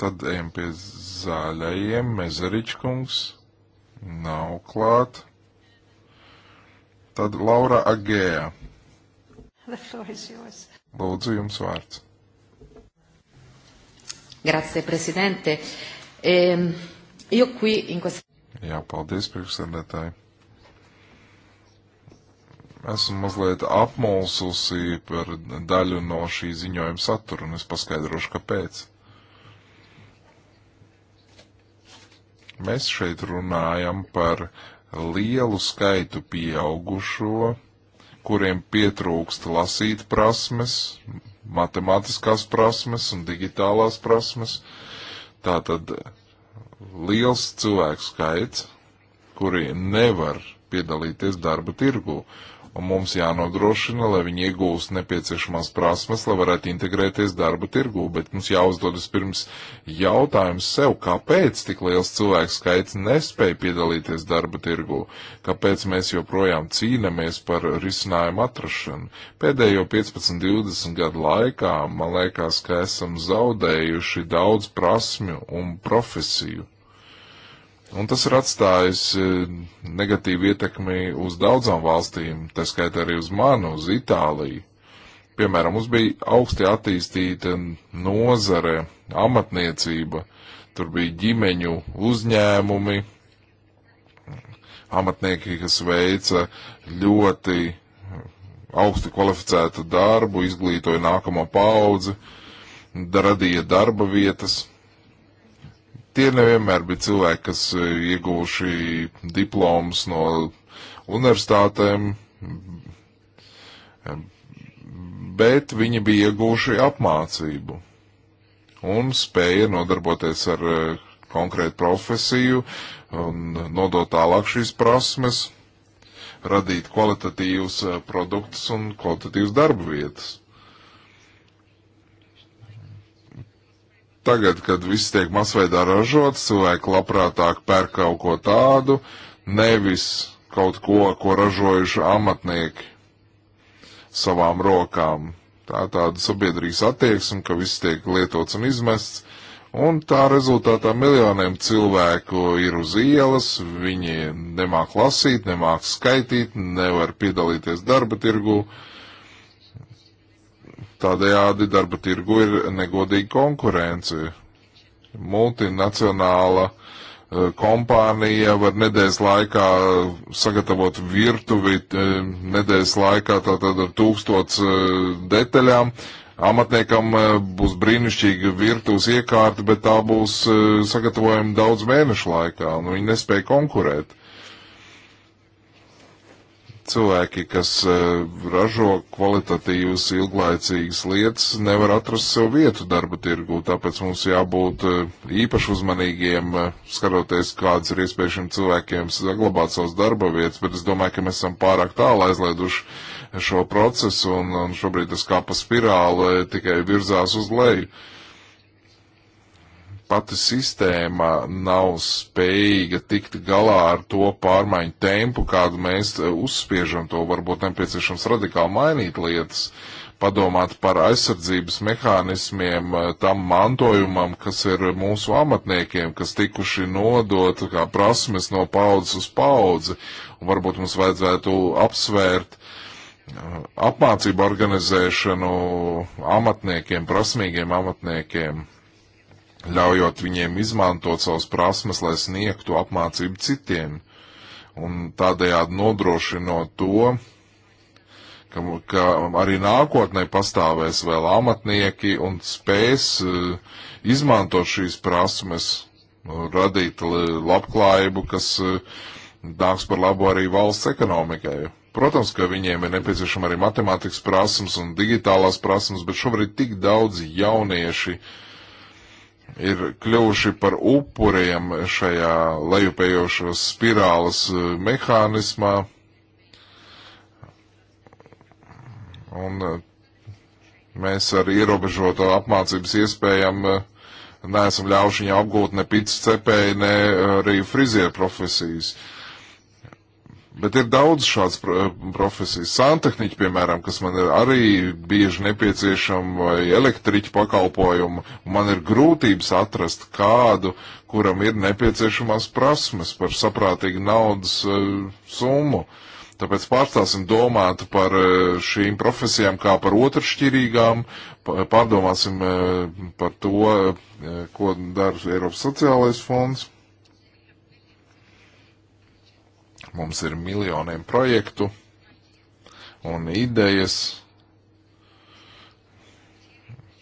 Tad ejam pie zaļajiem. Mezeričkungs nav klāt. Tad Laura Agēja. Lūdzu, jums vārds. Grazie, Presidente. Ehm, io qui in questa... Jā, paldies, priekšsēdētāji. Esmu mazliet apmulsusi par daļu no šī ziņojuma satura, un es paskaidrošu, kāpēc. Mēs šeit runājam par lielu skaitu pieaugušo, kuriem pietrūkst lasīt prasmes, matemātiskās prasmes un digitālās prasmes. Tātad liels cilvēku skaits, kuri nevar piedalīties darba tirgu, un mums jānodrošina, lai viņi iegūst nepieciešamās prasmes, lai varētu integrēties darba tirgu, bet mums jāuzdodas pirms jautājums sev, kāpēc tik liels cilvēks skaits nespēja piedalīties darba tirgu, kāpēc mēs joprojām cīnamies par risinājumu atrašanu. Pēdējo 15-20 gadu laikā, man liekas, ka esam zaudējuši daudz prasmju un profesiju. Un tas ir atstājis eh, negatīvu ietekmi uz daudzām valstīm, tā skaitā arī uz manu, uz Itāliju. Piemēram, mums bija augsti attīstīta nozare, amatniecība, tur bija ģimeņu uzņēmumi, amatnieki, kas veica ļoti augsti kvalificētu darbu, izglītoja nākamo paudzi, radīja darba vietas tie nevienmēr bija cilvēki, kas eh, ieguvuši diplomas no universitātēm, eh, bet viņi bija ieguvuši apmācību un spēja nodarboties ar eh, konkrētu profesiju un nodot tālāk šīs prasmes, radīt kvalitatīvus produktus un kvalitatīvus darba vietas. Tagad, kad viss tiek masveidā ražots, cilvēki labprātāk pērk kaut ko tādu, nevis kaut ko, ko ražojuši amatnieki savām rokām. Tā tāda sabiedrības attieksme, ka viss tiek lietots un izmests, un tā rezultātā miljoniem cilvēku ir uz ielas, viņi nemāk lasīt, nemāk skaitīt, nevar piedalīties darba tirgu. Uh, Tādējādi darba tirgu ir negodīga konkurence. Multinacionāla eh, kompānija var nedēļas laikā sagatavot virtuvi, eh, nedēļas laikā tātad ar tūkstots eh, detaļām. Amatniekam būs brīnišķīga virtuves iekārta, bet tā būs sagatavojama daudz mēnešu laikā, un viņi nespēja konkurēt cilvēki, kas eh, ražo kvalitatīvas, ilglaicīgas lietas, nevar atrast sev vietu darba tirgu, tāpēc mums jābūt eh, īpaši uzmanīgiem, eh, skatoties, kādas ir iespējas šiem cilvēkiem saglabāt savas darba vietas, bet es domāju, ka mēs esam pārāk tālu aizlaiduši šo procesu, un, un šobrīd tas kā pa spirāli tikai virzās uz leju. Uh, pati sistēma nav spējīga tikt galā ar to pārmaiņu tempu, kādu mēs e, uzspiežam to, varbūt nepieciešams radikāli mainīt lietas, padomāt par aizsardzības mehānismiem e, tam mantojumam, kas ir mūsu amatniekiem, kas tikuši nodot kā prasmes no paudzes uz paudzi, un varbūt mums vajadzētu apsvērt e, apmācību organizēšanu amatniekiem, prasmīgiem amatniekiem ļaujot viņiem izmantot savas prasmes, lai sniegtu apmācību citiem, un tādējādi nodrošinot to, ka, ka arī nākotnē pastāvēs vēl amatnieki un spēs uh, izmantot šīs prasmes, nu, radīt labklājību, kas uh, nāks par labu arī valsts ekonomikai. Protams, ka viņiem ir nepieciešama arī matemātikas prasmes un digitālās prasmes, bet šobrīd tik daudz jaunieši uh, ir kļuvuši par upuriem šajā lejupējošos spirāles e, mehānismā. Un e, mēs ar ierobežoto apmācības iespējām e, neesam ļauši viņu apgūt ne pits cepēji, ne arī frizieru profesijas. Uh, Bet ir daudz šāds profesijas. Santehniķi, piemēram, kas man ir arī bieži nepieciešama, vai elektriķi pakalpojumu. Man ir grūtības atrast kādu, kuram ir nepieciešamās prasmes par saprātīgu naudas e, summu. Tāpēc pārstāsim domāt par e, šīm profesijām kā par otršķirīgām, pārdomāsim e, par to, ko dara Eiropas sociālais fonds Mums ir miljoniem projektu un idejas.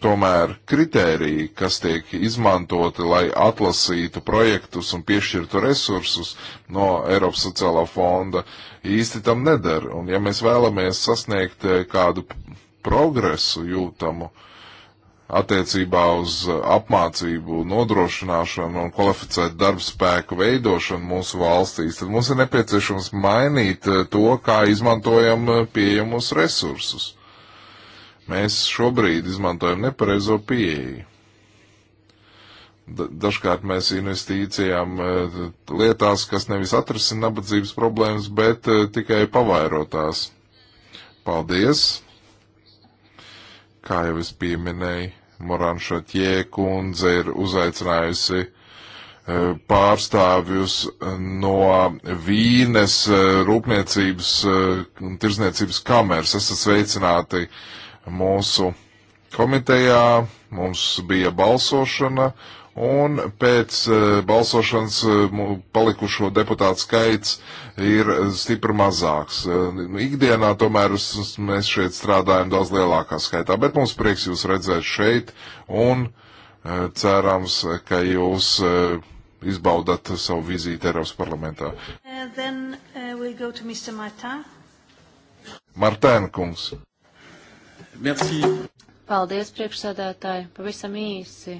Tomēr kritēriji, kas tiek izmantoti, lai atlasītu projektus un piešķirtu resursus no Eiropas sociālā fonda, īsti tam nedara. Un ja mēs vēlamies sasniegt eh, kādu progresu jūtamu, uh, attiecībā uz uh, apmācību, nodrošināšanu un kvalificētu darbspēku veidošanu mūsu valstīs, tad mums ir nepieciešams mainīt uh, to, kā izmantojam uh, pieejamos resursus. Mēs šobrīd izmantojam nepareizo pieeju. Dažkārt mēs investīcijām lietās, kas nevis atrisina nabadzības problēmas, bet tikai pavairotās. Paldies! kā jau es pieminēju, Moranša Tjēkundze ir uzaicinājusi e, pārstāvjus e, no Vīnes e, rūpniecības un tirzniecības kameras. Esat sveicināti mūsu komitejā, mums bija balsošana un pēc eh, balsošanas eh, palikušo deputātu skaits ir eh, stipri mazāks. Ikdienā tomēr mēs šeit strādājam daudz lielākā skaitā, bet mums prieks jūs redzēt šeit un cerams, ka jūs izbaudat savu vizīti Eiropas parlamentā. Uh, then, uh, we'll go to Mr. Martin. Martēna kungs. Merci. Paldies, priekšsēdētāji. Pavisam īsi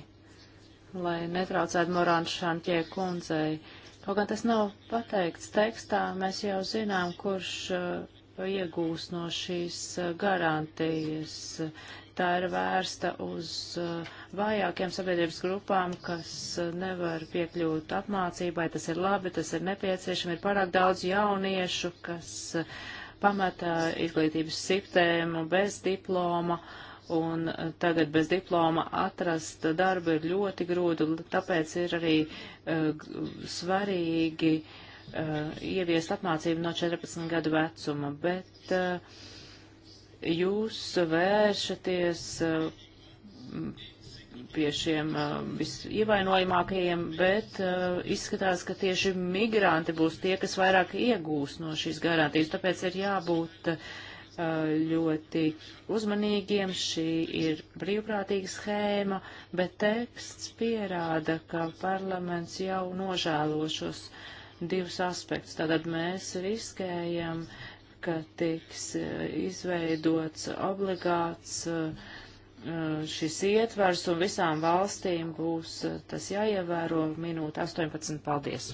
lai netraucētu Morāns Šantie kundzei. Kaut gan tas nav pateikts tekstā, mēs jau zinām, kurš uh, iegūs no šīs uh, garantijas. Tā ir vērsta uz uh, vājākiem sabiedrības grupām, kas uh, nevar piekļūt apmācībai. Tas ir labi, tas ir nepieciešami. Ir pārāk daudz jauniešu, kas uh, pamata izglītības sistēmu bez diploma. Uh, un eh, tagad bez diploma atrast darbu ir ļoti grūti, tāpēc ir arī uh, svarīgi uh, ieviest apmācību no 14 gadu vecuma, bet uh, jūs vēršaties uh, pie šiem uh, visievainojamākajiem, bet uh, izskatās, ka tieši migranti būs tie, kas vairāk iegūs no šīs garantijas, tāpēc ir jābūt uh, Eh, ļoti uzmanīgiem. Šī ir brīvprātīga schēma, bet teksts pierāda, ka parlaments jau nožēlo šos divus aspektus. Tātad mēs riskējam, ka tiks eh, izveidots obligāts eh, šis ietvers un visām valstīm būs tas jāievēro minūte 18. Paldies!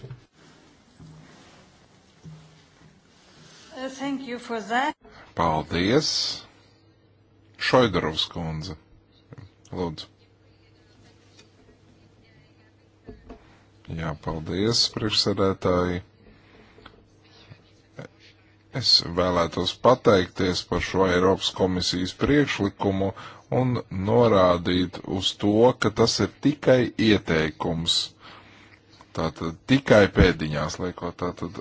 Thank you for that. Paldies. Šoidarovs kundze. Lūdzu. Jā, paldies, priekšsēdētāji. Es vēlētos pateikties par šo Eiropas komisijas priekšlikumu un norādīt uz to, ka tas ir tikai ieteikums. Tātad tikai pēdiņās liekot, tātad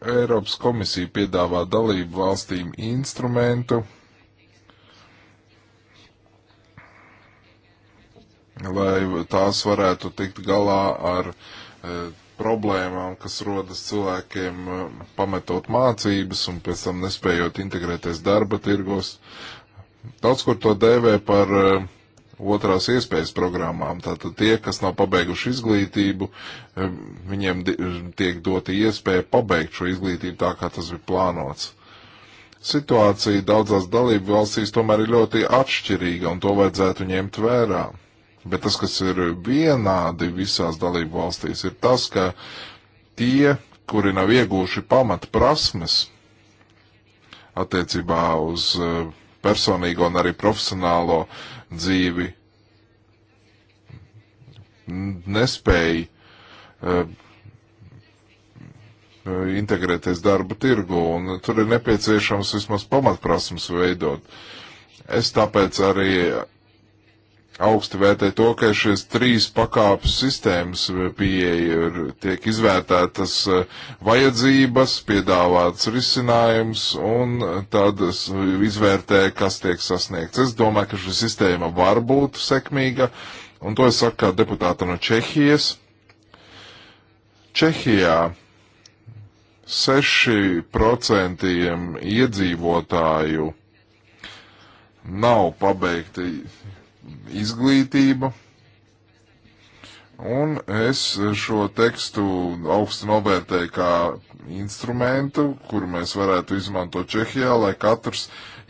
Eiropas komisija piedāvā dalību valstīm instrumentu, lai tās varētu tikt galā ar e, problēmām, kas rodas cilvēkiem e, pametot mācības un pēc tam nespējot integrēties darba tirgos. Daudz kur to dēvē par e, otrās iespējas programmām. Tātad tie, kas nav pabeiguši izglītību, viņiem tiek dota iespēja pabeigt šo izglītību tā, kā tas bija plānots. Situācija daudzās dalību valstīs tomēr ir ļoti atšķirīga, un to vajadzētu ņemt vērā. Bet tas, kas ir vienādi visās dalību valstīs, ir tas, ka tie, kuri nav iegūši pamat prasmes attiecībā uz eh, personīgo un arī profesionālo uh, dzīvi, nespēja uh, eh, eh, integrēties darba tirgu, un tur ir nepieciešams vismaz pamatprasmes veidot. Es tāpēc arī augstu vērtē to, ka šīs trīs pakāpes sistēmas eh, pieeja ir, tiek izvērtētas eh, vajadzības, piedāvāts risinājums un eh, tad izvērtē, kas tiek sasniegts. Es domāju, ka šī sistēma var būt sekmīga, un to es saku kā deputāta no Čehijas. Čehijā 6% iedzīvotāju nav pabeigti izglītība. Un es šo tekstu augstu novērtēju kā instrumentu, kuru mēs varētu izmantot Čehijā, lai katrs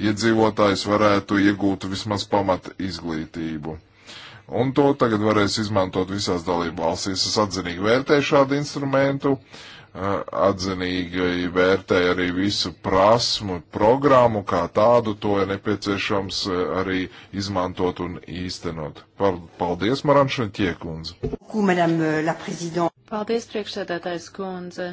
iedzīvotājs varētu iegūt vismaz pamat izglītību. Un to tagad varēs izmantot visās dalību valstīs. Es atzinīgi vērtēju šādu instrumentu. Uh, Eh, atzinīgi vērtēja arī visu prasmu programmu kā tādu, to ir nepieciešams eh, arī izmantot un īstenot. Paldies, Maranšana Tiekundze. Paldies, priekšsēdētājs kundze.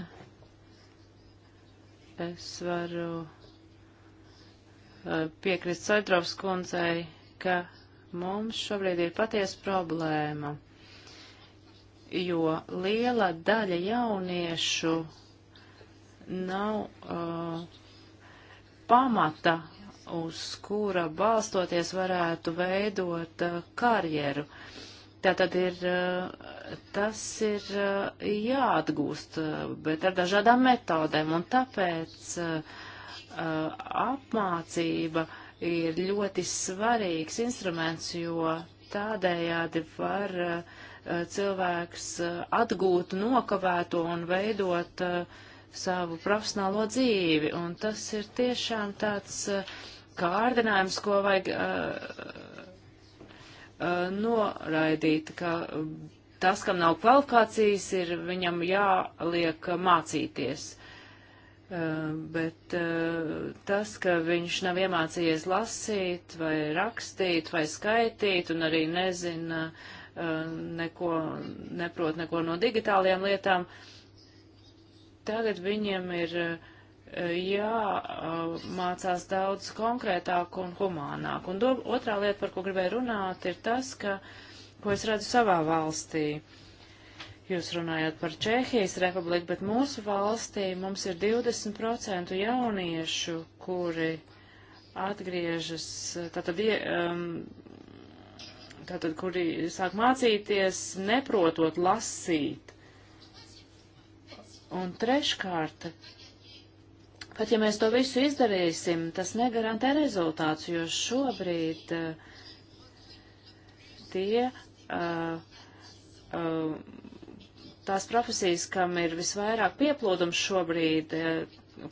Es varu eh, piekrist Saidrovs kundzei, ka mums šobrīd ir patiesa problēma jo liela daļa jauniešu nav uh, pamata, uz kura balstoties varētu veidot uh, karjeru. Tātad ir, uh, tas ir uh, jāatgūst, uh, bet ar dažādām metodēm, un tāpēc uh, uh, apmācība ir ļoti svarīgs instruments, jo tādējādi var uh, Eh, cilvēks eh, atgūtu nokavēto un veidot eh, savu profesionālo dzīvi. Un tas ir tiešām tāds kārdinājums, ko vajag noraidīt, ka tas, kam nav kvalifikācijas, ir viņam jāliek mācīties. Uh, bet uh, tas, ka viņš nav iemācījies lasīt vai rakstīt vai skaitīt un arī nezina uh, neko, neprot neko no digitālajām lietām. Tagad viņiem ir eh, jāmācās daudz konkrētāk un humānāk. Un do, otrā lieta, par ko gribēju runāt, ir tas, ka, ko es redzu savā valstī. Jūs runājat par Čehijas republiku, bet mūsu valstī mums ir 20% jauniešu, kuri atgriežas, tātad um, tātad, kuri sāk mācīties, neprotot lasīt. Un treškārt, pat ja mēs to visu izdarīsim, tas negarantē rezultāts, jo šobrīd eh, tie. Uh, uh, tās profesijas, kam ir visvairāk pieplūdums šobrīd,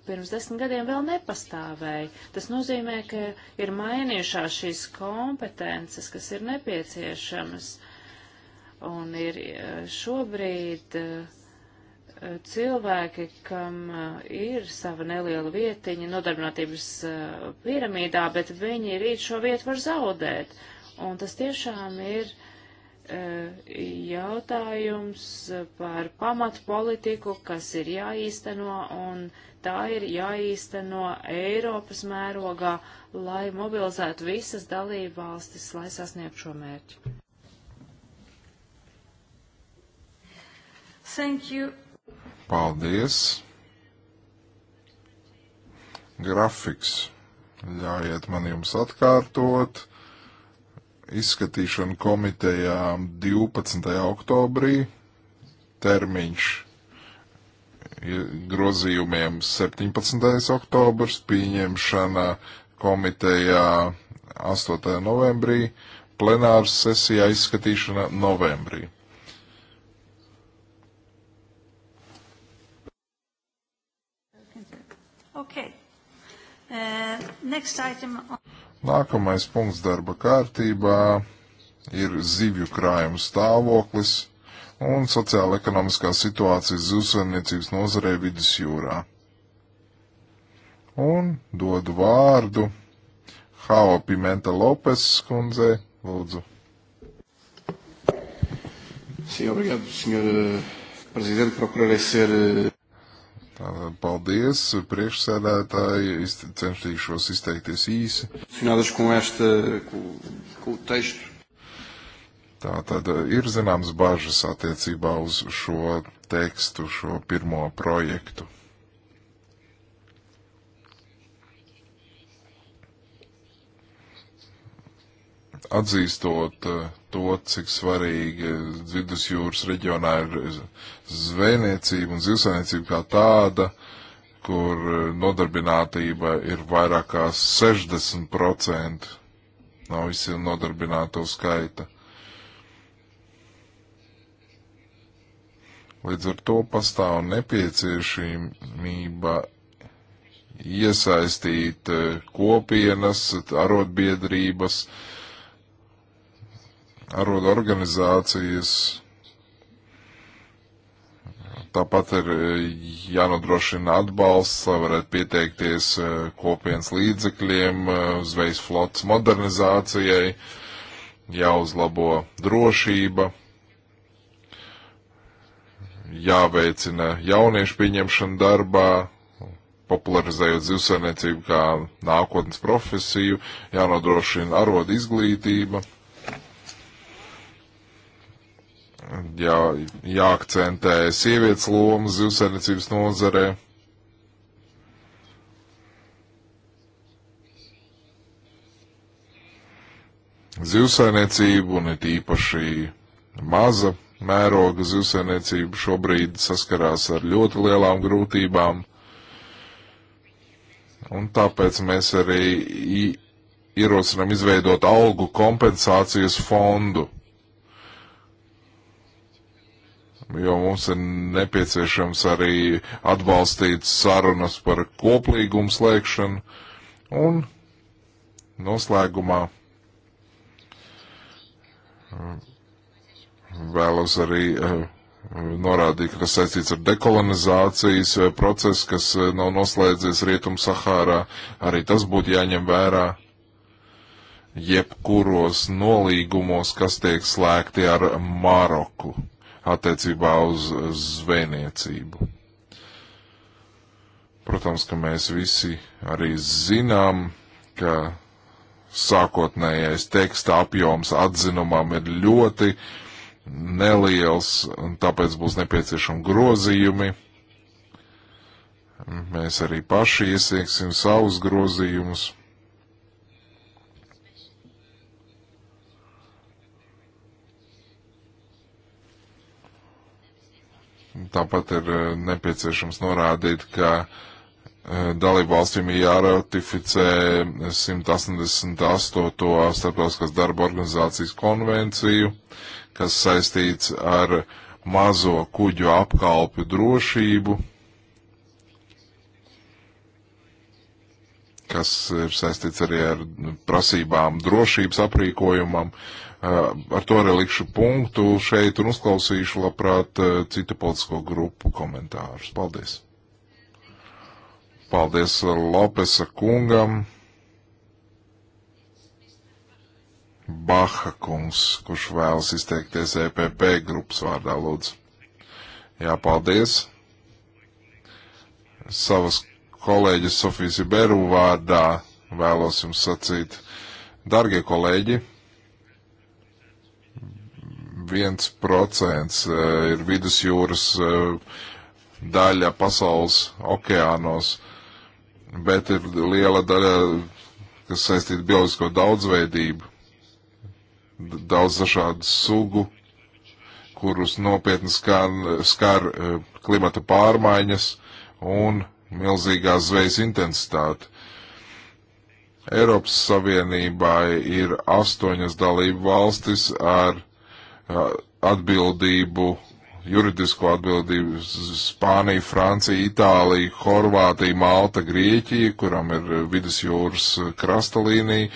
pirms desmit gadiem vēl nepastāvēja. Tas nozīmē, ka ir mainījušās šīs kompetences, kas ir nepieciešamas. Un ir eh, šobrīd eh, cilvēki, kam eh, ir sava neliela vietiņa nodarbinātības piramīdā, bet viņi rīt šo vietu var zaudēt. Un tas tiešām ir jautājums par pamatpolitiku, kas ir jāīsteno, un tā ir jāīsteno Eiropas mērogā, lai mobilizētu visas dalību valstis, lai sasniegtu šo mērķi. Thank you. Paldies. Grafiks. Ļaujiet man jums atkārtot. Izskatīšana komitejā 12. oktobrī. Termiņš grozījumiem 17. oktobrs, pieņemšana komitejā 8. novembrī, plenāras sesijā izskatīšana novembrī. Okay. Uh, next item on... Nākamais punkts darba kārtībā ir zivju krājuma stāvoklis un sociāla-ekonomiskā situācija zivsaimniecības nozarē vidusjūrā. Un dodu vārdu Hao Pimenta Lopes skundzei, lūdzu. Sim, obrigado, senhor eh, presidente. Procurarei ser. Eh, paldies, priekšsēdētāji. Cenšīšos izteikties īsi. Finadas com esta, com, com o texto Tā tad ir zināms bažas attiecībā uz šo tekstu, šo pirmo projektu. Atzīstot uh, to, cik svarīgi vidusjūras reģionā ir zvejniecība un zivsainiecība kā tāda, kur uh, nodarbinātība ir vairāk kā 60% no visiem nodarbināto skaita. Līdz ar to pastāv nepieciešamība iesaistīt eh, kopienas, arotbiedrības, arot organizācijas. Tāpat ir eh, jānodrošina atbalsts, lai varētu pieteikties eh, kopienas līdzekļiem, zvejas flotas modernizācijai, jāuzlabo drošība jāveicina jauniešu pieņemšana darbā, popularizējot zivsainiecību kā nākotnes profesiju, jānodrošina arodu izglītība, jā, jāakcentē sievietes loma zivsainicības nozarē. Zivsainiecība un it īpaši maza mēroga zivsainiecība šobrīd saskarās ar ļoti lielām grūtībām. Un tāpēc mēs arī ierosinām izveidot algu kompensācijas fondu. Jo mums ir nepieciešams arī atbalstīt sarunas par koplīgumu slēgšanu un noslēgumā vēlos arī eh, norādīt, ka tas saistīts ar dekolonizācijas eh, procesu, kas eh, nav noslēdzies Rietum Sahārā. Arī tas būtu jāņem vērā jebkuros nolīgumos, kas tiek slēgti ar Maroku attiecībā uz zvejniecību. Protams, ka mēs visi arī zinām, ka sākotnējais teksta apjoms atzinumam ir ļoti uh, neliels, un tāpēc būs nepieciešami grozījumi. Mēs arī paši iesieksim savus grozījumus. Tāpat ir eh, nepieciešams norādīt, ka eh, dalībvalstīm ir jāratificē 188. starptautiskās darba organizācijas konvenciju, kas saistīts ar mazo kuģu apkalpju drošību, kas ir saistīts arī ar nu, prasībām drošības aprīkojumam. Eh, ar to arī likšu punktu šeit un uzklausīšu labprāt eh, citu politisko grupu komentārus. Paldies! Paldies Lopesa kungam! Baha kungs, kurš vēlas izteikties EPP grupas vārdā, lūdzu. Jā, paldies. Savas kolēģis Sofijas Iberu vārdā vēlos jums sacīt, dargie kolēģi, viens procents e, ir vidusjūras e, daļa pasaules okeānos, bet ir liela daļa, kas saistīta bioloģisko daudzveidību daudz dažādu sugu, kurus nopietni skar, skar e, klimata pārmaiņas un milzīgā zvejas intensitāte. Eiropas Savienībai ir astoņas dalību valstis ar atbildību, juridisko atbildību Spānija, Francija, Itālija, Horvātija, Malta, Grieķija, kuram ir e, vidusjūras e, krasta līnija,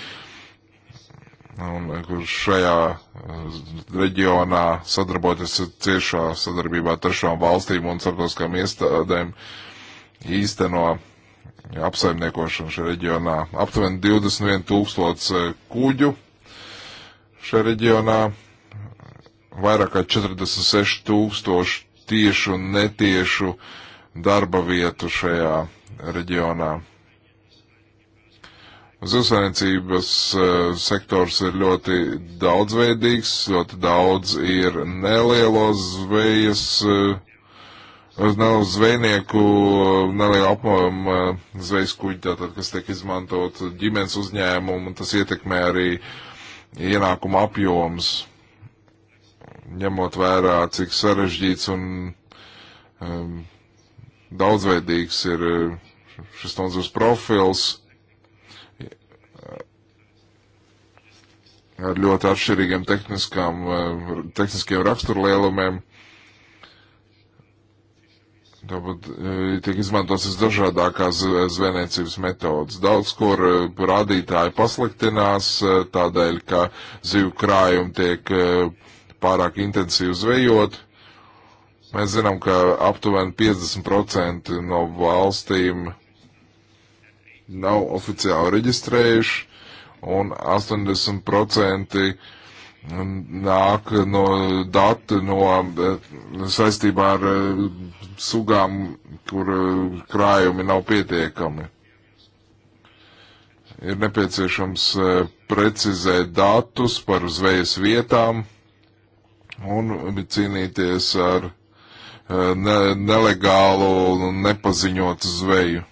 un eh, kurš šajā eh, reģionā sadarbojas ciešā sadarbībā ar trešām valstīm un starptautiskām iestādēm īsteno apsaimniekošanu šajā reģionā. Aptuveni 21 tūkstots eh, kuģu šajā reģionā, vairāk kā 46 tūkstoši tiešu un netiešu darba vietu šajā reģionā. Zivsainiecības e, sektors ir ļoti daudzveidīgs, ļoti daudz ir nelielo zvejas, e, nelielu zvejnieku, nelielu apmērumu e, zvejas kuģi, tātad, kas tiek izmantot ģimenes uzņēmumu, un tas ietekmē arī ienākumu apjoms, ņemot vērā, cik sarežģīts un um, daudzveidīgs ir šis nozars profils ar ļoti atšķirīgiem tehniskiem eh, raksturlielumiem. Tāpat eh, tiek izmantotas visdažādākās zvejniecības metodas. Daudz kur eh, rādītāji pasliktinās tādēļ, ka zivju krājumi tiek pārāk intensīvi zvejot. Mēs zinām, ka aptuveni 50% no valstīm nav oficiāli reģistrējuši un 80% nāk no datu no eh, saistībā ar eh, sugām, kur eh, krājumi nav pietiekami. Ir nepieciešams precizēt datus par zvejas vietām un cīnīties ar ne, nelegālu un nepaziņotu zveju.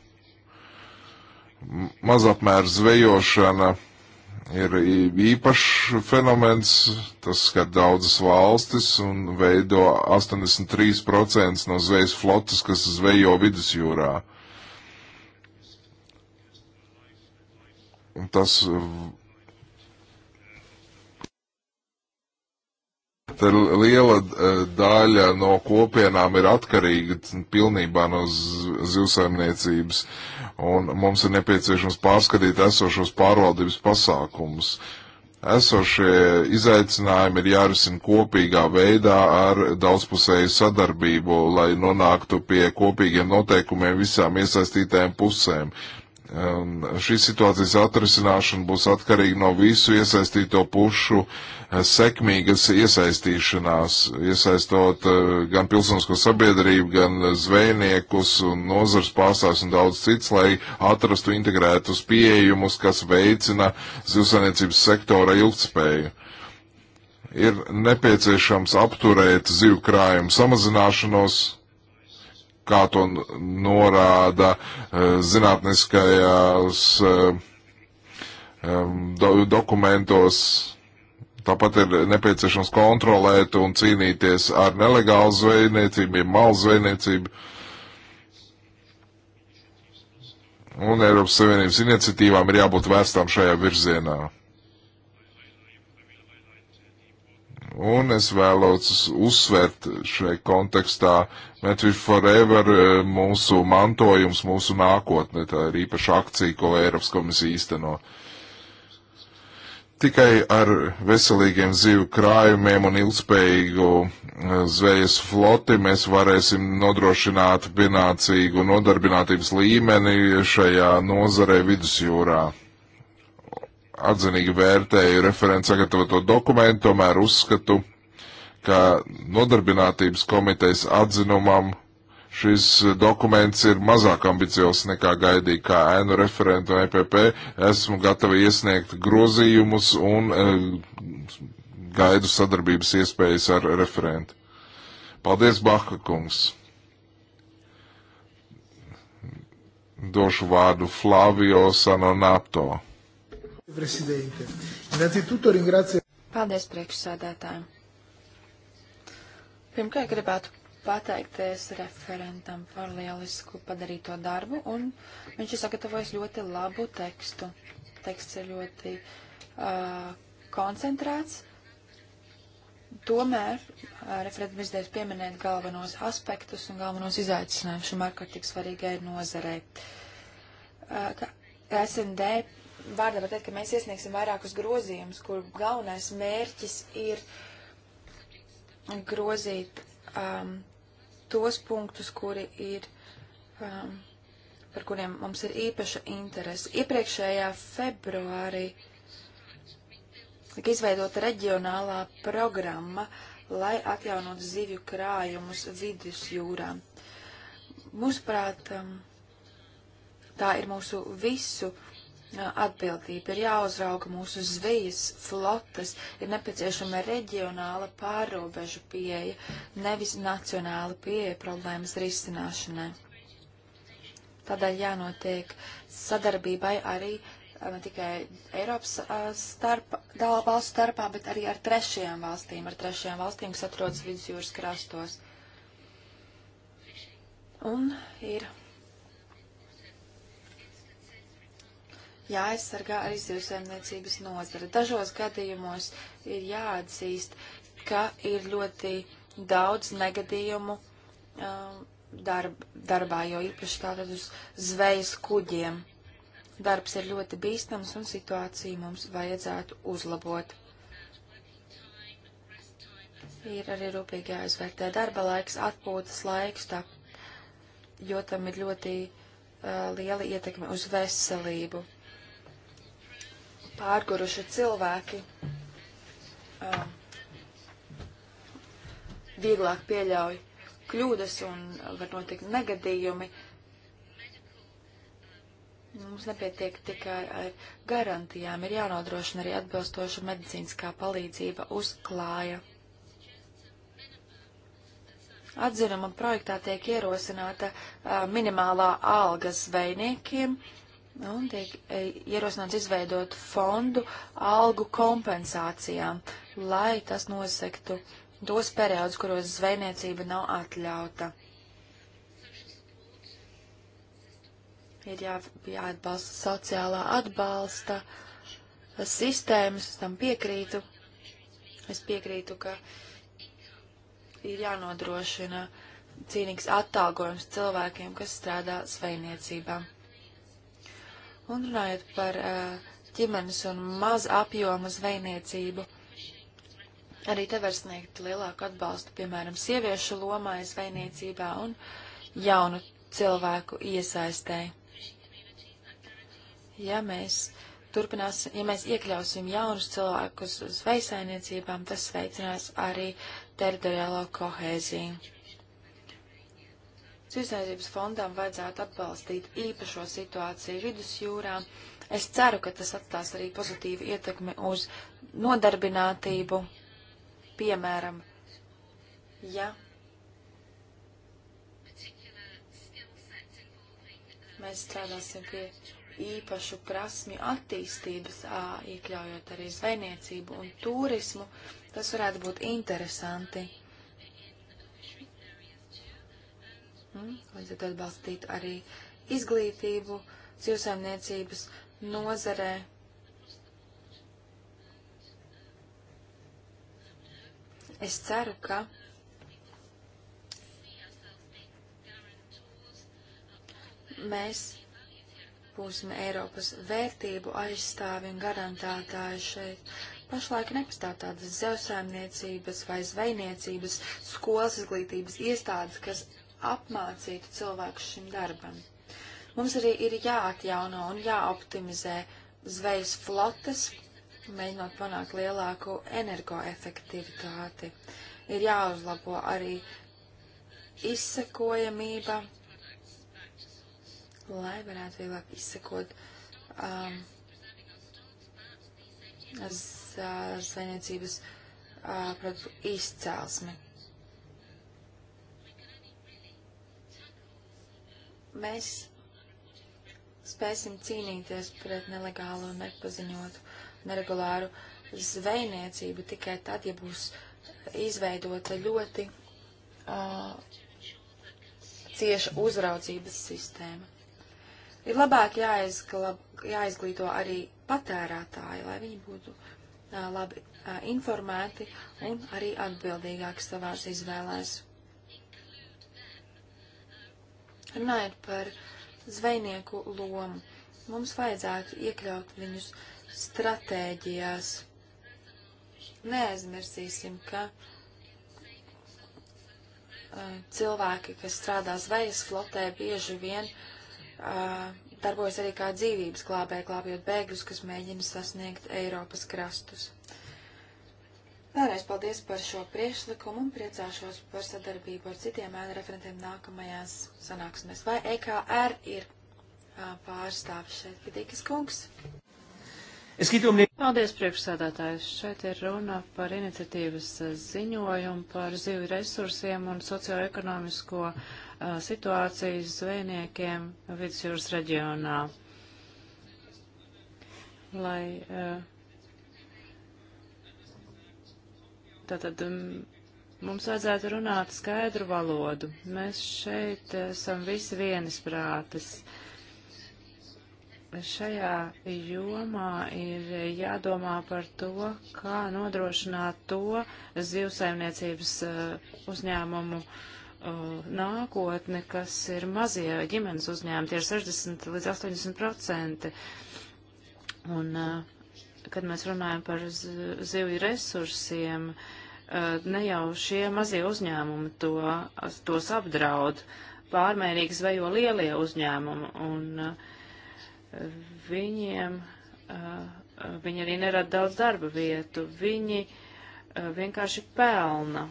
Mazapmēra zvejošana ir īpašs fenomens, tas skar daudzas valstis un veido 83% no zvejas flotas, kas zvejo vidusjūrā. Un tas Tad liela e, daļa no kopienām ir atkarīga pilnībā no zivsaimniecības. Uh, un mums ir nepieciešams pārskatīt esošos pārvaldības pasākumus. Esošie izaicinājumi ir jārisina kopīgā veidā ar daudzpusēju sadarbību, lai nonāktu pie kopīgiem noteikumiem visām iesaistītajām pusēm. Um, šīs situācijas atrisināšana būs atkarīga no visu iesaistīto pušu uh, sekmīgas iesaistīšanās, iesaistot uh, gan pilsonisko sabiedrību, gan zvejniekus un nozars pārstāvs un daudz cits, lai atrastu integrētus pieejumus, kas veicina zivsainiecības sektora ilgtspēju. Ir nepieciešams apturēt zivkrājumu samazināšanos, kā to norāda e, zinātniskajās e, e, do dokumentos. Tāpat ir nepieciešams kontrolēt un cīnīties ar nelegālu zvejniecību, malu zvejniecību. Un Eiropas Savienības iniciatīvām ir jābūt vērstām šajā virzienā. Un es vēlos uzsvērt šai kontekstā Metfish Forever e, mūsu mantojums, mūsu nākotne. Tā ir īpaša akcija, ko Eiropas komisija īsteno. Tikai ar veselīgiem zivju krājumiem un ilgspējīgu e, zvejas floti mēs varēsim nodrošināt pienācīgu nodarbinātības līmeni šajā nozarē vidusjūrā atzinīgi vērtēju referents sagatavoto dokumentu, tomēr uzskatu, ka nodarbinātības komitejas atzinumam šis dokuments ir mazāk ambiciozs nekā gaidīja kā ēnu referentu un EPP. Esmu gatavi iesniegt grozījumus un e, gaidu sadarbības iespējas ar referentu. Paldies, Bahka kungs! Došu vārdu Flavio Sanonato. Paldies priekšsādātājiem. Pirmkārt, gribētu pateikties referentam par lielisku padarīto darbu, un viņš ir sagatavojis ļoti labu tekstu. Teksts ir ļoti uh, koncentrēts. Tomēr uh, referentam izdevās pieminēt galvenos aspektus un galvenos izaicinājumus šim ārkārtīgi svarīgai nozarei. Uh, SND vārdā var teikt, ka mēs iesniegsim vairākus grozījumus, kur galvenais mērķis ir grozīt um, tos punktus, kuri ir, um, par kuriem mums ir īpaša interese. Iepriekšējā februārī tika izveidota reģionālā programma, lai atjaunot zivju krājumus vidusjūrā. Mūsuprāt, um, tā ir mūsu visu atbildība, ir jāuzrauga mūsu zvejas flotes, ir nepieciešama reģionāla pārobežu pieeja, nevis nacionāla pieeja problēmas risināšanai. Tādēļ jānotiek sadarbībai arī eh, ne tikai Eiropas eh, starp, valstu starpā, bet arī ar trešajām valstīm, ar trešajām valstīm, kas atrodas vidusjūras krastos. Un ir jāaizsargā arī zivsaimniecības nozara. Dažos gadījumos ir jāatzīst, ka ir ļoti daudz negadījumu um, darb, darbā, jo īpaši tātad uz zvejas kuģiem. Darbs ir ļoti bīstams un situāciju mums vajadzētu uzlabot. Ir arī rūpīgi jāizvērtē darba laiks, atpūtas laiks, tā, jo tam ir ļoti uh, liela ietekme uz veselību pārguruši cilvēki uh, vieglāk pieļauj kļūdas un var notikt negadījumi. Mums nepietiek tikai ar garantijām, ir jānodrošina arī atbilstoša medicīniskā palīdzība uz klāja. Atzinuma projektā tiek ierosināta uh, minimālā alga zvejniekiem, uh, Nu, un tiek e, ierosināts izveidot fondu algu kompensācijām, lai tas nosektu tos periodus, kuros zvejniecība nav atļauta. Ir jā, jāatbalsta sociālā atbalsta sistēmas, es tam piekrītu. Es piekrītu, ka ir jānodrošina cīnīgs attālgojums cilvēkiem, kas strādā zvejniecībām. Un runājot par eh, ģimenes un maz apjomu zvejniecību, arī te var sniegt lielāku atbalstu, piemēram, sieviešu lomai zvejniecībā un jaunu cilvēku iesaistē. Ja mēs turpinās, ja mēs iekļausim jaunus cilvēkus zvejsainiecībām, tas veicinās arī teritoriālo kohēziju. Cirzniecības fondam vajadzētu atbalstīt īpašo situāciju vidusjūrā. Es ceru, ka tas atstās arī pozitīvu ietekmi uz nodarbinātību. Piemēram, ja mēs strādāsim pie īpašu prasmju attīstības, ā, iekļaujot arī zvejniecību un turismu, tas varētu būt interesanti. Līdz ar to atbalstītu arī izglītību, dzīvesaimniecības nozarē. Es ceru, ka mēs būsim Eiropas vērtību aizstāvi un garantētāji šeit. Pašlaik nepastāv tādas zevsēmniecības vai zvejniecības skolas izglītības iestādes, kas apmācītu cilvēkus šim darbam. Mums arī ir jāatjauno un jāoptimizē zvejas flotes, mēģinot panākt lielāku energoefektivitāti. Ir jāuzlabo arī izsekojamība, lai varētu vieglāk izsekot um, uh, zvejniecības uh, produktu izcelsmi. mēs spēsim cīnīties pret nelegālu un nepaziņotu, neregulāru zvejniecību tikai tad, ja būs izveidota ļoti uh, cieša uzraudzības sistēma. Ir labāk jāizglab, jāizglīto arī patērētāji, lai viņi būtu uh, labi uh, informēti un arī atbildīgāki savās izvēlēs. Runājot par zvejnieku lomu, mums vajadzētu iekļaut viņus stratēģijās. Neaizmirsīsim, ka cilvēki, kas strādā zvejas flotē, bieži vien uh, darbojas arī kā dzīvības glābēji, glābjot bēgļus, kas mēģina sasniegt Eiropas krastus. Vēlreiz paldies par šo priekšlikumu un priecāšos par sadarbību ar citiem ēnu referentiem nākamajās sanāksmēs. Vai EKR ir uh, pārstāvis šeit, Pitīkas kungs? Paldies, priekšsādātājs. Šeit ir runa par iniciatīvas ziņojumu par zivju resursiem un socioekonomisko uh, situāciju zvejniekiem vidusjūras reģionā. Lai, uh, Tātad um, mums vajadzētu runāt skaidru valodu. Mēs šeit esam visi vienisprātis. Šajā jomā ir jādomā par to, kā nodrošināt to zivsaimniecības uh, uzņēmumu uh, nākotni, kas ir mazie ģimenes uzņēmumi, tie ir 60 līdz 80 procenti. Un uh, kad mēs runājam par zivju resursiem, ne jau šie mazie uzņēmumi to, tos apdraud, pārmērīgi zvejo lielie uzņēmumi, un viņiem, viņi arī nerada daudz darba vietu, viņi vienkārši pelna,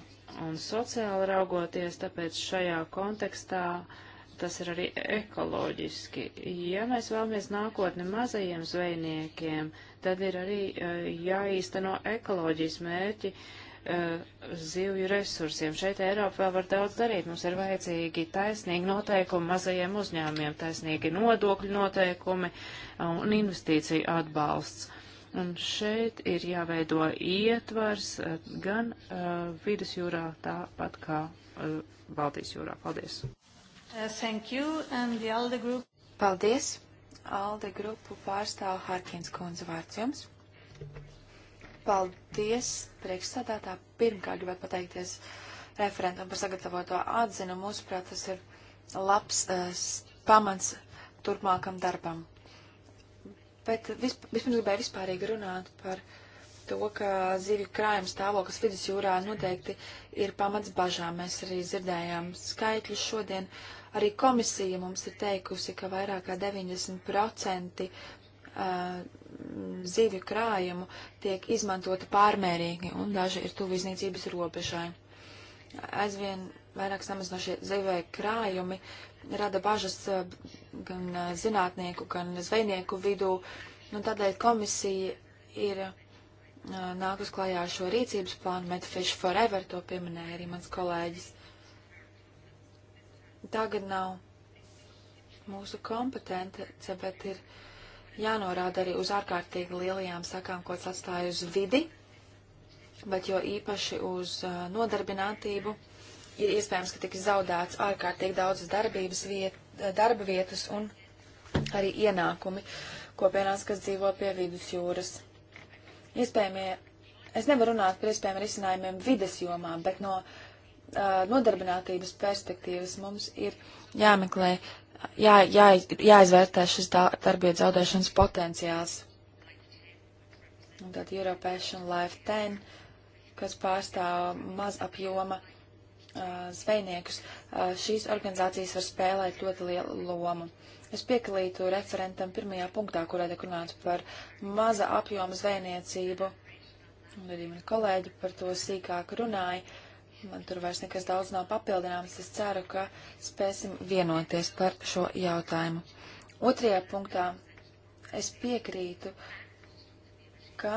un sociāli raugoties, tāpēc šajā kontekstā uh, tas ir arī ekoloģiski. Ja mēs vēlamies nākotni mazajiem zvejniekiem, tad ir arī uh, jāīsteno ekoloģijas mērķi uh, zivju resursiem. Šeit Eiropa vēl var daudz darīt. Mums ir vajadzīgi taisnīgi noteikumi mazajiem uzņēmumiem, taisnīgi nodokļu noteikumi eh, un investīciju atbalsts. Un šeit ir jāveido ietvars gan uh, vidusjūrā, tāpat kā uh, Baltijas jūrā. Paldies! Uh, thank you and the ALDE group. Paldies. ALDE grupu pārstāv Harkins kundze vārds jums. Paldies, priekšsādātā. Pirmkārt gribētu pateikties referentam par sagatavoto atzinu. Mūsuprāt, tas ir labs uh, pamats turpmākam darbam. Bet visp vispirms gribēju vispārīgi runāt par to, ka zivju krājuma stāvoklis vidusjūrā noteikti ir pamats bažām. Mēs arī dzirdējām skaitļus šodien. Uh, Arī komisija mums ir teikusi, ka vairāk kā 90% zivju krājumu tiek izmantota pārmērīgi, un daži ir tuvu iznīcības robežai. Aizvien vairāk samazinošie zivju krājumi rada bažas gan zinātnieku, gan zvejnieku vidū, un tādēļ komisija ir nākus klajā ar šo rīcības plānu Medfish Forever, to pieminēja arī mans kolēģis tagad nav mūsu kompetence, bet ir jānorāda arī uz ārkārtīgi lielajām sakām, ko tas atstāja uz vidi, bet jo īpaši uz nodarbinātību ir iespējams, ka tiks zaudēts ārkārtīgi daudzas darbības viet, darba vietas un arī ienākumi kopienās, kas dzīvo pie vidus jūras. Iespējamie, es nevaru runāt par iespējamiem risinājumiem vides jomā, bet no uh, nodarbinātības perspektīvas mums ir jāmeklē, jā, jā, jāizvērtē šis darbietu zaudēšanas potenciāls. Un tad European Life 10, kas pārstāv maz apjoma uh, zvejniekus, uh, šīs organizācijas var spēlēt ļoti lielu lomu. Es piekrītu referentam pirmajā punktā, kurā tiek runāts par maza apjoma zvejniecību, un arī mani kolēģi par to sīkāk runāja. Uh, Man tur vairs nekas daudz nav papildināms. Es ceru, ka spēsim vienoties par šo jautājumu. Otrajā punktā es piekrītu, ka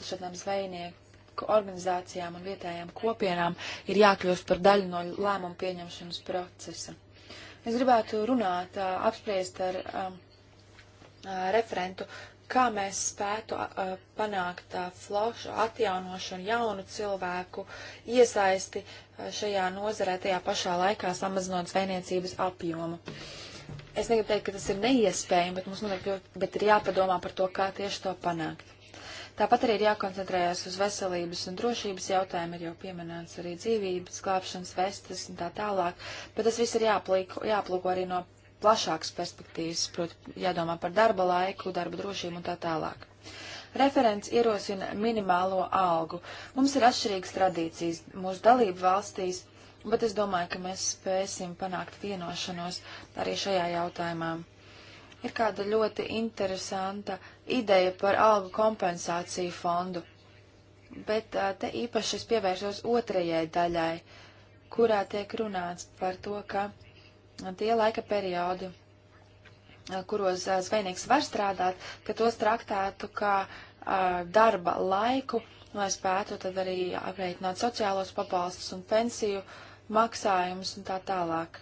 dažādām zvejnieku organizācijām un vietējām kopienām ir jākļūst par daļu no lēmumu pieņemšanas procesa. Es gribētu runāt, apspriest ar referentu kā mēs spētu uh, panākt uh, flošu atjaunošanu, jaunu cilvēku iesaisti uh, šajā nozarē, tajā pašā laikā samazinot zvejniecības apjomu. Es negribu teikt, ka tas ir neiespējami, bet mums noteikti ļoti, bet ir jāpadomā par to, kā tieši to panākt. Tāpat arī ir jākoncentrējas uz veselības un drošības jautājumu, ir jau pieminēts arī dzīvības, glābšanas vestes un tā tālāk, bet tas viss ir jāplīko, jāplūko arī no plašākas perspektīvas, proti, jādomā par darba laiku, darba drošību un tā tālāk. Referents ierosina minimālo algu. Mums ir atšķirīgas tradīcijas mūsu dalību valstīs, bet es domāju, ka mēs spēsim panākt vienošanos arī šajā jautājumā. Ir kāda ļoti interesanta ideja par algu kompensāciju fondu, bet te īpaši es pievēršos otrajai daļai, kurā tiek runāts par to, ka tie laika periodi, eh, kuros eh, zvejnieks var strādāt, ka tos traktētu kā eh, darba laiku, lai spētu tad arī apreikināt sociālos pabalstus un pensiju maksājumus un tā tālāk.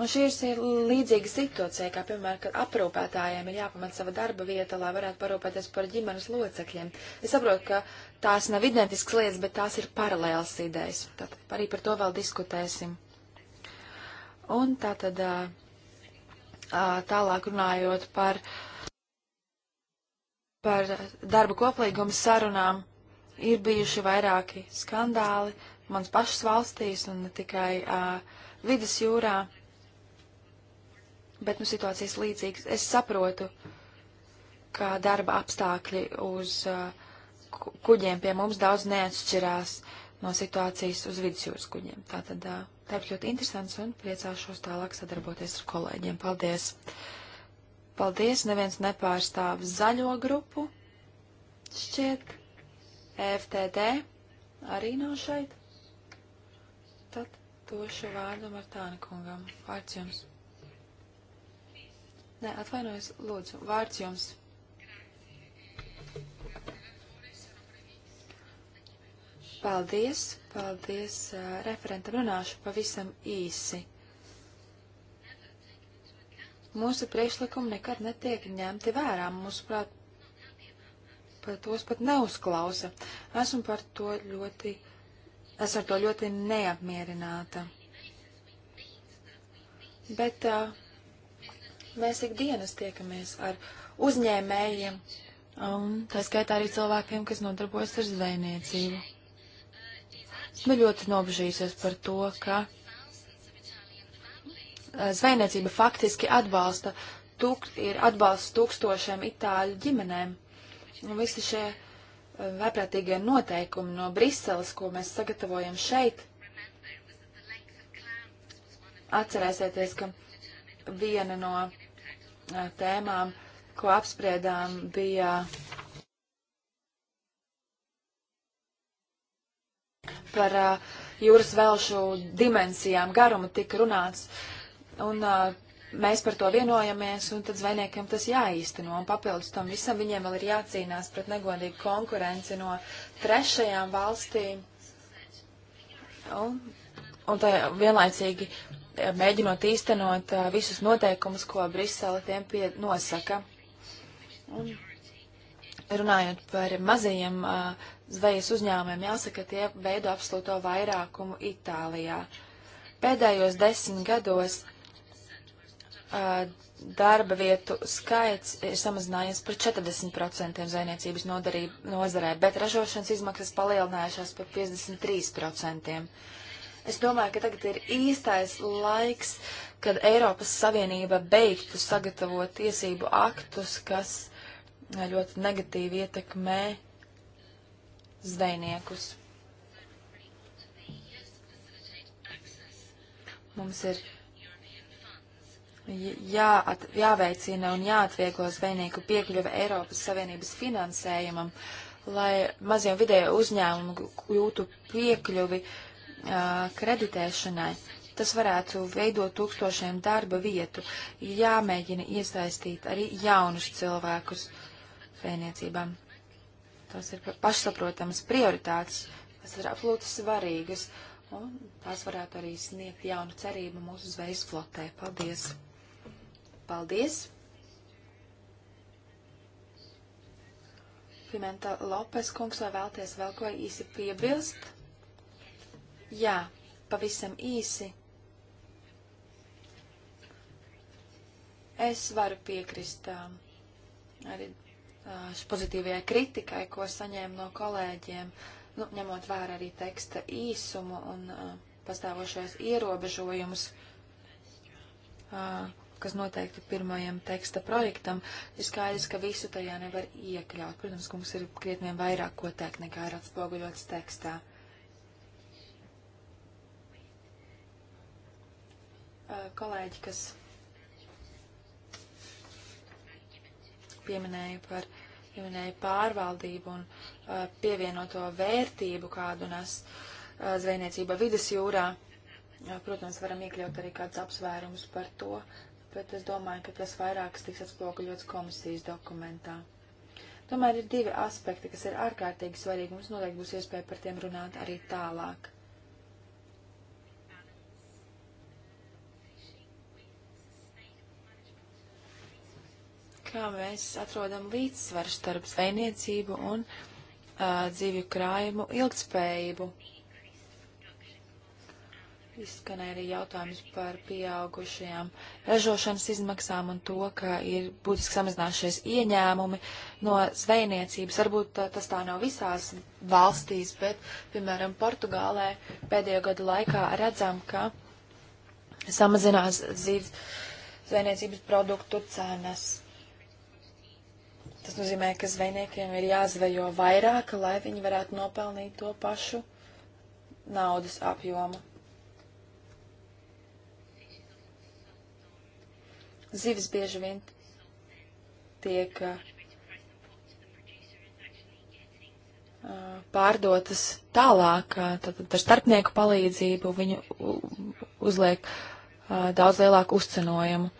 Un šīs ir līdzīga situācija, kā piemēram, kad aprūpētājiem ir jāpamat sava darba vieta, lai varētu parūpēties par ģimenes locekļiem. Es saprotu, ka tās nav identiskas lietas, bet tās ir paralēlas idejas. Tad arī par to vēl diskutēsim. Un tātad tālāk runājot par, par darba koplīgumu sarunām, ir bijuši vairāki skandāli mans pašas valstīs un ne tikai vidas jūrā, bet nu situācijas līdzīgas. Es saprotu, ka darba apstākļi uz kuģiem pie mums daudz neatšķirās no situācijas uz vidusjūras kuģiem. Tātad darbs ļoti interesants un priecāšos tālāk sadarboties ar kolēģiem. Paldies! Paldies! Neviens nepārstāv zaļo grupu. Šķiet, FTD arī nav šeit. Tad došu vārdu Martāna kungam. Vārds jums. Nē, atvainojos, lūdzu, vārds jums. Paldies, paldies uh, referentam. Runāšu pavisam īsi. Mūsu priekšlikumi nekad netiek ņemti vērā. Mūsuprāt, par tos pat neuzklausa. Esmu par to ļoti, es ar to ļoti neapmierināta. Bet uh, mēs ikdienas tiekamies ar uzņēmējiem, un tā skaitā arī cilvēkiem, kas nodarbojas ar zvejniecību. Esmu nu, ļoti nobežījusies par to, ka eh, zvejniecība faktiski atbalsta, tūk, ir atbalsts tūkstošiem itāļu ģimenēm. Un visi šie eh, vēprātīgie noteikumi no Briseles, ko mēs sagatavojam šeit, atcerēsieties, ka viena no eh, tēmām, ko apspriedām, bija par uh, jūras vēlšu dimensijām, garumu tika runāts. Un uh, mēs par to vienojamies, un tad zvejniekiem tas jāīsteno. Un papildus tam visam viņiem vēl ir jācīnās pret negodīgu konkurenci no trešajām valstīm. Un, un tā vienlaicīgi mēģinot īstenot uh, visus noteikumus, ko Brisele tiem pie nosaka. Un runājot par mazajiem uh, zvejas uzņēmumiem, jāsaka, tie veido absolūto vairākumu Itālijā. Pēdējos desmit gados uh, darba vietu skaits ir samazinājies par 40% zvejniecības nozarē, bet ražošanas izmaksas palielinājušās par 53%. Es domāju, ka tagad ir īstais laiks, kad Eiropas Savienība beigtu sagatavot tiesību aktus, kas uh, ļoti negatīvi ietekmē zvejniekus. Mums ir jāat, jāveicina un jāatvieglo zvejnieku piekļuve Eiropas Savienības finansējumam, lai maziem vidēju uzņēmumu kļūtu piekļuvi uh, kreditēšanai. Tas varētu veidot tūkstošiem darba vietu. Jāmēģina iesaistīt arī jaunus cilvēkus zvejniecībām. Tās ir pašsaprotamas prioritātes, kas ir absolūti svarīgas, un tās varētu arī sniegt jaunu cerību mūsu zvejas flotē. Paldies! Paldies! Pimenta Lopes kungs, vai vēlties vēl ko īsi piebilst? Jā, pavisam īsi. Es varu piekrist um, arī pozitīvajai kritikai, ko saņēmu no kolēģiem, nu, ņemot vērā arī teksta īsumu un uh, pastāvošais ierobežojumus, uh, kas noteikti pirmajam teksta projektam, ir skaidrs, ka visu tajā nevar iekļaut. Protams, ka mums ir krietniem vairāk ko teikt, nekā ir atspoguļots tekstā. Uh, kolēģi, kas pieminēju par pieminēju pārvaldību un uh, pievienoto vērtību, kādu nes uh, zvejniecība vidas jūrā. Uh, protams, varam iekļaut arī kādus apsvērumus par to, bet es domāju, ka tas vairākas tiks atspoguļots komisijas dokumentā. Tomēr ir divi aspekti, kas ir ārkārtīgi svarīgi. Mums noteikti būs iespēja par tiem runāt arī tālāk. kā mēs atrodam līdzsvaru starp zvejniecību un uh, dzīvju krājumu ilgtspējību. Izskanēja arī jautājums par pieaugušajām ražošanas izmaksām un to, ka ir būtiski samazinājušies ieņēmumi no zvejniecības. Varbūt tas tā nav visās valstīs, bet, piemēram, Portugālē pēdējo gadu laikā redzam, ka samazinās zīves zvejniecības produktu cenas Tas nozīmē, ka zvejniekiem ir jāzvejo vairāk, lai viņi varētu nopelnīt to pašu naudas apjomu. Zivis bieži vien tiek uh, pārdotas tālāk, tātad uh, ar starpnieku palīdzību viņu uzliek uh, daudz lielāku uzcenojumu.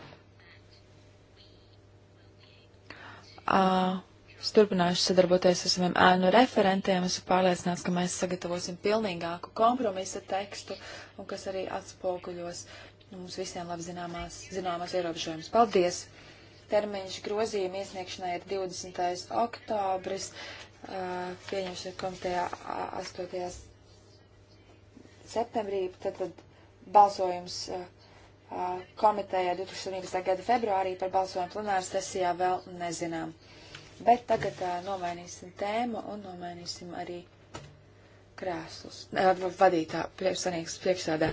Uh, es turpināšu sadarboties ar saviem ēnu referentiem. Esmu pārliecināts, ka mēs sagatavosim pilnīgāku kompromisa tekstu un kas arī atspoguļos mums visiem labi zināmās, zināmās ierobežojumus. Paldies! Termiņš grozījuma iesniegšanai ir 20. oktobris, uh, pieņemšana komitejā 8. septembrī, tad, tad balsojums. Uh, komitejā 2017. gada februārī par balsojumu plenāru sesijā vēl nezinām. Bet tagad uh, nomainīsim tēmu un nomainīsim arī krēslus. Uh, vadītā priekšsanīgs priekšsādā.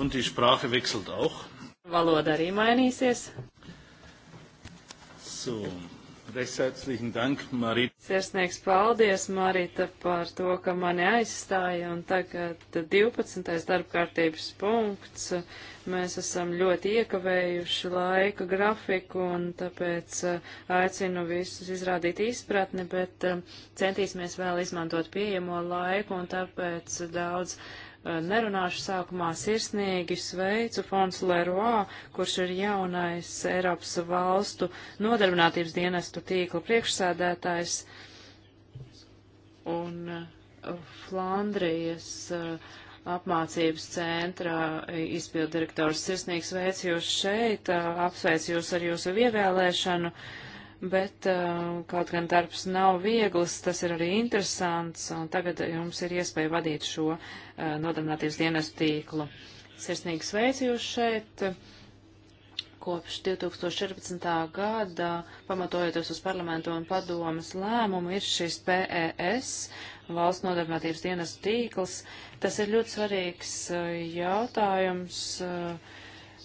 Un die Sprache wechselt auch. Valoda arī mainīsies. So, reizēcīgi dank, Marita. Sirsnieks, paldies, Marita, par to, ka mani aizstāja. Un tagad 12. darbkārtības punkts. Mēs esam ļoti iekavējuši laika grafiku un tāpēc eh, aicinu visus izrādīt izpratni, bet eh, centīsimies vēl izmantot pieejamo laiku un tāpēc daudz Eh, nerunāšu sākumā sirsnīgi sveicu Fons Leroy, kurš ir jaunais Eiropas valstu nodarbinātības dienestu tīkla priekšsēdētājs. Un eh, Flandrijas uh, apmācības centra izpildu direktors sirsnīgs veic jūs šeit, apsveic jūs ar jūsu ievēlēšanu. Uh, bet uh, kaut gan darbs nav viegls, tas ir arī interesants, un tagad jums ir iespēja vadīt šo uh, nodarbinātības dienas tīklu. Sirsnīgi sveicu jūs šeit! Kopš 2014. gada, pamatojoties uz parlamentu un padomas lēmumu, ir šis PES, valsts nodarbinātības dienas tīkls. Tas ir ļoti svarīgs uh, jautājums. Uh,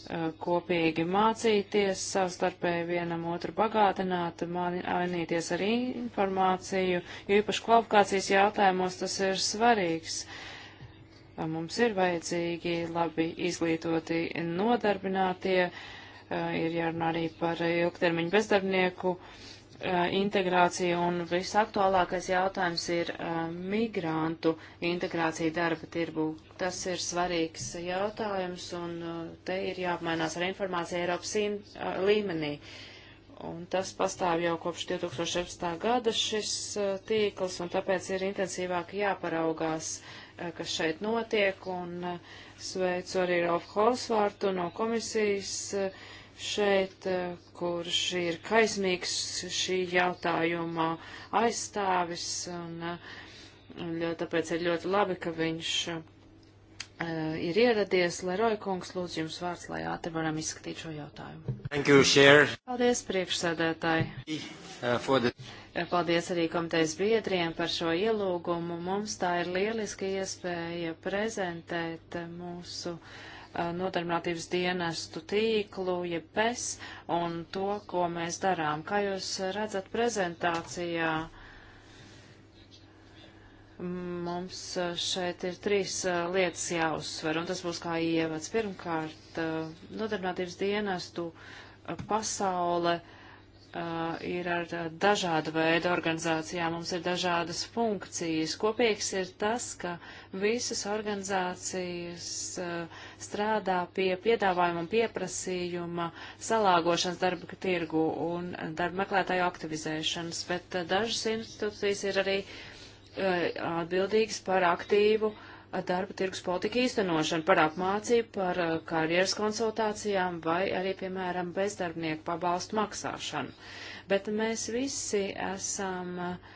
Uh, kopīgi mācīties, savstarpēji vienam otru bagātināt, mainīties ar informāciju, jo īpaši kvalifikācijas jautājumos tas ir svarīgs. Uh, mums ir vajadzīgi labi izglītoti nodarbinātie, uh, ir jārunā arī par ilgtermiņu bezdarbnieku uh, Uh, integrācija un visaktuālākais jautājums ir uh, migrantu integrācija darba tirbu. Tas ir svarīgs jautājums un uh, te ir jāapmainās ar informāciju Eiropas in, līmenī. Un tas pastāv jau kopš 2017. gada šis tīkls un tāpēc ir intensīvāk jāparaugās, kas šeit notiek un sveicu arī Rolf Holsvārtu no komisijas šeit, eh, kurš ir kaismīgs šī jautājuma aizstāvis, un eh, ļo, tāpēc ir ļoti labi, ka viņš uh, ir ieradies. Leroja kungs, lūdzu jums vārds, lai ātri varam izskatīt šo jautājumu. Thank you, Chair. Paldies, priekšsēdētāji. Uh, Paldies arī komitejas biedriem par šo ielūgumu. Mums tā ir lieliska iespēja prezentēt mūsu uh, Uh, nodarbinātības dienestu tīklu, jeb PES, un to, ko mēs darām. Kā jūs redzat prezentācijā, mums uh, šeit ir trīs uh, lietas jāuzsver, un tas būs kā ievads. Pirmkārt, nodarbinātības dienestu pasaule uh, ir ar uh, dažādu veidu organizācijām, mums ir dažādas funkcijas. Kopīgs ir tas, ka visas organizācijas uh, strādā pie piedāvājuma un pieprasījuma salāgošanas darba tirgu un darba meklētāju aktivizēšanas, bet uh, dažas institūcijas ir arī uh, atbildīgas par aktīvu uh, darba tirgus politika īstenošanu, par apmācību, par uh, karjeras konsultācijām vai arī, piemēram, bezdarbnieku pabalstu maksāšanu. Bet mēs visi esam uh,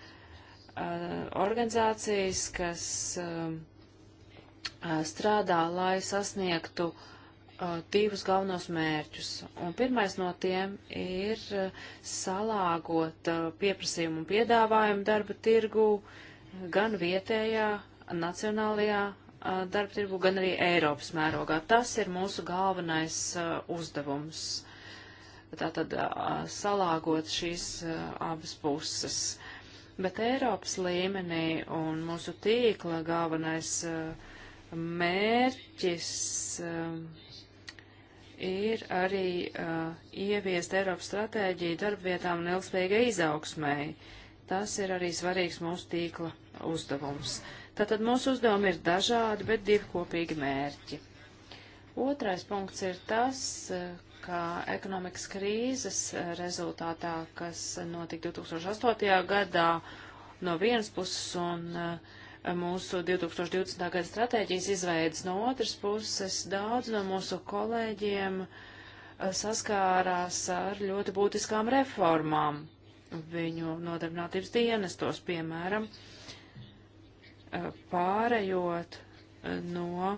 organizācijas, kas um, uh, strādā, lai sasniegtu uh, divus galvenos mērķus. Un pirmais no tiem ir uh, salāgot uh, pieprasījumu un piedāvājumu darba tirgu gan vietējā, nacionālajā darba tirgu, gan arī Eiropas mērogā. Tas ir mūsu galvenais uzdevums. Tātad salāgot šīs abas puses. Bet Eiropas līmenī un mūsu tīkla galvenais mērķis ir arī ieviest Eiropas stratēģiju darbvietām un ilgspējīgai izaugsmēji. Tas ir arī svarīgs mūsu tīkla uzdevums. Uh, Tātad mūsu uzdevumi ir dažādi, bet divi kopīgi mērķi. Otrais punkts ir tas, ka ekonomikas krīzes rezultātā, kas notika 2008. gadā no vienas puses un eh, mūsu 2020. gada stratēģijas izveidas no otras puses, daudz no mūsu kolēģiem eh, saskārās ar ļoti būtiskām reformām viņu nodarbinātības dienestos, piemēram. Uh, Eh, pārējot eh, no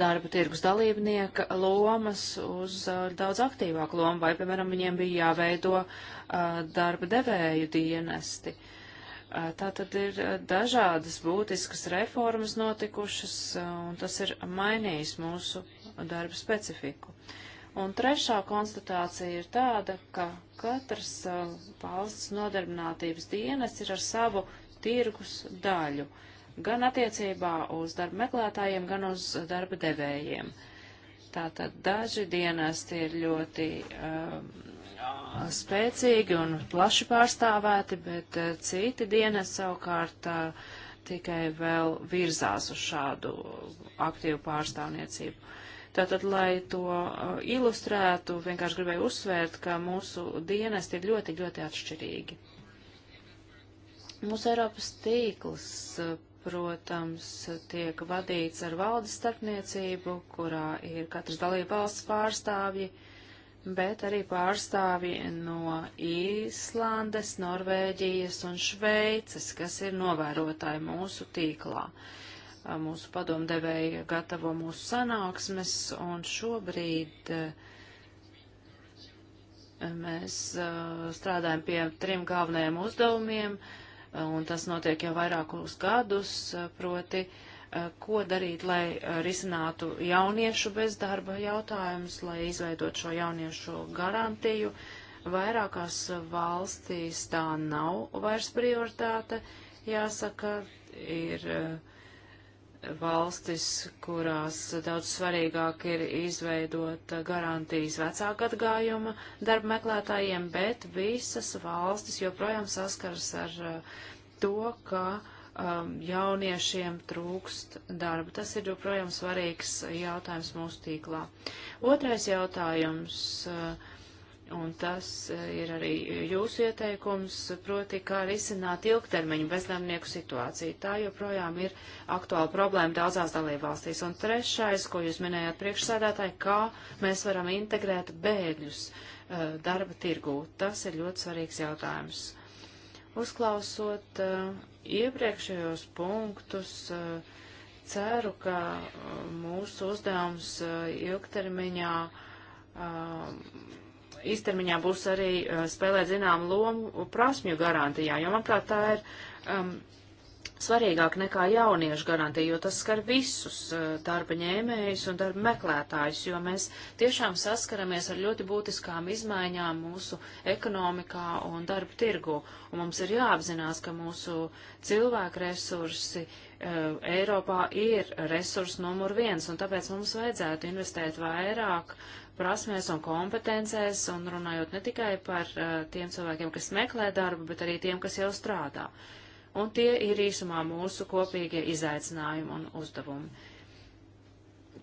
darba tirgus dalībnieka lomas uz uh, daudz aktīvāku lomu, vai, piemēram, viņiem bija jāveido uh, darba devēju dienesti. Uh, tā tad ir dažādas būtiskas reformas notikušas, un tas ir mainījis mūsu darba specifiku. Un trešā konstatācija ir tāda, ka katrs valsts nodarbinātības dienas ir ar savu tirgus daļu, gan attiecībā uz darba meklētājiem, gan uz darba devējiem. Tātad daži dienesti ir ļoti um, spēcīgi un plaši pārstāvēti, bet uh, citi dienesti savukārt uh, tikai vēl virzās uz šādu aktīvu pārstāvniecību. Tātad, lai to uh, ilustrētu, vienkārši gribēju uzsvērt, ka mūsu dienesti ir ļoti, ļoti atšķirīgi. Mūsu Eiropas tīkls, protams, tiek vadīts ar valdes starpniecību, kurā ir katras dalība valsts pārstāvji, bet arī pārstāvji no Īslandes, Norvēģijas un Šveices, kas ir novērotāji mūsu tīklā. Mūsu padomdevēja gatavo mūsu sanāksmes, un šobrīd uh, mēs uh, strādājam pie trim galvenajiem uzdevumiem un tas notiek jau vairākus gadus, proti, eh, ko darīt, lai eh, risinātu jauniešu bezdarba jautājumus, lai izveidot šo jauniešu garantiju. Vairākās valstīs tā nav vairs prioritāte, jāsaka, ir uh, valstis, kurās daudz svarīgāk ir izveidot garantijas vecāka atgājuma darba meklētājiem, bet visas valstis joprojām saskaras ar eh, to, ka um, jauniešiem trūkst darba. Tas ir joprojām svarīgs jautājums mūsu tīklā. Otrais jautājums. Uh, Un tas eh, ir arī jūsu ieteikums, proti, kā risināt ilgtermiņu bezdarbnieku situāciju. Tā joprojām ir aktuāla problēma daudzās dalībvalstīs. Un trešais, ko jūs minējāt priekšsēdētāji, kā mēs varam integrēt bēgļus uh, darba tirgū. Tas ir ļoti svarīgs jautājums. Uzklausot uh, iepriekšējos punktus, uh, ceru, ka mūsu uzdevums ilgtermiņā īstermiņā būs arī eh, spēlēt zinām lomu prasmju garantijā, jo, manuprāt, tā ir um, svarīgāk nekā jauniešu garantija, jo tas skar visus eh, darba ņēmējus un darba meklētājus, jo mēs tiešām saskaramies ar ļoti būtiskām izmaiņām mūsu ekonomikā un darba tirgu. Un mums ir jāapzinās, ka mūsu cilvēku resursi eh, Eiropā ir resurs numur viens, un tāpēc mums vajadzētu investēt vairāk prasmēs un kompetencēs, un runājot ne tikai par uh, tiem cilvēkiem, kas meklē darbu, bet arī tiem, kas jau strādā. Un tie ir īsumā mūsu kopīgie izaicinājumi un uzdevumi.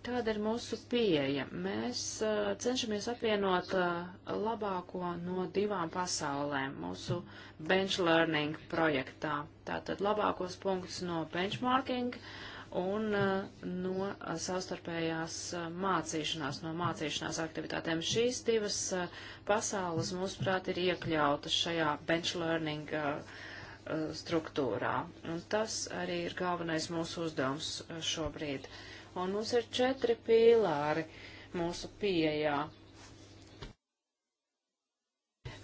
Tāda ir mūsu pieeja. Mēs uh, cenšamies apvienot uh, labāko no divām pasaulēm mūsu bench learning projektā. Tātad labākos punktus no benchmarking uh, un uh, no uh, savstarpējās uh, mācīšanās, no mācīšanās aktivitātēm. Šīs divas pasaules, mūsuprāt, ir iekļautas šajā bench learning struktūrā. Un tas arī ir galvenais mūsu uzdevums šobrīd. Un mums ir četri pīlāri mūsu pieejā.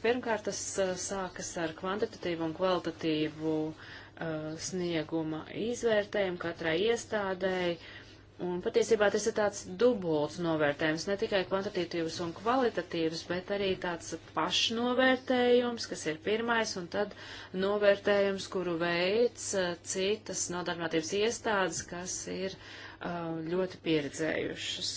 Pirmkārt, tas sākas ar kvantitatīvu un kvalitatīvu uh, Uh, snieguma izvērtējumu katrai iestādēji. Un patiesībā tas ir tāds dubults novērtējums, ne tikai kvantitatīvs un kvalitatīvs, bet arī tāds pašnovērtējums, kas ir pirmais, un tad novērtējums, kuru veids uh, citas nodarbinātības iestādes, kas ir uh, ļoti pieredzējušas.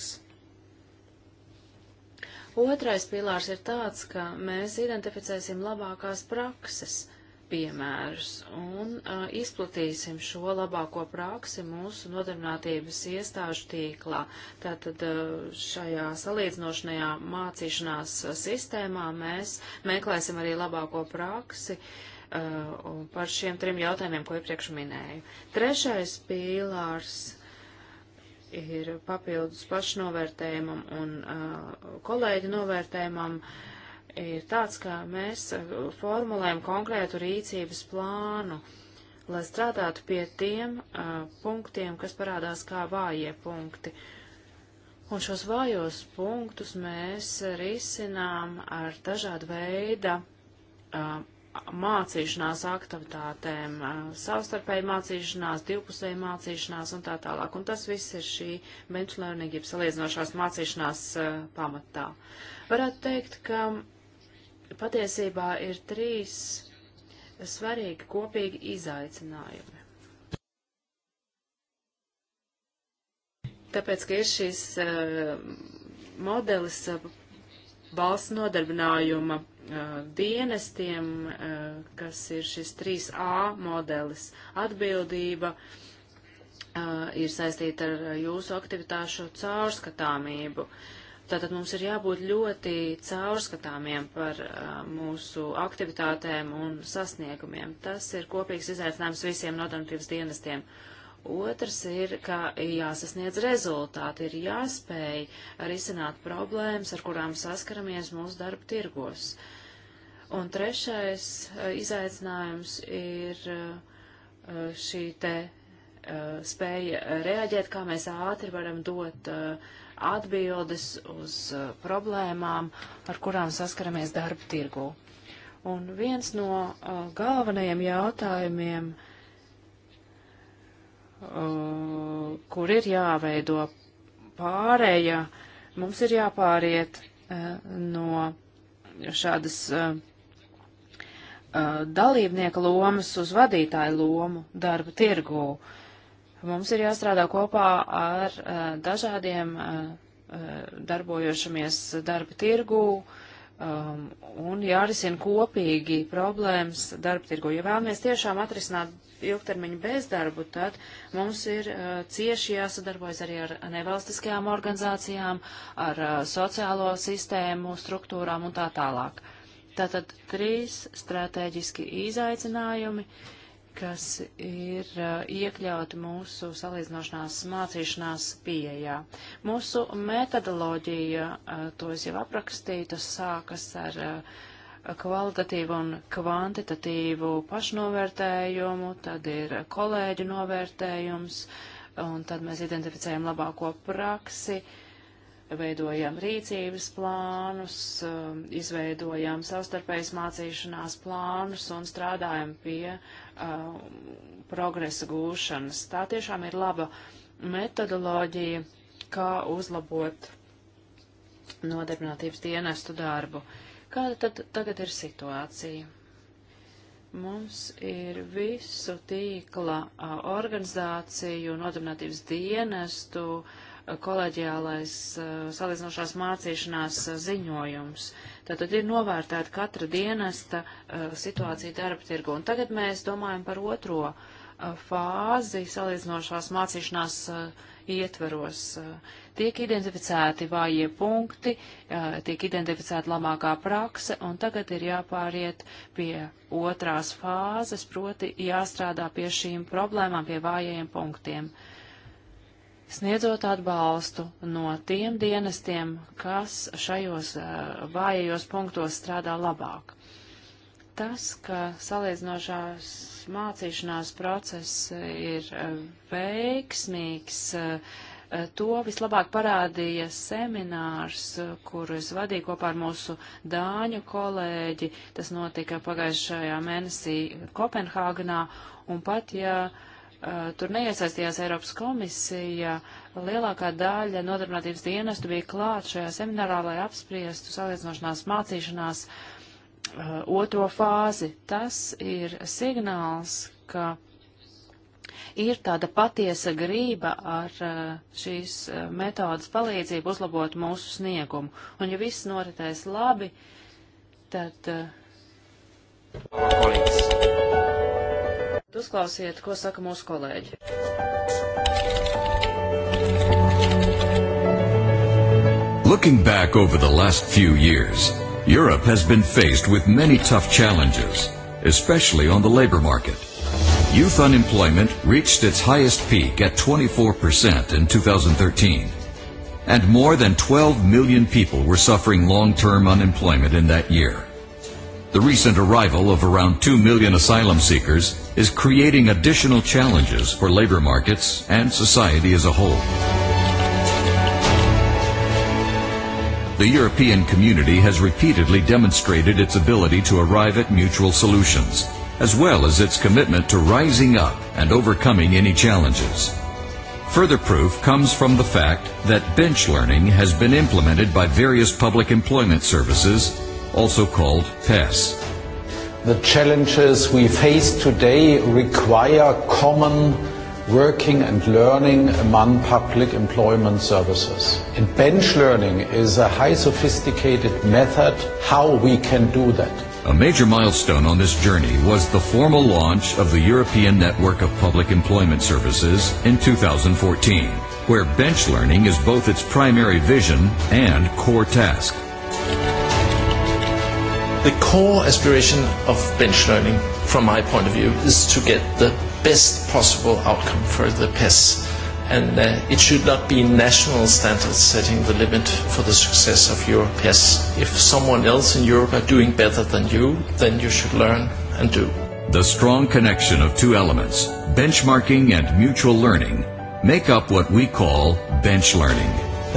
Otrais pilārs ir tāds, ka mēs identificēsim labākās prakses piemērus un uh, izplatīsim šo labāko praksi mūsu nodarbinātības iestāžu tīklā. Tātad uh, šajā salīdzinošanajā mācīšanās sistēmā mēs meklēsim arī labāko praksi uh, par šiem trim jautājumiem, ko iepriekš minēju. Trešais pīlārs ir papildus pašnovērtējumam un uh, kolēģi novērtējumam. Uh, ir tāds, ka mēs uh, formulējam konkrētu rīcības plānu, lai strādātu pie tiem uh, punktiem, kas parādās kā vājie punkti. Un šos vājos punktus mēs risinām ar dažādu veidu uh, mācīšanās aktivitātēm, uh, savstarpēji mācīšanās, divpusēji mācīšanās un tā tālāk. Un tas viss ir šī benchlearning, jeb salīdzinošās mācīšanās uh, pamatā. Varētu teikt, ka patiesībā ir trīs svarīgi kopīgi izaicinājumi. Tāpēc, ka ir šīs uh, eh, modelis uh, valsts nodarbinājuma uh, dienestiem, uh, kas ir šis 3A modelis atbildība, uh, ir saistīta ar jūsu aktivitāšu caurskatāmību. Uh, Tātad mums ir jābūt ļoti caurskatāmiem par uh, mūsu aktivitātēm un sasniegumiem. Tas ir kopīgs izaicinājums visiem nodarbības dienestiem. Otrs ir, ka jāsasniedz rezultāti, ir jāspēj risināt problēmas, ar kurām saskaramies mūsu darba tirgos. Un trešais uh, izaicinājums ir uh, šī te uh, spēja reaģēt, kā mēs ātri varam dot uh, atbildes uz uh, problēmām, ar kurām saskaramies darba tirgu. Un viens no uh, galvenajiem jautājumiem, uh, kur ir jāveido pārēja, mums ir jāpāriet uh, no šādas uh, uh, dalībnieka lomas uz vadītāju lomu darba tirgū. Uh, Mums ir jāstrādā kopā ar uh, dažādiem uh, darbojošamies darba tirgū um, un jārisina kopīgi problēmas darba tirgū. Ja vēlamies tiešām atrisināt ilgtermiņu bezdarbu, tad mums ir uh, cieši jāsadarbojas arī ar nevalstiskajām organizācijām, ar uh, sociālo sistēmu struktūrām un tā tālāk. Tātad trīs strateģiski izaicinājumi. Uh, kas ir uh, iekļauti mūsu salīdzinošanās mācīšanās pieejā. Mūsu metodoloģija, uh, to es jau aprakstīju, tas sākas ar uh, kvalitatīvu un kvantitatīvu pašnovērtējumu, tad ir kolēģu novērtējums, un tad mēs identificējam labāko praksi, veidojam rīcības plānus, um, izveidojam savstarpējas mācīšanās plānus un strādājam pie Um, progresa gūšanas. Tā tiešām ir laba metodoloģija, kā uzlabot nodarbinātības dienestu darbu. Kāda tad tagad ir situācija? Mums ir visu tīkla organizāciju, nodarbinātības dienestu, uh, koleģiālais eh, salīdzinošās mācīšanās eh, ziņojums. Tātad ir novērtēta katra dienesta eh, situācija darba tirgu. Un tagad mēs domājam par otro fāzi salīdzinošās mācīšanās ietveros. Tiek identificēti vājie punkti, tiek identificēta labākā prakse, un tagad ir jāpāriet pie otrās fāzes, proti jāstrādā pie šīm problēmām, pie vājajiem punktiem. Uh, sniedzot atbalstu no tiem dienestiem, kas šajos uh, vājajos punktos strādā labāk. Tas, ka salīdzinošās mācīšanās process ir uh, veiksmīgs, uh, to vislabāk parādīja seminārs, kuru es vadīju kopā ar mūsu dāņu kolēģi. Tas notika pagājušajā mēnesī Kopenhāganā, un pat ja uh, Uh, tur neiesaistījās Eiropas komisija. Lielākā daļa nodarbinātības dienestu bija klāt šajā seminārā, lai apspriestu salīdzinošanās mācīšanās uh, otro fāzi. Tas ir signāls, ka ir tāda patiesa grība ar uh, šīs uh, metodas palīdzību uzlabot mūsu sniegumu. Un ja viss noritēs labi, tad. Uh... Kolīgs. Uzklausiet, ko saka mūsu kolēģi. Looking back over the last few years, Europe has been faced with many tough challenges, especially on the labor market. Youth unemployment reached its highest peak at 24% in 2013, and more than 12 million people were suffering long-term unemployment in that year. The recent arrival of around 2 million asylum seekers is creating additional challenges for labor markets and society as a whole. The European community has repeatedly demonstrated its ability to arrive at mutual solutions, as well as its commitment to rising up and overcoming any challenges. Further proof comes from the fact that bench learning has been implemented by various public employment services also called PES. The challenges we face today require common working and learning among public employment services. And bench learning is a high sophisticated method how we can do that. A major milestone on this journey was the formal launch of the European Network of Public Employment Services in 2014, where bench learning is both its primary vision and core task. The core aspiration of bench learning, from my point of view, is to get the best possible outcome for the PES. And uh, it should not be national standards setting the limit for the success of your PES. If someone else in Europe are doing better than you, then you should learn and do. The strong connection of two elements, benchmarking and mutual learning, make up what we call bench learning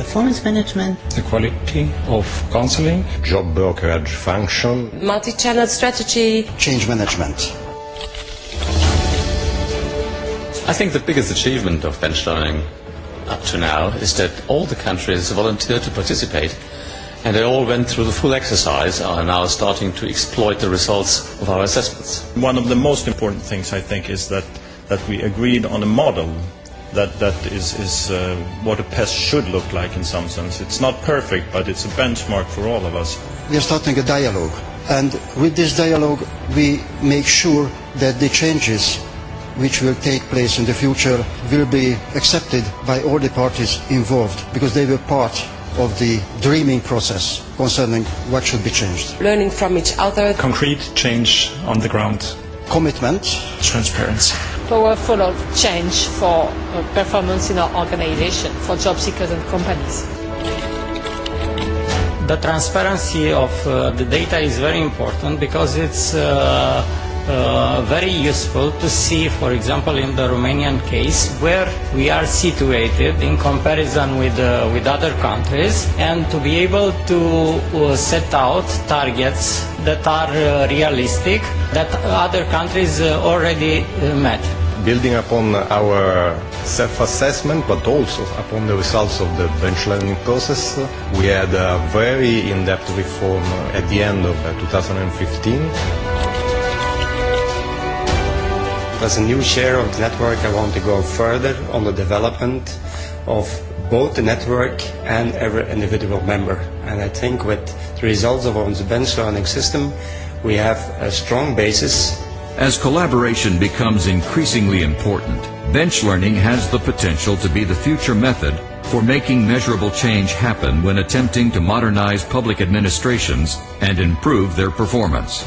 performance management, the quality of counseling, job brokerage function, multi-channel strategy, change management. I think the biggest achievement of benchlearning up to now is that all the countries volunteered to participate and they all went through the full exercise and are now starting to exploit the results of our assessments. One of the most important things I think is that, that we agreed on a model that that is, is uh, what a pest should look like in some sense. It's not perfect, but it's a benchmark for all of us. We are starting a dialogue, and with this dialogue, we make sure that the changes which will take place in the future will be accepted by all the parties involved because they were part of the dreaming process concerning what should be changed. Learning from each other. Concrete change on the ground. Commitment. Transparency powerful of change for uh, performance in our organization, for job seekers and companies. The transparency of uh, the data is very important because it's uh, uh, very useful to see, for example, in the Romanian case, where we are situated in comparison with, uh, with other countries and to be able to uh, set out targets that are uh, realistic that other countries uh, already uh, met building upon our self-assessment, but also upon the results of the bench learning process, we had a very in-depth reform at the end of 2015. Uh, As a new chair of the network, I want to go further on the development of both the network and every individual member. And I think with the results of our bench learning system, we have a strong basis As collaboration becomes increasingly important, bench learning has the potential to be the future method for making measurable change happen when attempting to modernize public administrations and improve their performance.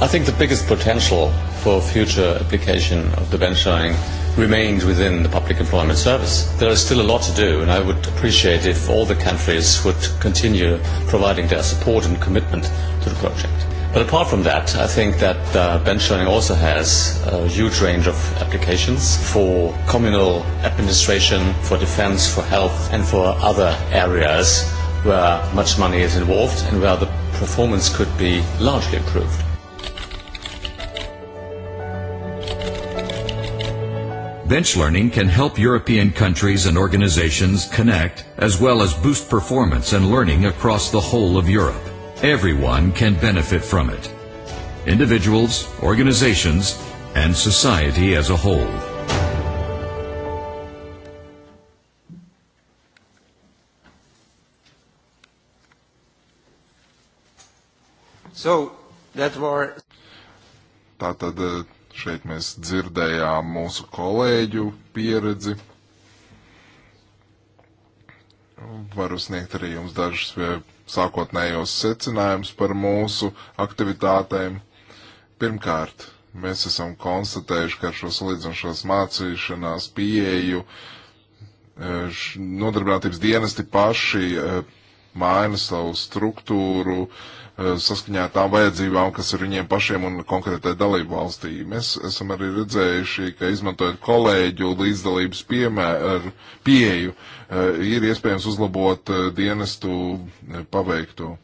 I think the biggest potential for future application of the bench learning remained within the public employment service. There is still a lot to do, and I would appreciate if all the countries would continue providing their support and commitment to the project. But apart from that, I think that uh, bench learning also has a huge range of applications for communal administration, for defense, for health, and for other areas where much money is involved and where the performance could be largely improved. Bench learning can help European countries and organizations connect as well as boost performance and learning across the whole of Europe. Everyone can benefit from it. Individuals, organizations, and society as a whole. So, that were... Tātad eh, šeit mēs dzirdējām mūsu kolēģu pieredzi. Varu sniegt arī jums dažus eh, sākotnējos secinājumus par mūsu aktivitātēm. Pirmkārt, mēs esam konstatējuši, ka ar šo salīdzinošās mācīšanās pieeju e, nodarbinātības dienesti paši e, maina savu struktūru, Eh, saskaņā ar tām vajadzībām, kas ir viņiem pašiem un konkrētai dalību valstī. Mēs esam arī redzējuši, ka izmantojot kolēģu līdzdalības piemēru, pieeju, eh, ir iespējams uzlabot eh, dienestu paveikto.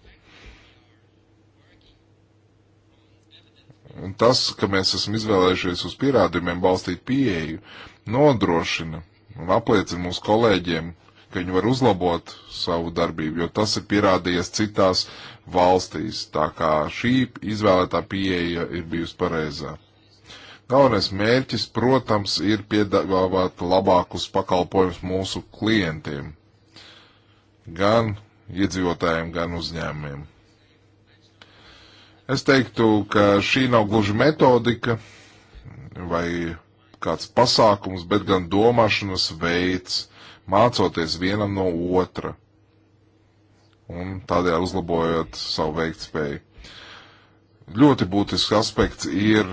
Un tas, ka mēs esam izvēlējušies uz pierādījumiem balstīt pieeju, nodrošina un apliecina mūsu kolēģiem, ka viņi var uzlabot savu darbību, jo tas ir pierādījies citās valstīs, tā kā šī izvēlētā pieeja ir bijusi pareizā. Galvenais mērķis, protams, ir piedāvāt labākus pakalpojumus mūsu klientiem, gan iedzīvotājiem, gan uzņēmumiem. Es teiktu, ka šī nav gluži metodika vai kāds pasākums, bet gan domāšanas veids, mācoties vienam no otra un tādējādi uzlabojot savu veiktspēju. Ļoti būtisks aspekts ir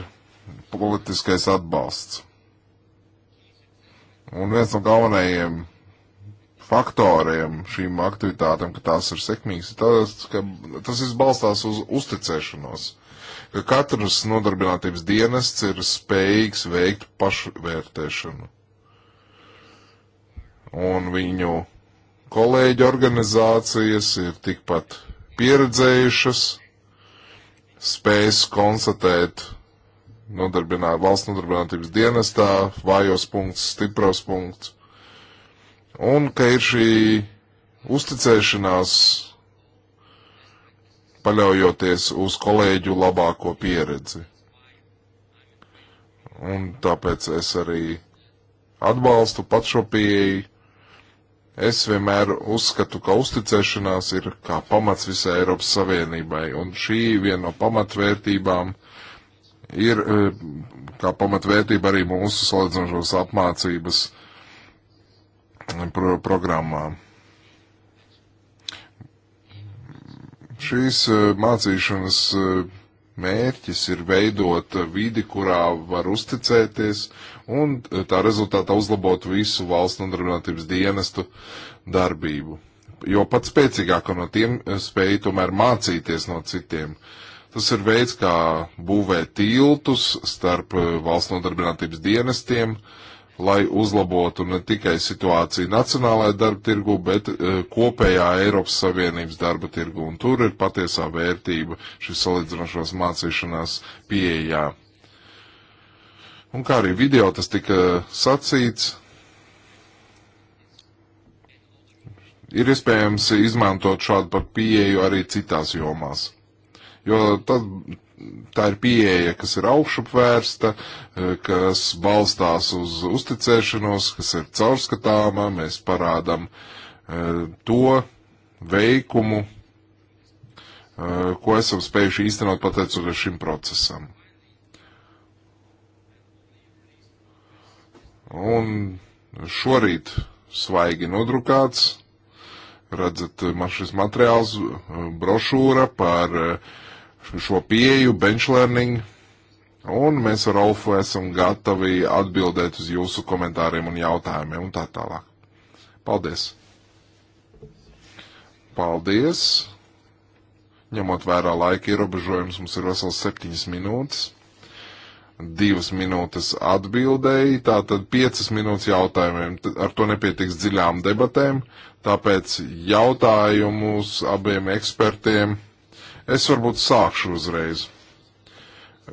politiskais atbalsts. Un viens no galvenajiem faktoriem šīm aktivitātēm, ka tās ir sekmīgas, ir tas, ka tas viss balstās uz uzticēšanos, ka katrs nodarbinātības dienests ir spējīgs veikt pašvērtēšanu. Un viņu kolēģi organizācijas ir tikpat pieredzējušas, spējas konstatēt nodarbināt, valsts nodarbinātības dienestā, vājos punktus, stipros punktus, un ka ir šī uzticēšanās paļaujoties uz kolēģu labāko pieredzi. Un tāpēc es arī atbalstu pat šo pieeju Es vienmēr uzskatu, ka uzticēšanās ir kā pamats visai Eiropas Savienībai, un šī viena no pamatvērtībām ir e, kā pamatvērtība arī mūsu salīdzinošos apmācības e, pro programmā. Šīs e, mācīšanas uh, mērķis ir veidot vidi, kurā var uzticēties un eh, tā rezultātā uzlabot visu valsts nodarbinātības dienestu darbību. Jo pats spēcīgāko no tiem eh, spēja tomēr mācīties no citiem. Tas ir veids, kā būvēt tiltus starp eh, valsts nodarbinātības dienestiem, uh, lai uzlabotu ne tikai situāciju nacionālajā darba tirgu, bet uh, kopējā Eiropas Savienības darba tirgu. Un tur ir patiesā vērtība šī salīdzinošās mācīšanās pieejā. Un kā arī video tas tika sacīts, ir iespējams izmantot šādu par pieeju arī citās jomās. Jo tad tā ir pieeja, kas ir augšupvērsta, eh, kas balstās uz uzticēšanos, kas ir caurskatāma, mēs parādam eh, to veikumu, eh, ko esam spējuši īstenot pateicoties šim procesam. Un šorīt svaigi nodrukāts, redzat, šis materiāls, brošūra par uh, šo pieju, benchlearning, un mēs ar Alfu esam gatavi atbildēt uz jūsu komentāriem un jautājumiem un tā tālāk. Paldies! Paldies! Ņemot vērā laika ierobežojums, mums ir vesels septiņas minūtes divas minūtes atbildēji, tātad piecas minūtes jautājumiem. Ar to nepietiks dziļām debatēm, tāpēc jautājumus abiem ekspertiem Es varbūt sākšu uzreiz.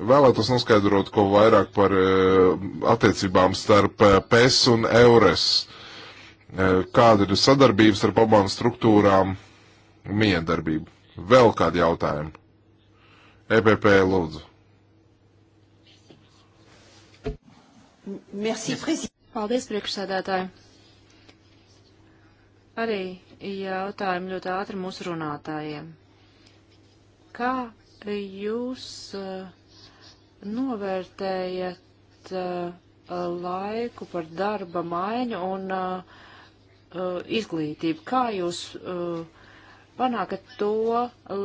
Vēlētos noskaidrot, ko vairāk par e, attiecībām starp e, PES un EURES. E, kāda ir sadarbība starp abām struktūrām un miedarbība? Vēl kādi jautājumi? EPP lūdzu. Merci, Paldies, priekšsēdētāji. Arī jautājumi ļoti ātri mūsu runātājiem. Kā jūs eh, novērtējat eh, laiku par darba maiņu un eh, izglītību? Kā jūs panākat to,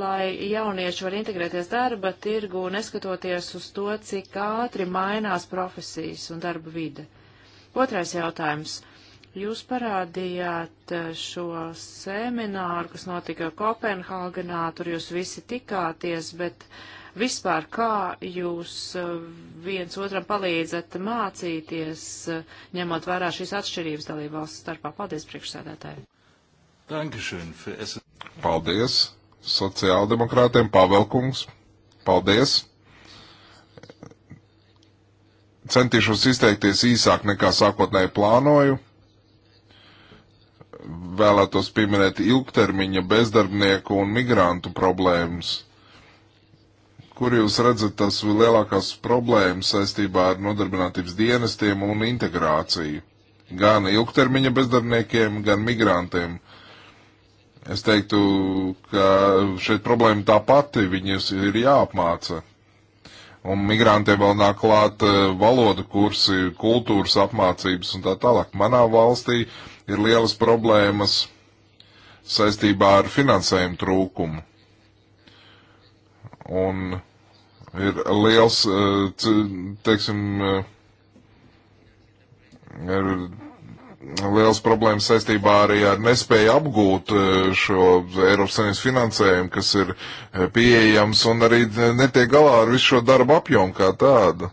lai jaunieši var integrēties darba tirgu, neskatoties uz to, cik ātri mainās profesijas un darba vide? Otrais jautājums. Uh, Jūs parādījāt eh, šo semināru, kas notika Kopenhāgenā, tur jūs visi tikāties, bet vispār kā jūs eh, viens otram palīdzat mācīties, eh, ņemot vērā šīs atšķirības dalību valsts starpā? Paldies, priekšsēdētāji! Paldies! Sociāldemokrātiem Pavelkungs! Paldies! centīšos izteikties īsāk nekā sākotnēji plānoju vēlētos pieminēt ilgtermiņa bezdarbnieku un migrantu problēmas. Kur jūs redzat tas lielākās problēmas saistībā ar nodarbinātības dienestiem un integrāciju? Gan ilgtermiņa bezdarbniekiem, gan migrantiem. Es teiktu, ka šeit problēma tā pati, viņus ir jāapmāca. Un migrantiem vēl nāk klāt eh, valodu kursi, kultūras apmācības un tā tālāk. Manā valstī uh, ir lielas problēmas saistībā ar finansējumu trūkumu. Un ir liels, eh, teiksim, eh, ir liels problēmas saistībā arī ar nespēju apgūt eh, šo Eiropas Savienības finansējumu, kas ir pieejams un arī netiek galā ar visu šo darbu apjomu kā tādu.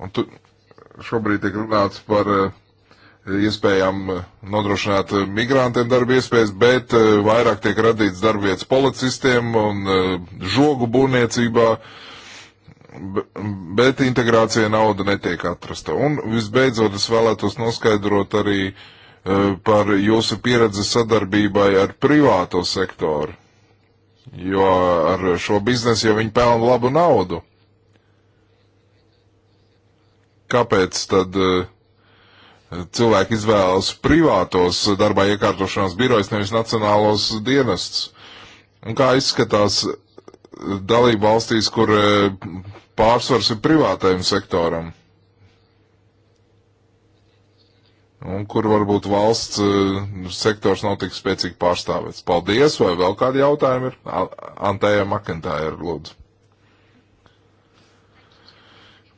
Un tu, šobrīd tiek runāts par eh, iespējām eh, nodrošināt eh, migrantiem darba iespējas, bet vairāk tiek radīts darbvietas policistiem un žogu būvniecībā, bet integrācija nauda netiek atrasta. Un visbeidzot, es vēlētos noskaidrot arī par jūsu pieredzi sadarbībai ar privāto sektoru, jo ar šo biznesu jau viņi pelna labu naudu kāpēc tad e, cilvēki izvēlas privātos darbā iekārtošanās birojas, nevis nacionālos dienestus. Un kā izskatās dalība valstīs, kur e, pārsvars ir privātajam sektoram? Un kur varbūt valsts e, sektors nav tik spēcīgi pārstāvēts. Paldies, vai vēl kādi jautājumi ir? Antēja Makentāja, lūdzu.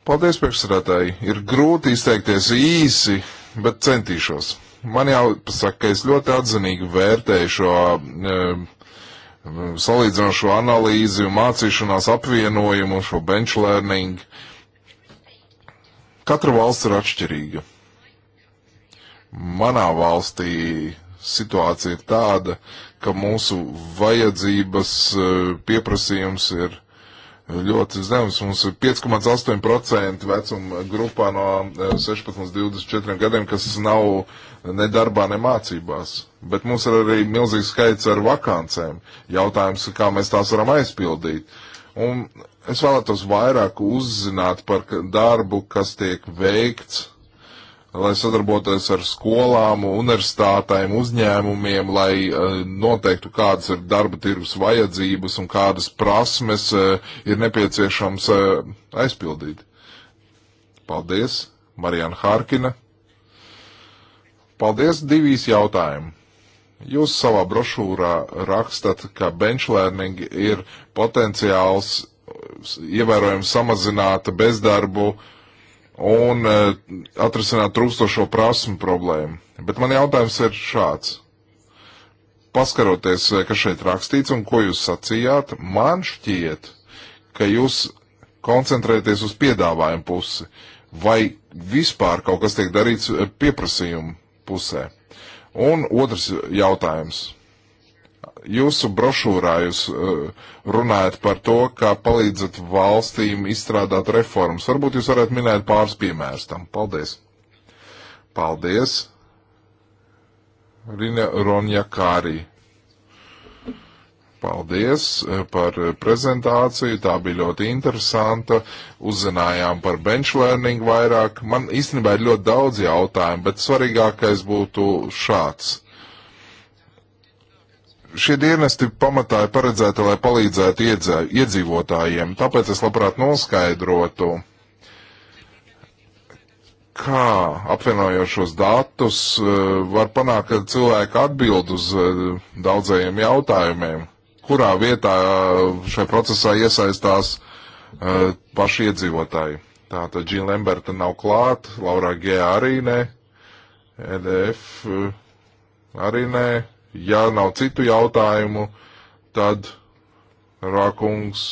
Paldies, priekšsarātāji. Ir grūti izteikties īsi, bet centīšos. Man jau pasaka, ka es ļoti atzinīgi vērtēju šo e, salīdzinošo analīzi un mācīšanās apvienojumu, šo bench learning. Katra valsts ir atšķirīga. Manā valstī situācija ir tāda, ka mūsu vajadzības e, pieprasījums ir ļoti zems. Mums ir 5,8% vecuma grupā no 16 eh, līdz 24 gadiem, kas nav ne darbā, ne mācībās. Bet mums ir arī milzīgs skaits ar vakancēm. Jautājums, kā mēs tās varam aizpildīt. Un es vēlētos vairāk uzzināt par darbu, kas tiek veikts lai sadarbotos ar skolām, universitātēm, uzņēmumiem, lai uh, noteiktu, kādas ir darba tirgus vajadzības un kādas prasmes uh, ir nepieciešams uh, aizpildīt. Paldies, Marijana Hārkina. Paldies, divīs jautājumi. Jūs savā brošūrā rakstat, ka benchlearning ir potenciāls ievērojami samazināt bezdarbu uh, un e, atrisināt trūkstošo prasmu problēmu. Bet man jautājums ir šāds. Paskaroties, e, kas šeit rakstīts un ko jūs sacījāt, man šķiet, ka jūs koncentrēties uz piedāvājumu pusi vai vispār kaut kas tiek darīts e, pieprasījumu pusē. Un otrs jautājums Jūsu brošūrā jūs eh, runājat par to, kā palīdzat valstīm izstrādāt reformas. Varbūt jūs varētu minēt pāris piemērus tam. Paldies! Paldies! Rina Ronja Kārī. Paldies eh, par prezentāciju, tā bija ļoti interesanta. Uzzinājām par benchlearning vairāk. Man īstenībā ir ļoti daudz jautājumu, bet svarīgākais būtu šāds šie dienesti pamatā ir paredzēti, lai palīdzētu iedzē, iedzīvotājiem. Tāpēc es labprāt noskaidrotu, kā apvienojošos datus e, var panākt, ka cilvēki atbild uz e, daudzajiem jautājumiem, kurā vietā e, šajā procesā iesaistās paši iedzīvotāji. Tātad Džina Lemberta nav klāt, Laura G. arī nē, EDF arī nē, Ja nav citu jautājumu, tad Rākungs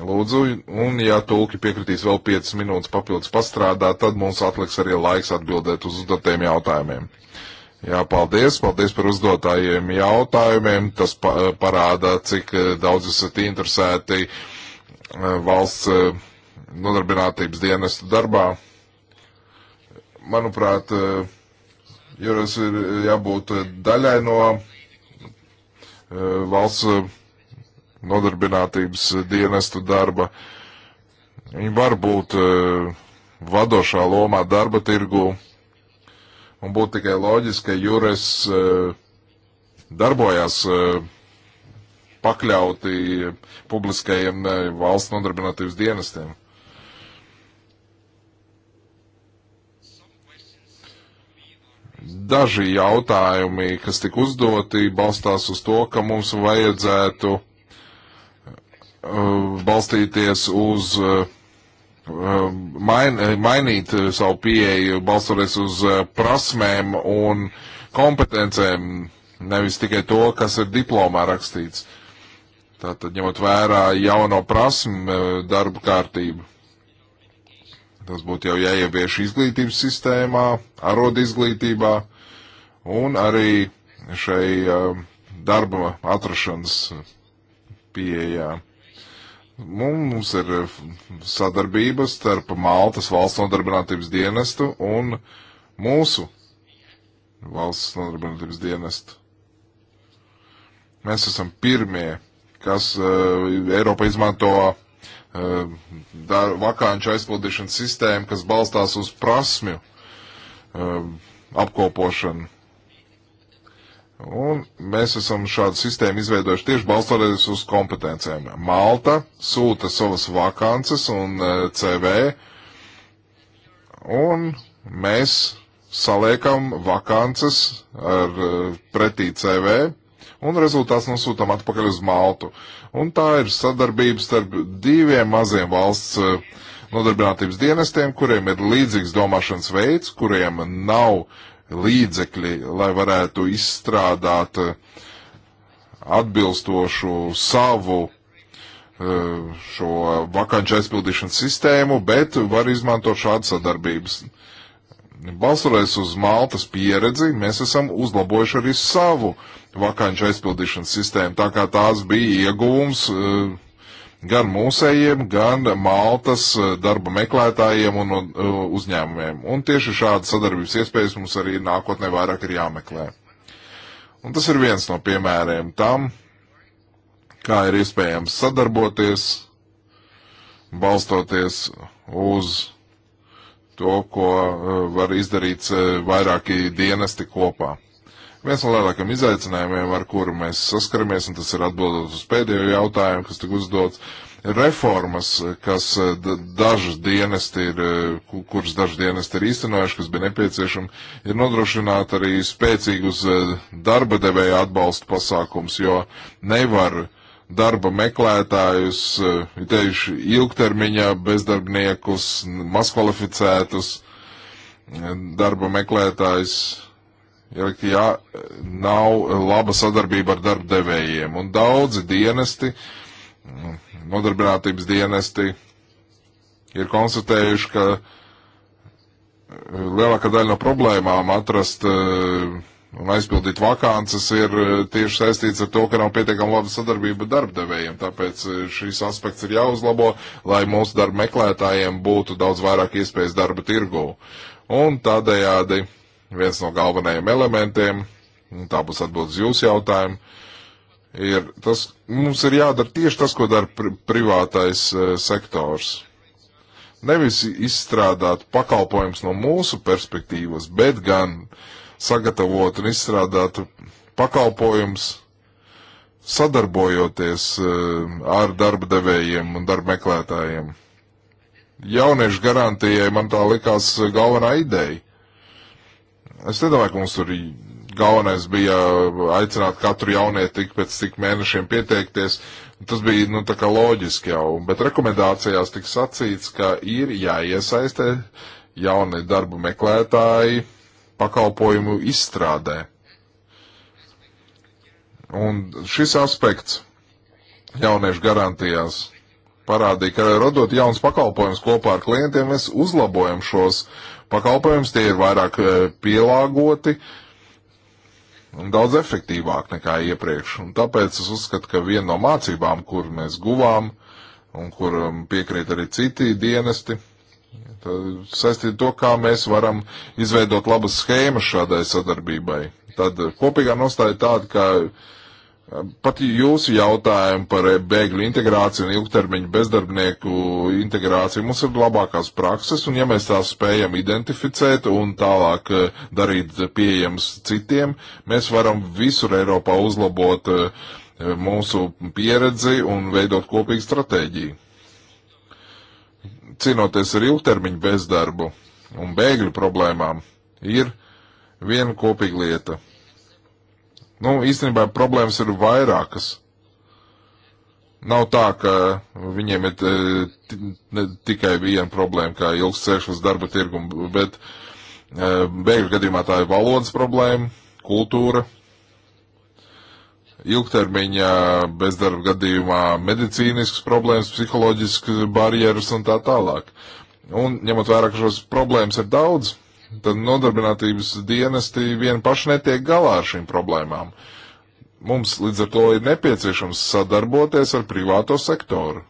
lūdzu, un ja tulki piekritīs vēl 5 minūtes papildus pastrādāt, tad mums atliks arī laiks atbildēt uz uzdotiem jautājumiem. Jā, paldies, paldies par uzdotājiem jautājumiem. Tas pa, parāda, cik eh, daudz esat interesēti eh, valsts eh, nodarbinātības dienestu darbā. Manuprāt, jo tas ir jābūt daļai no eh, valsts nodarbinātības dienestu darba. Viņi var būt eh, vadošā lomā darba tirgu un būtu tikai loģiski, ka jūras eh, darbojās pakļauti publiskajiem valsts nodarbinātības dienestiem. Daži jautājumi, kas tika uzdoti, balstās uz to, ka mums vajadzētu uh, balstīties uz uh, uh, main, eh, mainīt savu pieeju, balstoties uz prasmēm un kompetencēm, nevis tikai to, kas ir diplomā rakstīts. Tātad ņemot vērā jauno prasmu eh, darbu kārtību. Tas būtu jau jāievieš izglītības sistēmā, arodu izglītībā un arī šai um, darba atrašanas pieejā. Mums ir um, sadarbība starp Maltas valsts nodarbinātības dienestu un mūsu valsts nodarbinātības dienestu. Mēs esam pirmie, kas uh, Eiropa izmanto Eh, vakāņu aizpildīšanas sistēma, kas balstās uz prasmju eh, apkopošanu. Un mēs esam šādu sistēmu izveidojuši tieši balstoties uz kompetencijām. Malta sūta savas vakances un eh, CV, un mēs saliekam vakances ar pretī CV, un rezultāts nosūtām atpakaļ uz Maltu. Un tā ir sadarbības starp diviem maziem valsts eh, nodarbinātības dienestiem, kuriem ir līdzīgs domāšanas veids, kuriem nav līdzekļi, lai varētu izstrādāt eh, atbilstošu savu eh, šo vakanču aizpildīšanas sistēmu, bet var izmantot šādu sadarbības. Balsoties uz Maltas pieredzi, mēs esam uzlabojuši arī savu uh, vakanču aizpildīšanas sistēmu. Tā kā tās bija iegūms e, gan mūsējiem, gan Maltas e, darba meklētājiem un e, uzņēmumiem. Un tieši šādas sadarbības iespējas mums arī nākotnē vairāk ir jāmeklē. Un tas ir viens no piemēriem tam, kā ir iespējams sadarboties, balstoties uz to, ko var izdarīt vairāki dienesti kopā. Viens no lielākajiem izaicinājumiem, ar kuru mēs saskaramies, un tas ir atbildot uz pēdējo jautājumu, kas tika uzdots, ir reformas, kas eh, dažas dienesti ir, eh, kuras dažas dienesti ir īstenojuši, kas bija nepieciešama, ir nodrošināt arī spēcīgus eh, darba devēja atbalstu pasākums, jo nevar darba meklētājus, teikšu, ilgtermiņa bezdarbniekus, mazkvalificētus darba meklētājus ja nav laba sadarbība ar darbdevējiem. Un daudzi dienesti, nodarbinātības dienesti, ir konstatējuši, ka eh, lielākā daļa no problēmām atrast eh, un aizpildīt vakances ir eh, tieši saistīts ar to, ka nav pietiekami laba sadarbība darbdevējiem. Tāpēc šis aspekts ir jāuzlabo, lai mūsu darba meklētājiem būtu daudz vairāk iespējas darba tirgū. Un tādējādi viens no galvenajiem elementiem, un tā būs atbildes jūsu jautājumu, ir tas, mums ir jādara tieši tas, ko dara pri privātais uh, sektors. Nevis izstrādāt pakalpojums no mūsu perspektīvas, bet gan sagatavot un izstrādāt pakalpojums sadarbojoties uh, ar darba devējiem un darba meklētājiem. Jauniešu garantijai man tā likās galvenā ideja Es nedomāju, ka mums tur galvenais bija uh, aicināt katru jaunieti tik pēc cik mēnešiem pieteikties. Tas bija, nu, tā kā loģiski jau, bet rekomendācijās tika sacīts, ka ir jāiesaistē jauni darbu meklētāji pakalpojumu izstrādē. Un šis aspekts jauniešu garantijās parādīja, ka radot jauns pakalpojums kopā ar klientiem, mēs uzlabojam šos uh, pakalpojums, tie ir vairāk eh, pielāgoti un daudz efektīvāk nekā iepriekš. Un tāpēc es uzskatu, ka viena no mācībām, kur mēs guvām un kur um, piekrīt arī citi dienesti, saistīt to, kā mēs varam izveidot labas schēmas šādai sadarbībai. Tad kopīgā nostāja tāda, ka Pat jūsu jautājumu par bēgļu integrāciju un ilgtermiņu bezdarbnieku integrāciju mums ir labākās prakses, un ja mēs tās spējam identificēt un tālāk eh, darīt pieejams citiem, mēs varam visur Eiropā uzlabot eh, mūsu pieredzi un veidot kopīgu stratēģiju. Cīnoties ar ilgtermiņu bezdarbu un bēgļu problēmām, ir viena kopīga lieta Nu, īstenībā problēmas ir vairākas. Nav tā, ka viņiem ir eh, ne tikai viena problēma, kā ilgs ceļš uz darba tirgumu, bet eh, bēgļu gadījumā tā ir valodas problēma, kultūra, ilgtermiņā bezdarba gadījumā medicīniskas problēmas, psiholoģiskas barjeras un tā tālāk. Un ņemot vērā, ka šos problēmas ir daudz, tad nodarbinātības dienesti vien paši netiek galā ar šīm problēmām. Mums līdz ar to ir nepieciešams sadarboties ar privāto sektoru,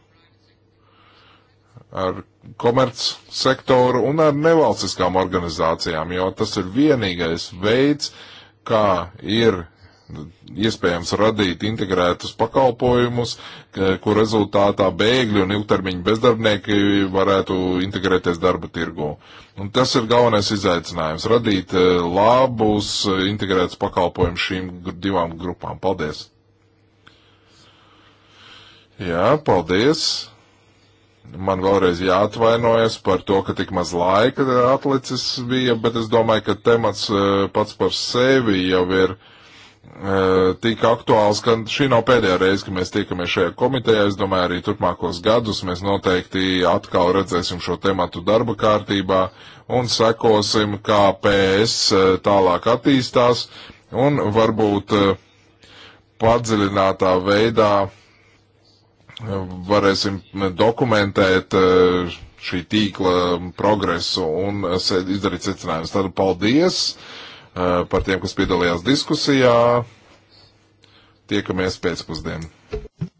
ar komerc sektoru un ar nevalstiskām organizācijām, jo tas ir vienīgais veids, kā ir iespējams radīt integrētus pakalpojumus, kur rezultātā bēgļi un ilgtermiņa bezdarbnieki varētu integrēties darba tirgu. Un tas ir galvenais izaicinājums - radīt eh, labus eh, integrētus pakalpojumus šīm divām grupām. Paldies! Jā, paldies! Man vēlreiz jāatvainojas par to, ka tik maz laika atlicis bija, bet es domāju, ka temats eh, pats par sevi jau ir uh, Eh, tik aktuāls, ka šī nav pēdējā reize, kad mēs tiekamies šajā komitejā. Es domāju, arī turpmākos gadus mēs noteikti atkal redzēsim šo tematu darba kārtībā un sekosim, kā PS eh, tālāk attīstās un varbūt eh, padziļinātā veidā varēsim dokumentēt šī tīkla progresu un izdarīt secinājumus. Tad paldies! Eh, par tiem, kas piedalījās diskusijā. Tiekamies pēcpusdienu.